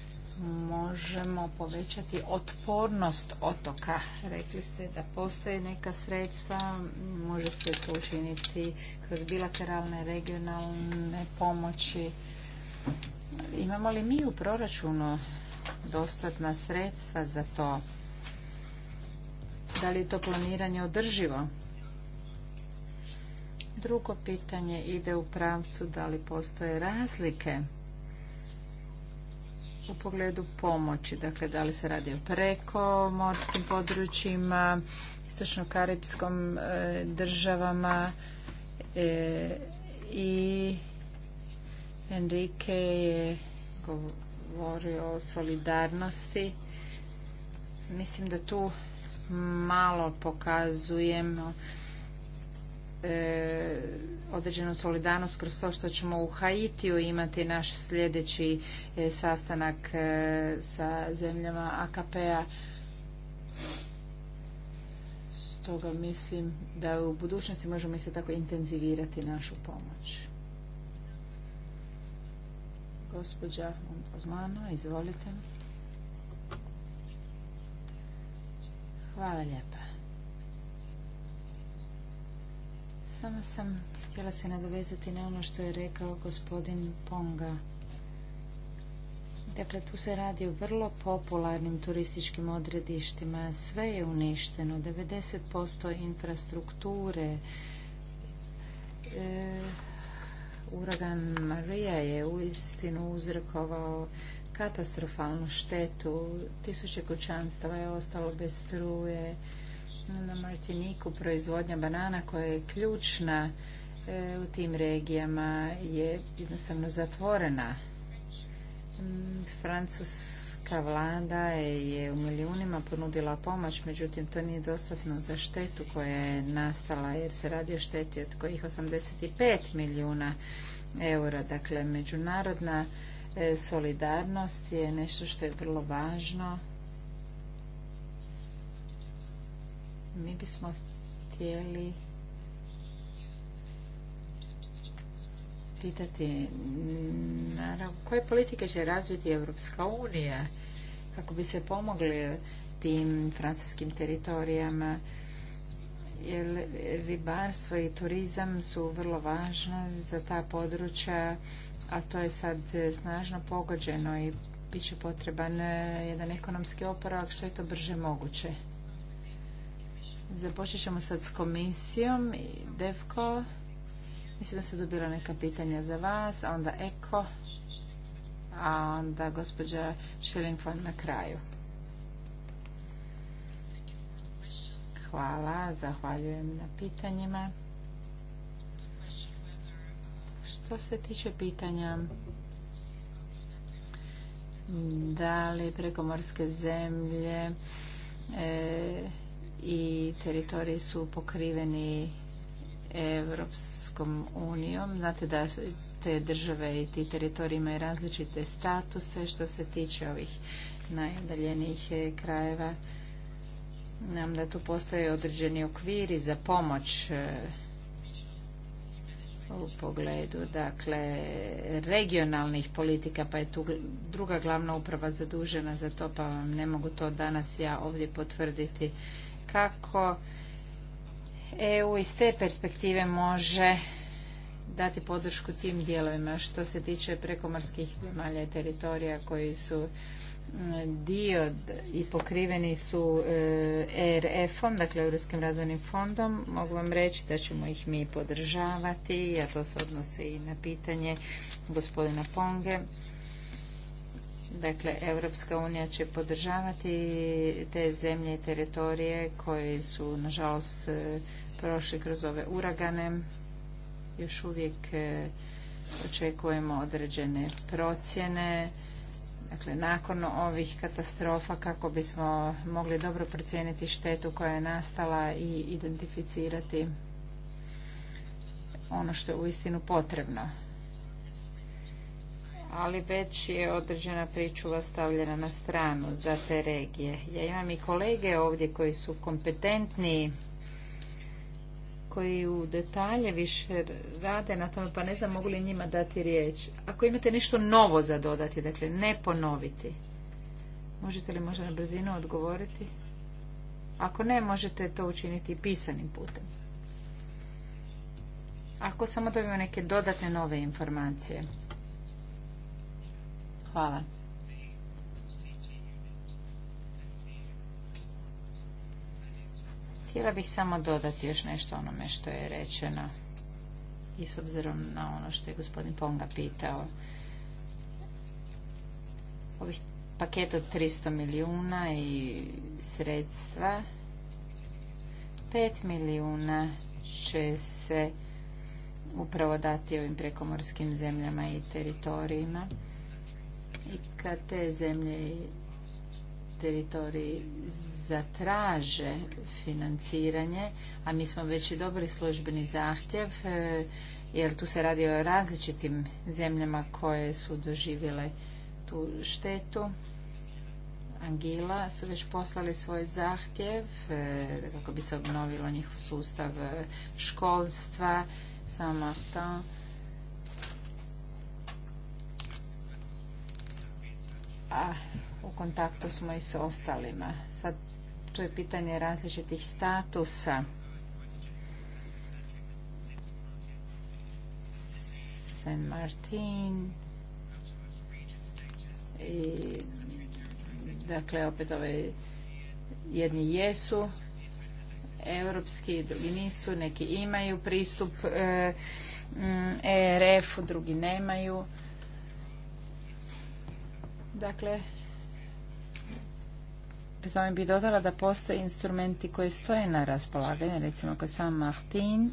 možemo povećati otpornost otoka. Rekli ste da postoje neka sredstva, može se to učiniti kroz bilateralne regionalne pomoći. Imamo li mi u proračunu dostatna sredstva za to? Da li je to planiranje održivo? Drugo pitanje ide u pravcu da li postoje razlike u pogledu pomoći, dakle da li se radi o preko morskim područjima, istočno-karibskom e, državama e, i Enrique je govorio o solidarnosti. Mislim da tu malo pokazujemo e, određenu solidarnost kroz to što ćemo u Haitiju imati naš sljedeći e, sastanak e, sa zemljama AKP-a. Stoga mislim da u budućnosti možemo isto tako intenzivirati našu pomoć. Gospođa izvolite. Hvala lijepa. Samo sam htjela se nadovezati na ono što je rekao gospodin Ponga. Dakle, tu se radi o vrlo popularnim turističkim odredištima. Sve je uništeno, 90% infrastrukture. E, uragan Marija je uistinu uzrokovao katastrofalnu štetu. Tisuće kućanstava je ostalo bez struje na Martiniku proizvodnja banana koja je ključna e, u tim regijama je jednostavno zatvorena. Mm, francuska vlada je u milijunima ponudila pomoć, međutim to nije dostatno za štetu koja je nastala jer se radi o šteti od kojih 85 milijuna eura. Dakle, međunarodna e, solidarnost je nešto što je vrlo važno Mi bismo htjeli pitati naravno koje politike će razviti Europska unija kako bi se pomogli tim francuskim teritorijama jer ribarstvo i turizam su vrlo važna za ta područja a to je sad snažno pogođeno i bit će potreban jedan ekonomski oporavak što je to brže moguće. Započet ćemo sad s komisijom i DEFCO. Mislim da su dobila neka pitanja za vas, a onda EKO, a onda gospođa Schillingfond na kraju. Hvala, zahvaljujem na pitanjima. Što se tiče pitanja da li prekomorske zemlje e, i teritoriji su pokriveni Evropskom unijom. Znate da te države i ti teritoriji imaju različite statuse što se tiče ovih najdaljenijih krajeva. Nam da tu postoje određeni okviri za pomoć e, u pogledu dakle regionalnih politika pa je tu druga glavna uprava zadužena za to pa vam ne mogu to danas ja ovdje potvrditi kako EU iz te perspektive može dati podršku tim dijelovima što se tiče prekomorskih zemalja i teritorija koji su dio i pokriveni su ERF-om, e dakle Europskim razvojnim fondom. Mogu vam reći da ćemo ih mi podržavati, a to se odnosi i na pitanje gospodina Ponge Dakle, Europska unija će podržavati te zemlje i teritorije koje su, nažalost, e, prošli kroz ove uragane. Još uvijek e, očekujemo određene procjene dakle nakon ovih katastrofa kako bismo mogli dobro procijeniti štetu koja je nastala i identificirati ono što je uistinu potrebno ali već je određena pričuva stavljena na stranu za te regije. Ja imam i kolege ovdje koji su kompetentni, koji u detalje više rade na tome, pa ne znam mogu li njima dati riječ. Ako imate nešto novo za dodati, dakle ne ponoviti, možete li možda na brzinu odgovoriti? Ako ne, možete to učiniti pisanim putem. Ako samo dobijemo neke dodatne nove informacije. Hvala. Htjela bih samo dodati još nešto onome što je rečeno i s obzirom na ono što je gospodin Ponga pitao. Ovih paket od 300 milijuna i sredstva 5 milijuna će se upravo dati ovim prekomorskim zemljama i teritorijima i kad te zemlje i teritoriji zatraže financiranje, a mi smo već i dobili službeni zahtjev, e, jer tu se radi o različitim zemljama koje su doživjele tu štetu. Angila su već poslali svoj zahtjev e, kako bi se obnovilo njihov sustav e, školstva. Samo Martin a u kontaktu smo i s ostalima. Sad tu je pitanje različitih statusa. San Martin i dakle opet ove ovaj, jedni jesu europski, drugi nisu, neki imaju pristup ERF-u, mm, e drugi nemaju. Dakle, pri tome bih dodala da postoje instrumenti koji stoje na raspolaganju, recimo kod sam Martin,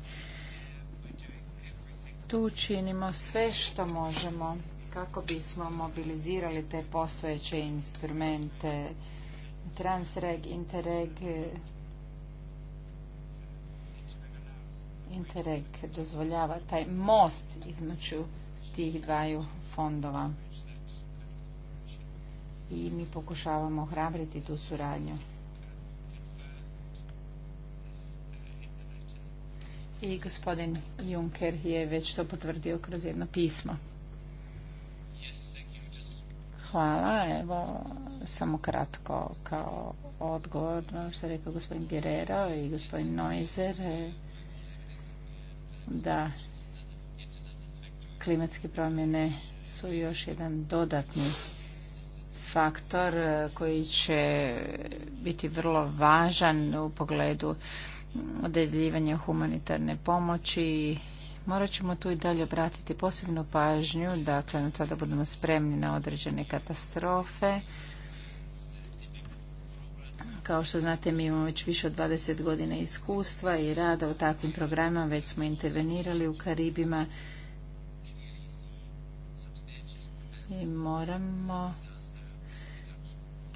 tu činimo sve što možemo kako bismo mobilizirali te postojeće instrumente Transreg, Interreg, Interreg dozvoljava taj most između tih dvaju fondova i mi pokušavamo ohrabriti tu suradnju. I gospodin Juncker je već to potvrdio kroz jedno pismo. Hvala. Evo, samo kratko kao odgovor na ono što je rekao gospodin Guerrero i gospodin Noizer e, da klimatske promjene su još jedan dodatni faktor e, koji će biti vrlo važan u pogledu odeljivanja humanitarne pomoći morat ćemo tu i dalje obratiti posebnu pažnju dakle na to da budemo spremni na određene katastrofe kao što znate mi imamo već više od 20 godina iskustva i rada u takvim programima već smo intervenirali u Karibima i moramo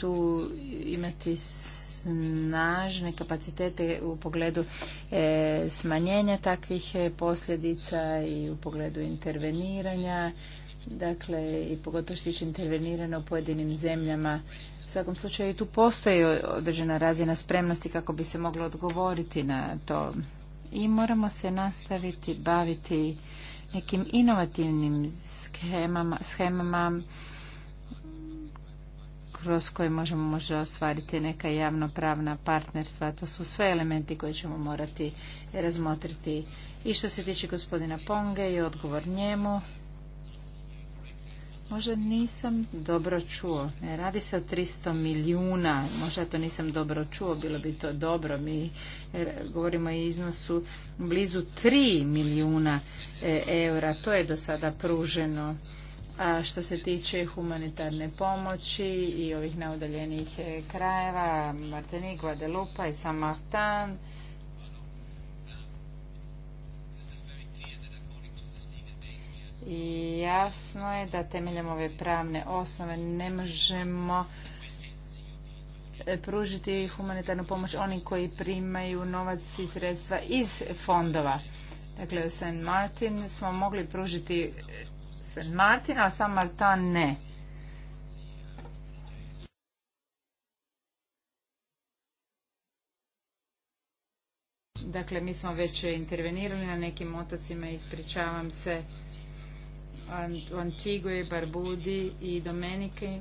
tu imati snažne kapacitete u pogledu e, smanjenja takvih e, posljedica i u pogledu interveniranja, dakle i pogotovo što tiče intervenirano u pojedinim zemljama. U svakom slučaju tu postoji određena razina spremnosti kako bi se moglo odgovoriti na to. I moramo se nastaviti baviti nekim inovativnim schemama, schemama kroz koje možemo možda ostvariti neka javnopravna partnerstva. To su sve elementi koje ćemo morati razmotriti. I što se tiče gospodina Ponge i odgovor njemu, možda nisam dobro čuo. Ne radi se o 300 milijuna, možda to nisam dobro čuo, bilo bi to dobro. Mi e, govorimo o iznosu blizu 3 milijuna e, eura, to je do sada pruženo a što se tiče humanitarne pomoći i ovih naudaljenih e, krajeva, Martini, Guadelupa i San Martin, I jasno je da temeljem ove pravne osnove ne možemo e, pružiti humanitarnu pomoć oni koji primaju novac i sredstva iz fondova. Dakle, u St. Martin smo mogli pružiti Dakle, Martina Martin, a sam Martin ne. Dakle, mi smo već intervenirali na nekim otocima, ispričavam se, u Antigue, Barbudi i Domenike.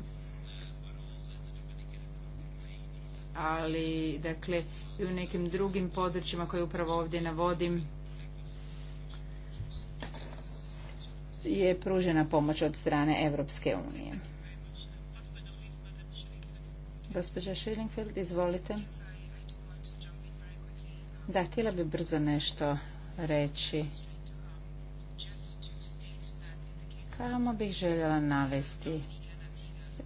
Ali, dakle, i u nekim drugim područjima koje upravo ovdje navodim, je pružena pomoć od strane Europske unije. Gospođa Schillingfield, izvolite. Da, htjela bi brzo nešto reći. Samo bih željela navesti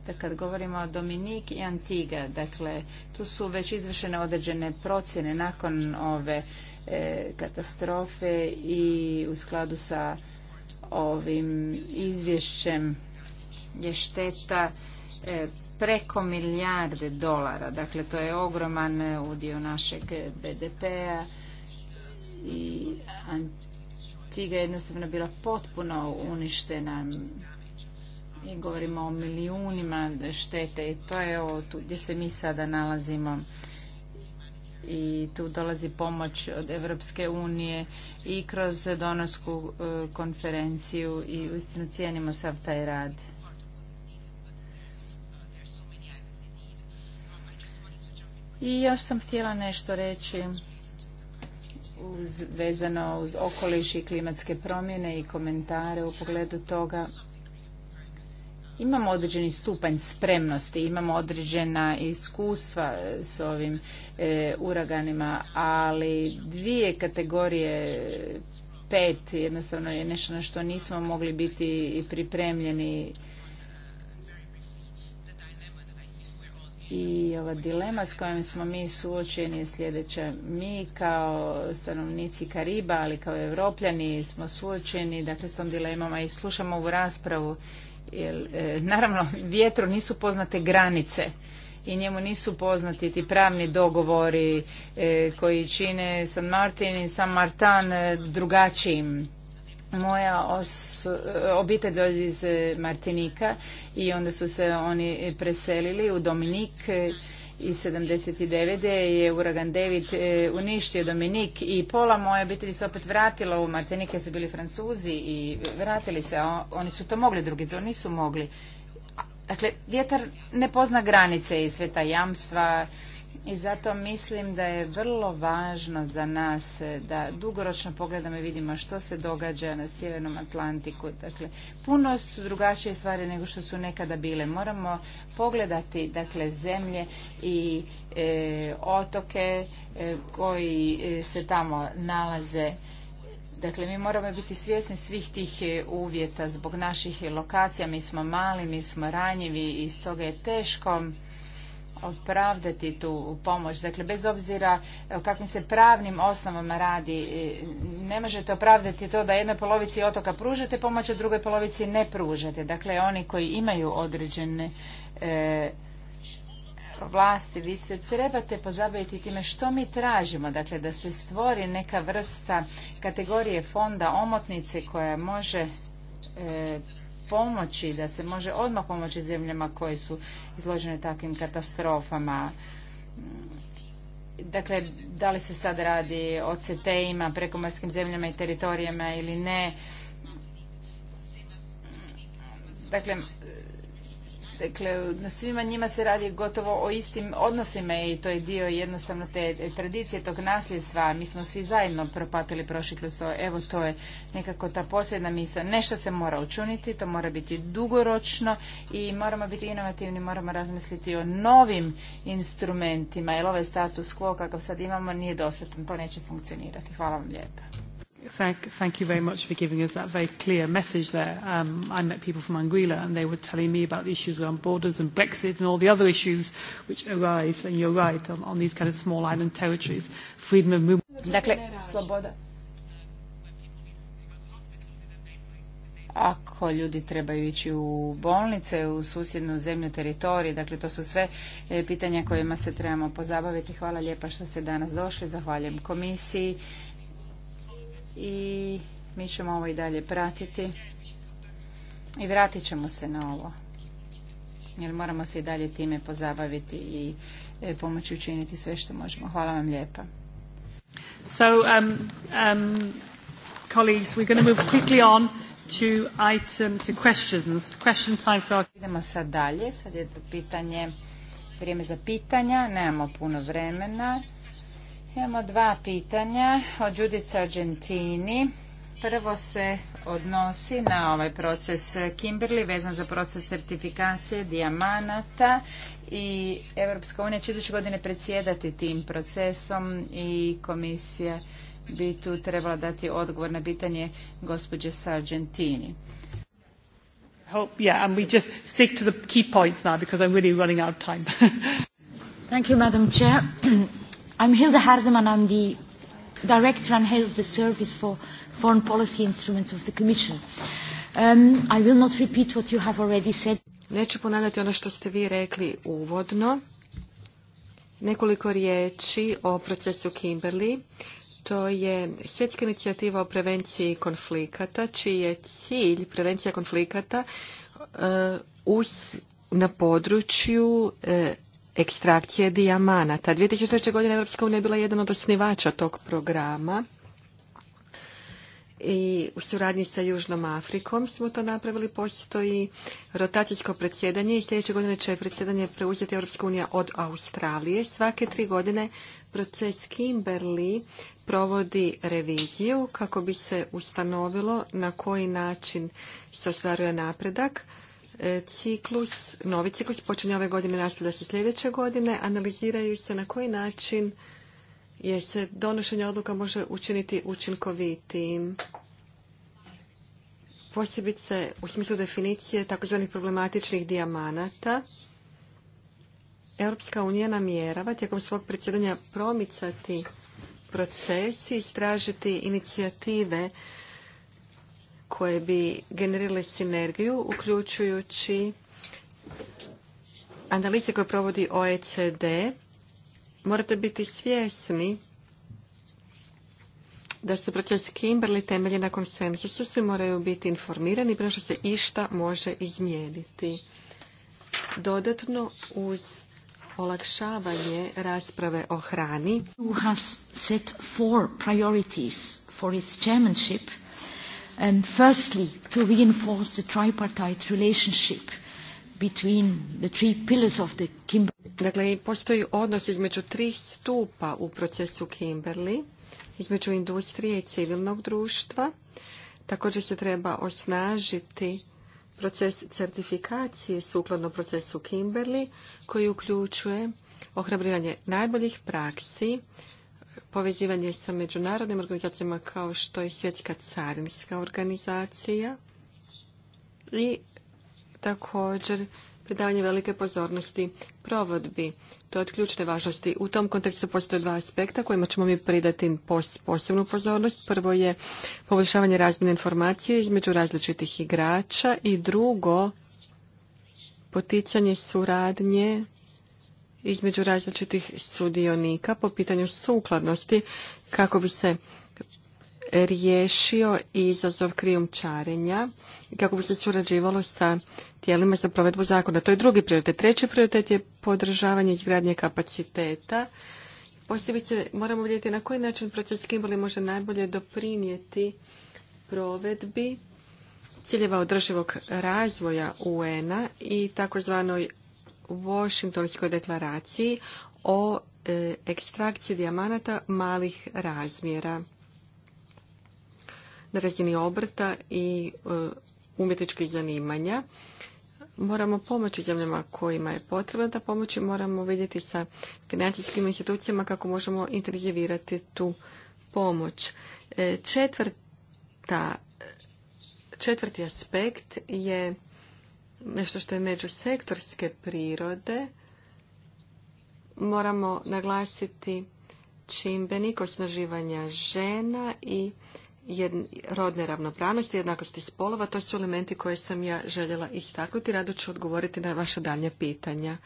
da kad govorimo o Dominik i Antiga, dakle, tu su već izvršene određene procjene nakon ove e, katastrofe i u skladu sa ovim izvješćem je šteta e, preko milijarde dolara. Dakle, to je ogroman e, udio našeg BDP-a i Antiga je jednostavno bila potpuno uništena i govorimo o milijunima štete i to je ovo gdje se mi sada nalazimo i tu dolazi pomoć od Europske unije i kroz donosku e, konferenciju i uistinu cijenimo sav taj rad. I još sam htjela nešto reći uz, vezano uz okoliš i klimatske promjene i komentare u pogledu toga imamo određeni stupanj spremnosti, imamo određena iskustva s ovim e, uraganima, ali dvije kategorije pet jednostavno je nešto na što nismo mogli biti pripremljeni i ova dilema s kojom smo mi suočeni je sljedeća. Mi kao stanovnici Kariba, ali kao evropljani smo suočeni dakle, s tom dilemama i slušamo ovu raspravu jer, e, naravno, vjetru nisu poznate granice i njemu nisu poznati ti pravni dogovori e, koji čine San Martin i San Martin e, drugačijim. Moja os, e, obitelj dođe iz Martinika i onda su se oni preselili u Dominik 79. je uragan David e, uništio Dominik i pola moje obitelji se opet vratilo u Martinike su bili Francuzi i vratili se. Oni su to mogli, drugi to nisu mogli. Dakle, vjetar ne pozna granice i sve ta jamstva i zato mislim da je vrlo važno za nas da dugoročno pogledamo i vidimo što se događa na Sjevernom Atlantiku. Dakle, puno su drugačije stvari nego što su nekada bile. Moramo pogledati dakle, zemlje i e, otoke e, koji e, se tamo nalaze. Dakle, mi moramo biti svjesni svih tih uvjeta zbog naših lokacija. Mi smo mali, mi smo ranjivi i stoga je teško opravdati tu pomoć. Dakle, bez obzira o kakvim se pravnim osnovama radi, e, ne možete opravdati to da jednoj polovici otoka pružate pomoć, a drugoj polovici ne pružate. Dakle, oni koji imaju određene e, vlasti, vi se trebate pozabaviti time što mi tražimo, dakle da se stvori neka vrsta kategorije fonda omotnice koja može e, pomoći, da se može odmah pomoći zemljama koje su izložene takvim katastrofama. Dakle, da li se sad radi o CT-ima, prekomorskim zemljama i teritorijama ili ne. Dakle, Dakle, na svima njima se radi gotovo o istim odnosima i to je dio jednostavno te tradicije, tog nasljedstva. Mi smo svi zajedno propatili prošli kroz to. Evo, to je nekako ta posljedna misa. Nešto se mora učuniti, to mora biti dugoročno i moramo biti inovativni, moramo razmisliti o novim instrumentima, jer ovaj status quo kakav sad imamo nije dostatan, to neće funkcionirati. Hvala vam lijepa.
Thank, thank you very much for giving us that very clear message there. Um, I met people from Anguilla and they were telling me about the issues around borders and Brexit and all the other issues which arise, and you're right, on, on these kind of small island territories. Freedom of movement. Dakle, sloboda. Ako ljudi trebaju ići
u bolnice, u susjednu zemlju, teritoriju, dakle to su sve e, pitanja kojima se trebamo pozabaviti. Hvala lijepa što ste danas došli, zahvaljujem komisiji i mi ćemo ovo i dalje pratiti i vratit ćemo se na ovo jer moramo se i dalje time pozabaviti i e, pomoći učiniti
sve što možemo. Hvala vam lijepa. So, um, um, colleagues, we're going to move quickly on to item, questions. Question time
for... Idemo sad dalje, sad je to pitanje, vrijeme za pitanja, nemamo puno vremena. Imamo dva pitanja od Judith Argentini. Prvo se odnosi na ovaj proces Kimberley vezan za proces certifikacije dijamanata i Europska unija će iduće godine predsjedati tim procesom i komisija bi tu trebala dati odgovor
na pitanje gospođe Sargentini. Hope, yeah,
I'm Hilda Hardeman. I'm the Director and Head of the Service for Foreign Policy Instruments of the Commission. Um, I will not repeat what you have already said. Neću ponavljati ono što ste vi rekli uvodno. Nekoliko
riječi o procesu Kimberley. To je svjetska inicijativa o prevenciji konflikata, čiji je cilj prevencija konflikata uh, uz, na području uh, ekstrakcije dijamanata. 2003. godine Europska unija je bila jedan od osnivača tog programa i u suradnji sa Južnom Afrikom smo to napravili. Postoji rotacijsko predsjedanje i sljedeće godine će predsjedanje preuzeti Europska unija od Australije. Svake tri godine proces Kimberley provodi reviziju kako bi se ustanovilo na koji način se ostvaruje napredak E, ciklus, novi ciklus počinje ove godine, nastavlja se sljedeće godine. Analiziraju se na koji način je se donošenje odluka može učiniti učinkovitijim. Posebice u smislu definicije takozvanih problematičnih dijamanata. Europska unija namjerava tijekom svog predsjedanja promicati proces istražiti inicijative koje bi generirale sinergiju, uključujući analize koje provodi OECD, morate biti svjesni da se proces Kimberley temelji na konsensusu. Svi moraju biti informirani prema što se išta može izmijeniti. Dodatno uz olakšavanje rasprave
o hrani. set four priorities for its chairmanship and firstly to reinforce the tripartite relationship between the three pillars of the Kimberley. Dakle, postoji odnos između tri
stupa u procesu Kimberley, između industrije i civilnog društva. Također se treba osnažiti proces certifikacije sukladno procesu Kimberley koji uključuje ohrabrivanje najboljih praksi povezivanje sa međunarodnim organizacijama kao što je Svjetska carinska organizacija i također pridavanje velike pozornosti provodbi. To je od ključne važnosti. U tom kontekstu postoje dva aspekta kojima ćemo mi pridati posebnu pozornost. Prvo je poboljšavanje razmjene informacije između različitih igrača i drugo poticanje suradnje između različitih sudionika po pitanju sukladnosti kako bi se riješio izazov krijumčarenja i kako bi se surađivalo sa tijelima za provedbu zakona. To je drugi prioritet. Treći prioritet je podržavanje izgradnje kapaciteta. Posebice moramo vidjeti na koji način proces Kimbali može najbolje doprinijeti provedbi ciljeva održivog razvoja UN-a i takozvanoj Washingtonskoj deklaraciji o e, ekstrakciji dijamanata malih razmjera na razini obrta i e, umjetničkih zanimanja. Moramo pomoći zemljama kojima je potrebna ta pomoć moramo vidjeti sa financijskim institucijama kako možemo intenzivirati tu pomoć. E, četvrti aspekt je nešto što je međusektorske prirode, moramo naglasiti čimbenik osnaživanja žena i rodne ravnopravnosti, jednakosti spolova. To su elementi koje sam ja željela istaknuti. Rado ću
odgovoriti na vaša dalja pitanja.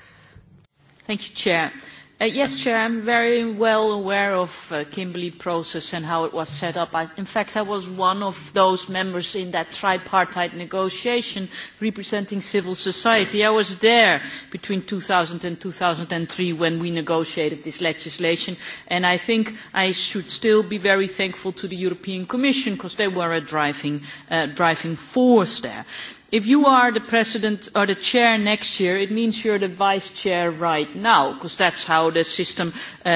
Thank you, Chair. Uh, yes, Chair, I'm very well aware of the uh, Kimberley process and how it was set up. in fact, I was one of those members in that tripartite negotiation representing civil society. I was there between 2000 and 2003 when we negotiated this legislation, and I think I should still be very thankful to the European Commission because they were a driving, uh, driving force there if you are the president or the chair next year it means you're the vice chair right now because that's how the system uh, uh,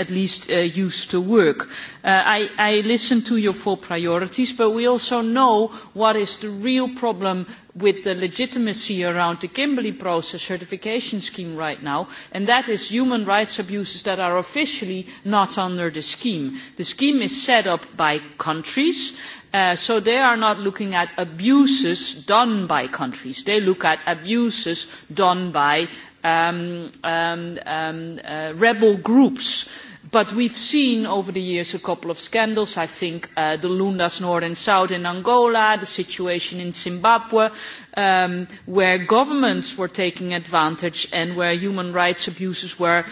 at least uh, used to work i i listen to your four priorities but we also know what is the real problem with the legitimacy around the kimberley process certification scheme right now and that is human rights abuses that are officially not under the scheme the scheme is set up by countries Uh, so they are not looking at abuses done by countries. They look at abuses done by um, um, um, uh, rebel groups but we have seen over the years a couple of scandals i think uh, the lundas north and south in angola the situation in zimbabwe um, where governments were taking advantage and where human rights abuses were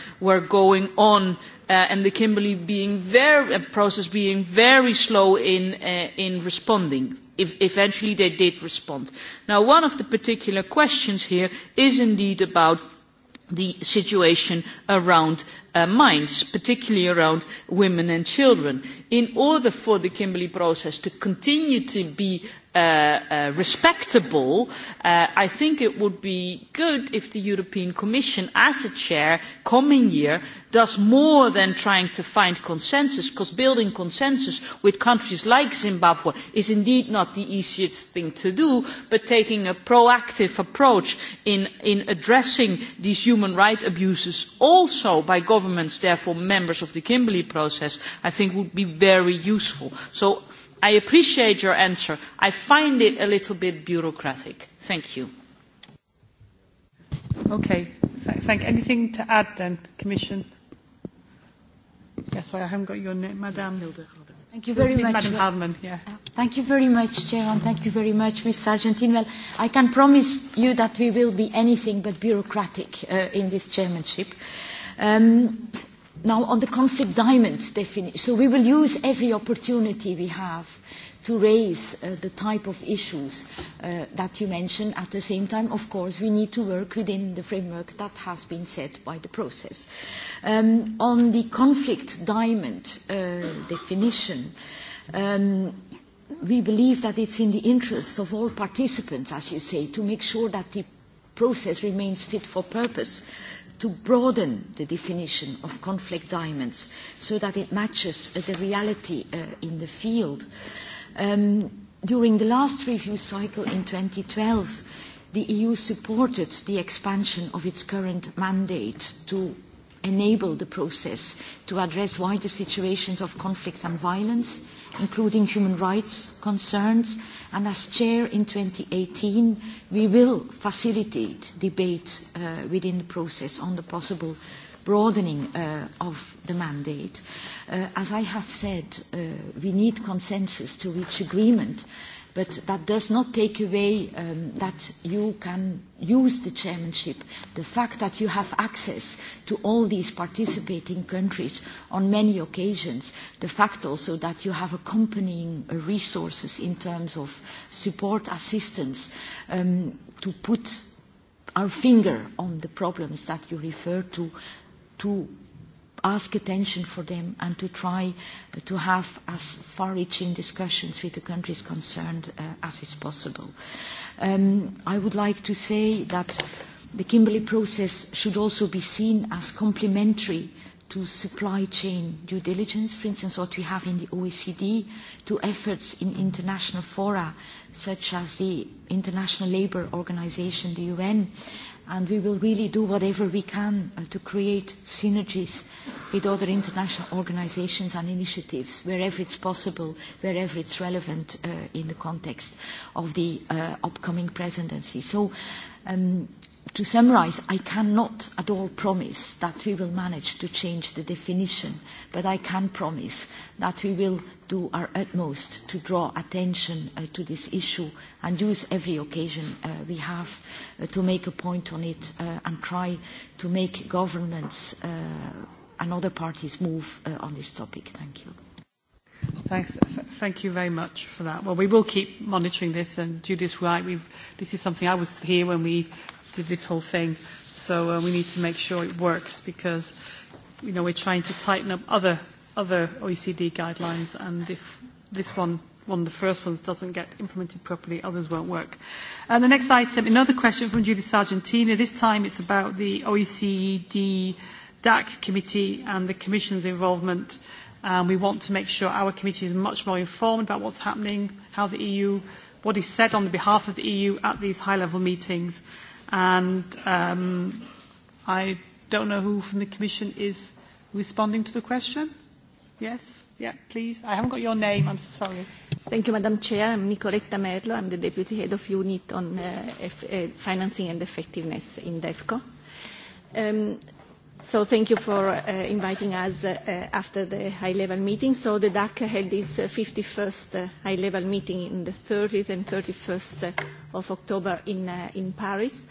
going on uh, and the kimberley uh, process being very slow in responding if eventually they did respond now one of the particular questions here is indeed about the situation around Uh, minds, particularly around women and children. In order for the Kimberley process to continue to be Uh, uh, respectable uh, i think it would be good if the european commission as a chair coming year does more than trying to find consensus because building consensus with countries like zimbabwe is indeed not the easiest thing to do but taking a proactive approach in, in addressing these human rights abuses also by governments therefore members of the kimberley process i think would be very useful. so i appreciate your answer. I find it a little bit bureaucratic. Thank you.
Okay. Thank anything to add then, Commission? Yes, sorry, I haven't got your name, Madame. Hilde Thank you very much. Madam Harman, yeah. Uh,
thank you very much, Chairman. thank you very much, Ms. Sargentine. Well, I can promise you that we will be anything but bureaucratic uh, in this chairmanship. Um, Now, on the conflict diamond definition, so we will use every opportunity we have to raise uh, the type of issues uh, that you mentioned. At the same time, of course, we need to work within the framework that has been set by the process. Um, on the conflict diamond uh, definition, um, we believe that it's in the interests of all participants, as you say, to make sure that the process remains fit for purpose to broaden the definition of conflict diamonds so that it matches uh, the reality uh, in the field. Um, during the last review cycle in 2012, the EU supported the expansion of its current mandate to enable the process to address wider situations of conflict and violence including human rights concerns. And as chair in 2018, we will facilitate debate uh, within the process on the possible broadening uh, of the mandate. Uh, as I have said, uh, we need consensus to reach agreement But that does not take away um, that you can use the chairmanship. The fact that you have access to all these participating countries on many occasions, the fact also that you have accompanying resources in terms of support assistance um, to put our finger on the problems that you refer to, to ask attention for them and to try to have as far-reaching discussions with the countries concerned uh, as is possible. Um, I would like to say that the Kimberley process should also be seen as complementary to supply chain due diligence, for instance, what we have in the OECD, to efforts in international fora such as the International Labour Organization, the UN, and we will really do whatever we can uh, to create synergies with other international organizations and initiatives wherever it's possible, wherever it's relevant uh, in the context of the uh, upcoming presidency. So um, to summarize, I cannot at all promise that we will manage to change the definition, but I can promise that we will do our utmost to draw attention uh, to this issue and use every occasion uh, we have uh, to make a point on it uh, and try to make governments uh, and other parties move uh, on this topic. Thank you. Thank, thank you very much for
that. Well, we will keep monitoring this, and this right. We've, this is something I was here when we did this whole thing, so we need to make sure it works because you know, we're trying to tighten up other other OECD guidelines, and if this one, one of the first ones, doesn't get implemented properly, others won't work. And the next item, another question from Judith Sargentini. This time it's about the OECD DAC committee and the Commission's involvement. Um, we want to make sure our committee is much more informed about what's happening, how the EU, what is said on the behalf of the EU at these high-level meetings. And um, I don't know who from the Commission is responding
to the question. Yes, yeah, please. I haven't got your name, I'm sorry. Thank you, Madam Chair. I'm Nicoletta Merlo. I'm the Deputy Head of Unit on uh, F uh, Financing and Effectiveness in DEFCO. Um, so thank you for uh, inviting us uh, uh, after the high-level meeting. So the DAC had its 51st uh, high-level meeting in the 30th and 31st of October in, in Paris.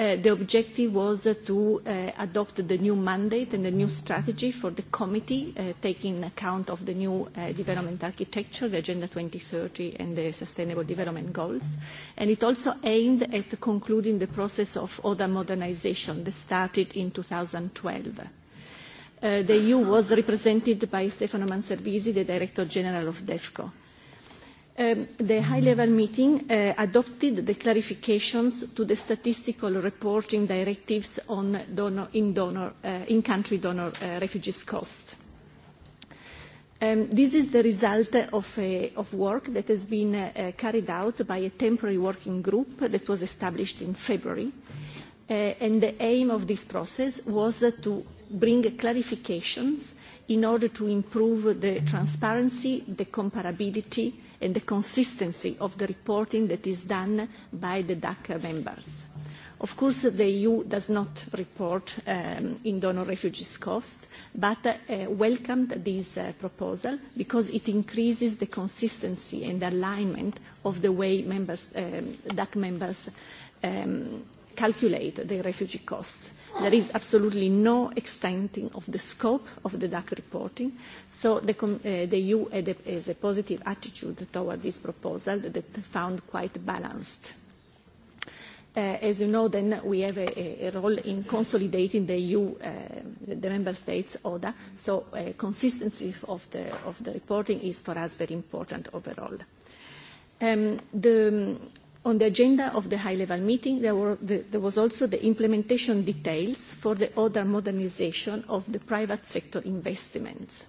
Uh, the objective was uh, to uh, adopt the new mandate and the new strategy for the committee, taking account of the new development architecture, the Agenda 2030 and the Sustainable Development Goals. And it also aimed at concluding the process of ODA modernization that started in 2012. The EU was represented by Stefano Manservisi, the Director General of DEFCO. Um, the high level meeting uh, adopted the clarifications to the statistical reporting directives on uh, in country donor uh, refugees costs. Um, this is the result of, work that has been carried out by a temporary working group that was established in February. and the aim of this process was to bring clarifications in order to improve the transparency, the comparability, and the consistency of the reporting that is done by the DAC members. Of course, the EU does not report um, in donor refugees' costs, but uh, welcomed this uh, proposal because it increases the consistency and alignment of the way members, um, DAC members um, calculate the refugee costs. There is absolutely no extending of the scope of the DAC reporting. So the, EU had a, has a positive attitude toward this proposal that found quite balanced. Uh, as you know, then we have a, role in consolidating the EU, uh, the member states ODA, so uh, consistency of the, of the reporting is for us very important overall. Um, the on the agenda of the high-level meeting, there, were the, there was also the implementation details for the other modernization of the private sector investments.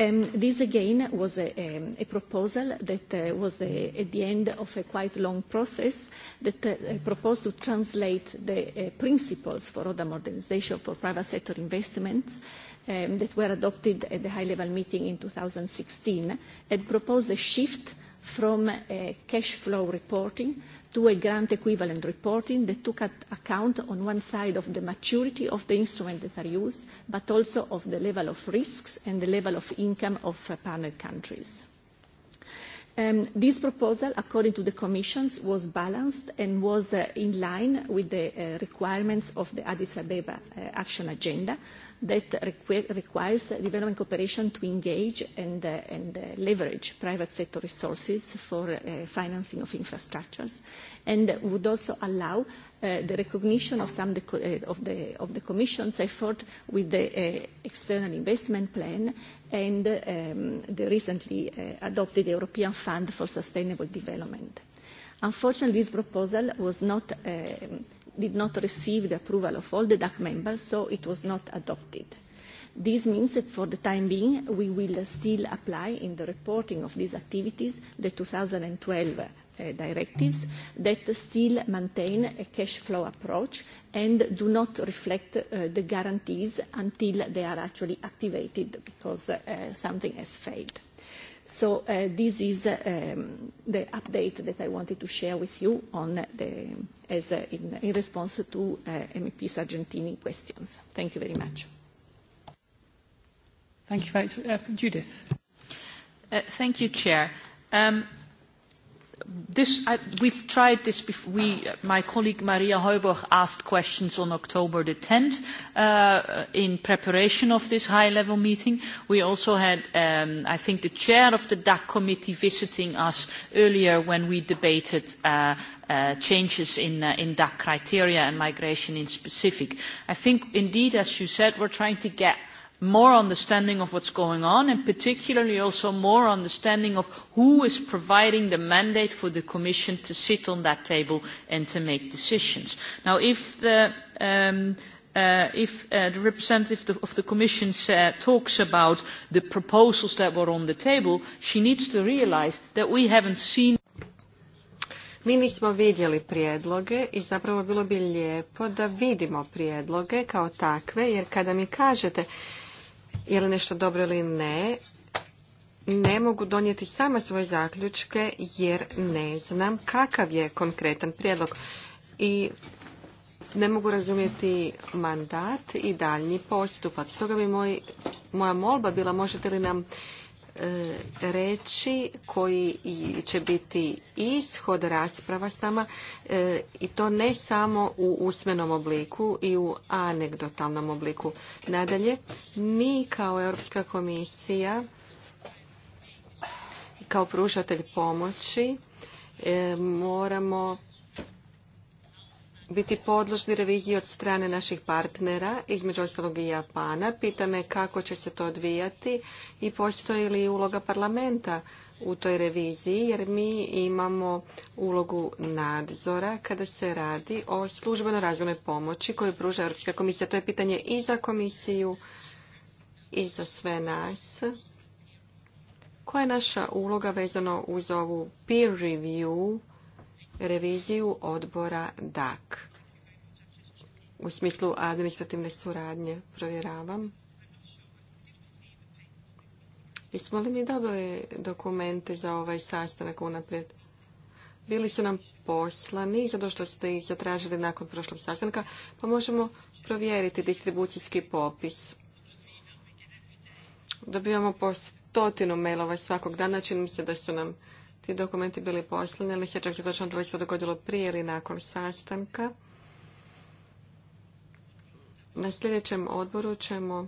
Um, this again was a, um, a proposal that uh, was a, uh, at the end of a quite long process that uh, uh proposed to translate the uh, principles for other modernization for private sector investments um, that were adopted at the high-level meeting in 2016 and proposed a shift from a cash flow reporting to a grant equivalent reporting that took account on one side of the maturity of the instruments that are used, but also of the level of risks and the level of income of partner countries. Um, this proposal, according to the Commission, was balanced and was uh, in line with the uh, requirements of the Addis Abeba uh, Action Agenda, that requires development cooperation to engage and, uh, uh, leverage private sector resources for uh, financing of infrastructures and would also allow the recognition of some of the of the Commission's effort with the external investment plan and um, the recently adopted European Fund for Sustainable Development. Unfortunately, this proposal was not um, did not receive the approval of all the DAC members, so it was not adopted. This means that for the time being, we will still apply in the reporting of these activities the 2012 uh, directives that still maintain a cash flow approach and do not reflect uh, the guarantees until they are actually activated because uh, something has failed. So uh, this is um, the update that I wanted to share with you on the, as uh, in, response to uh, MEP Sargentini questions. Thank you very much. Thank you very much. Judith.
Uh, thank you, Chair. Um, this, I, we've tried this before. We, my colleague Maria Heuberg asked questions on October the 10th uh, in preparation of this high-level meeting. We also had, um, I think, the chair of the DAC committee visiting us earlier when we debated uh, uh, changes in, in DAC criteria and migration in specific. I think, indeed, as you said, we're trying to get more understanding of what's going on and particularly also more understanding of who is providing the mandate for the commission to sit on that table and to make decisions. now if the um, uh, if uh, the representative of the commission uh, talks about the proposals that were on the table she needs to realize that we haven't seen mi nismo vidjeli prijedloge i zapravo bilo bi lijepo
da vidimo prijedloge kao takve jer kada mi kažete je li nešto dobro ili ne, ne mogu donijeti sama svoje zaključke jer ne znam kakav je konkretan prijedlog i ne mogu razumjeti mandat i daljnji postupak. Stoga bi moja molba bila možete li nam E, reći koji će biti ishod rasprava s nama e, i to ne samo u usmenom obliku i u anegdotalnom obliku. Nadalje, mi kao Europska komisija kao pružatelj pomoći e, moramo biti podložni reviziji od strane naših partnera, između ostalog i Japana. Pita me kako će se to odvijati i postoji li uloga parlamenta u toj reviziji, jer mi imamo ulogu nadzora kada se radi o službenoj razvojnoj pomoći koju pruža Europska komisija. To je pitanje i za komisiju i za sve nas. Koja je naša uloga vezano uz ovu peer review reviziju odbora DAC. U smislu administrativne suradnje provjeravam. Jesmo li mi dobili dokumente za ovaj sastanak unaprijed? Bili su nam poslani, zato što ste ih zatražili nakon prošlog sastanka, pa možemo provjeriti distribucijski popis. Dobivamo po stotinu mailova svakog dana, čini mi se da su nam ti dokumenti bili poslani, ali čak se točno da li se dogodilo prije ili nakon sastanka. Na sljedećem odboru ćemo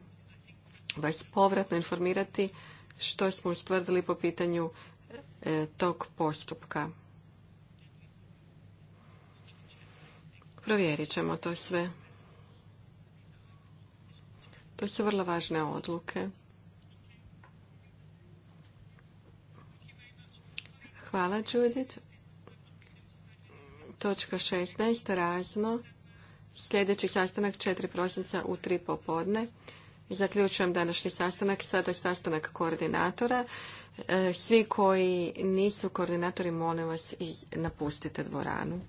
vas povratno informirati što smo ustvrdili po pitanju e, tog postupka. Provjerit ćemo to sve. To su vrlo važne odluke. Hvala, Đuđić. Točka 16, razno. Sljedeći sastanak 4 prosinca u 3 popodne. Zaključujem današnji sastanak, sada je sastanak koordinatora. E, svi koji nisu koordinatori, molim vas, napustite dvoranu.